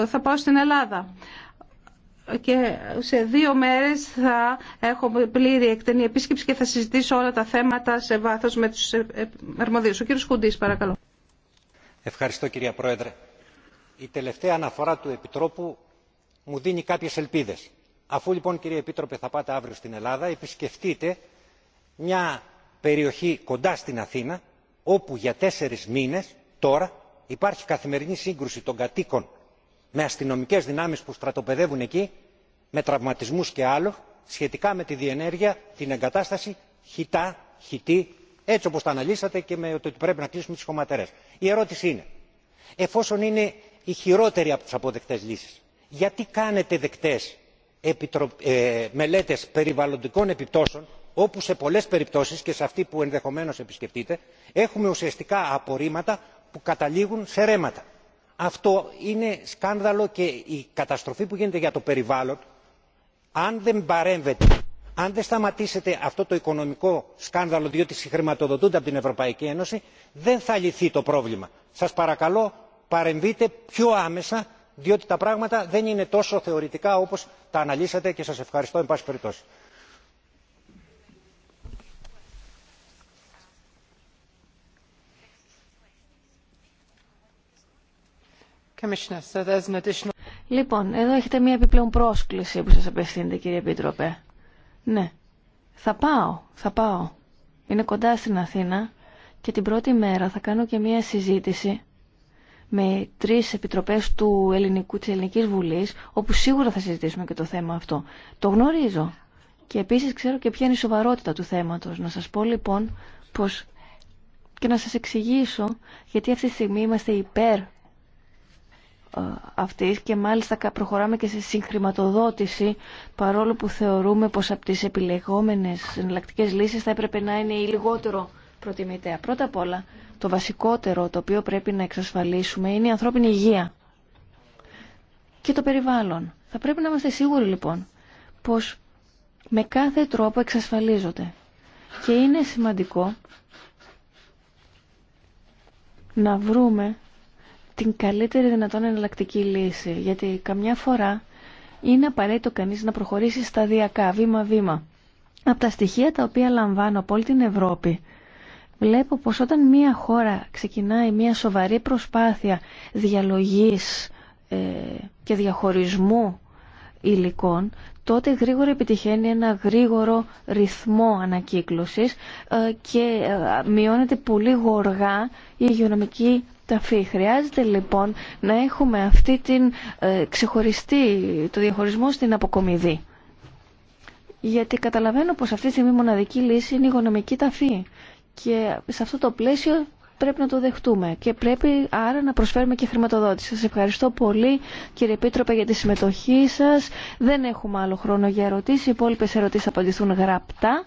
ε, θα πάω στην Ελλάδα και σε δύο μέρες θα έχω πλήρη εκτενή επίσκεψη και θα συζητήσω όλα τα θέματα σε βάθος με τους ε, ε, αρμοδίους. Ο κύριος Χουντής, παρακαλώ. Ευχαριστώ κυρία Πρόεδρε. Η τελευταία αναφορά του Επιτρόπου μου δίνει κάποιες ελπίδες. Αφού λοιπόν κύριε Επίτροπε θα πάτε αύριο στην Ελλάδα, επισκεφτείτε μια περιοχή κοντά στην Αθήνα, όπου για τέσσερις μήνες τώρα υπάρχει καθημερινή σύγκρουση των κατοίκων με αστυνομικέ δυνάμει που στρατοπεδεύουν εκεί με τραυματισμού και άλλο σχετικά με τη διενέργεια την εγκατάσταση χιτά χιτή έτσι όπω τα αναλύσατε και με το ότι πρέπει να κλείσουμε τι χωματερέ. η ερώτηση είναι εφόσον είναι η χειρότερη από τι αποδεκτέ λύσει γιατί κάνετε δεκτέ ε, μελέτε περιβαλλοντικών επιπτώσεων όπου σε πολλέ περιπτώσει και σε αυτή που ενδεχομένω επισκεφτείτε έχουμε ουσιαστικά απορρίμματα που καταλήγουν σε ρέματα. αυτό είναι σκάνδαλο και η καταστροφή που γίνεται για το περιβάλλον αν δεν παρέμβετε αν δεν σταματήσετε αυτό το οικονομικό σκάνδαλο διότι συγχρηματοδοτούνται από την ευρωπαϊκή ένωση δεν θα λυθεί το πρόβλημα. σας παρακαλώ παρεμβείτε πιο άμεσα διότι τα πράγματα δεν είναι τόσο θεωρητικά όπως τα αναλύσατε και σας ευχαριστώ εν πάση περιπτώσει. Λοιπόν, εδώ έχετε μία επιπλέον πρόσκληση που σας απευθύνεται κύριε Επίτροπε. Ναι, θα πάω, θα πάω. Είναι κοντά στην Αθήνα και την πρώτη μέρα θα κάνω και μία συζήτηση με τρεις επιτροπές του Ελληνικού, της Ελληνικής Βουλής, όπου σίγουρα θα συζητήσουμε και το θέμα αυτό. Το γνωρίζω. Και επίσης ξέρω και ποια είναι η σοβαρότητα του θέματος. Να σας πω λοιπόν πως και να σας εξηγήσω γιατί αυτή τη στιγμή είμαστε υπέρ αυτής και μάλιστα προχωράμε και σε συγχρηματοδότηση παρόλο που θεωρούμε πως από τις επιλεγόμενες εναλλακτικές λύσεις θα έπρεπε να είναι η λιγότερο προτιμητέα. Πρώτα απ' όλα, το βασικότερο το οποίο πρέπει να εξασφαλίσουμε είναι η ανθρώπινη υγεία και το περιβάλλον. Θα πρέπει να είμαστε σίγουροι λοιπόν πως με κάθε τρόπο εξασφαλίζονται. Και είναι σημαντικό να βρούμε την καλύτερη δυνατόν εναλλακτική λύση. Γιατί καμιά φορά είναι απαραίτητο κανείς να προχωρήσει σταδιακά, βήμα-βήμα. Από τα στοιχεία τα οποία λαμβάνω από όλη την Ευρώπη, βλέπω πως όταν μία χώρα ξεκινάει μία σοβαρή προσπάθεια διαλογής ε, και διαχωρισμού υλικών, τότε γρήγορα επιτυχαίνει ένα γρήγορο ρυθμό ανακύκλωσης ε, και ε, μειώνεται πολύ γοργά η υγειονομική ταφή. Χρειάζεται λοιπόν να έχουμε αυτή την ε, ξεχωριστή, το διαχωρισμό στην αποκομιδή. Γιατί καταλαβαίνω πως αυτή τη στιγμή η μοναδική λύση είναι η οικονομική ταφή. Και σε αυτό το πλαίσιο πρέπει να το δεχτούμε και πρέπει άρα να προσφέρουμε και χρηματοδότηση. Σας ευχαριστώ πολύ κύριε Επίτροπε για τη συμμετοχή σας. Δεν έχουμε άλλο χρόνο για ερωτήσεις. Οι υπόλοιπες ερωτήσεις απαντηθούν γραπτά.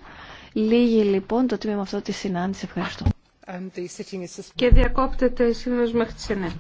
Λίγοι λοιπόν το τμήμα αυτό της συνάντησης. Ευχαριστώ. Και διακόπτεται η σύνδεση μέχρι τις 9.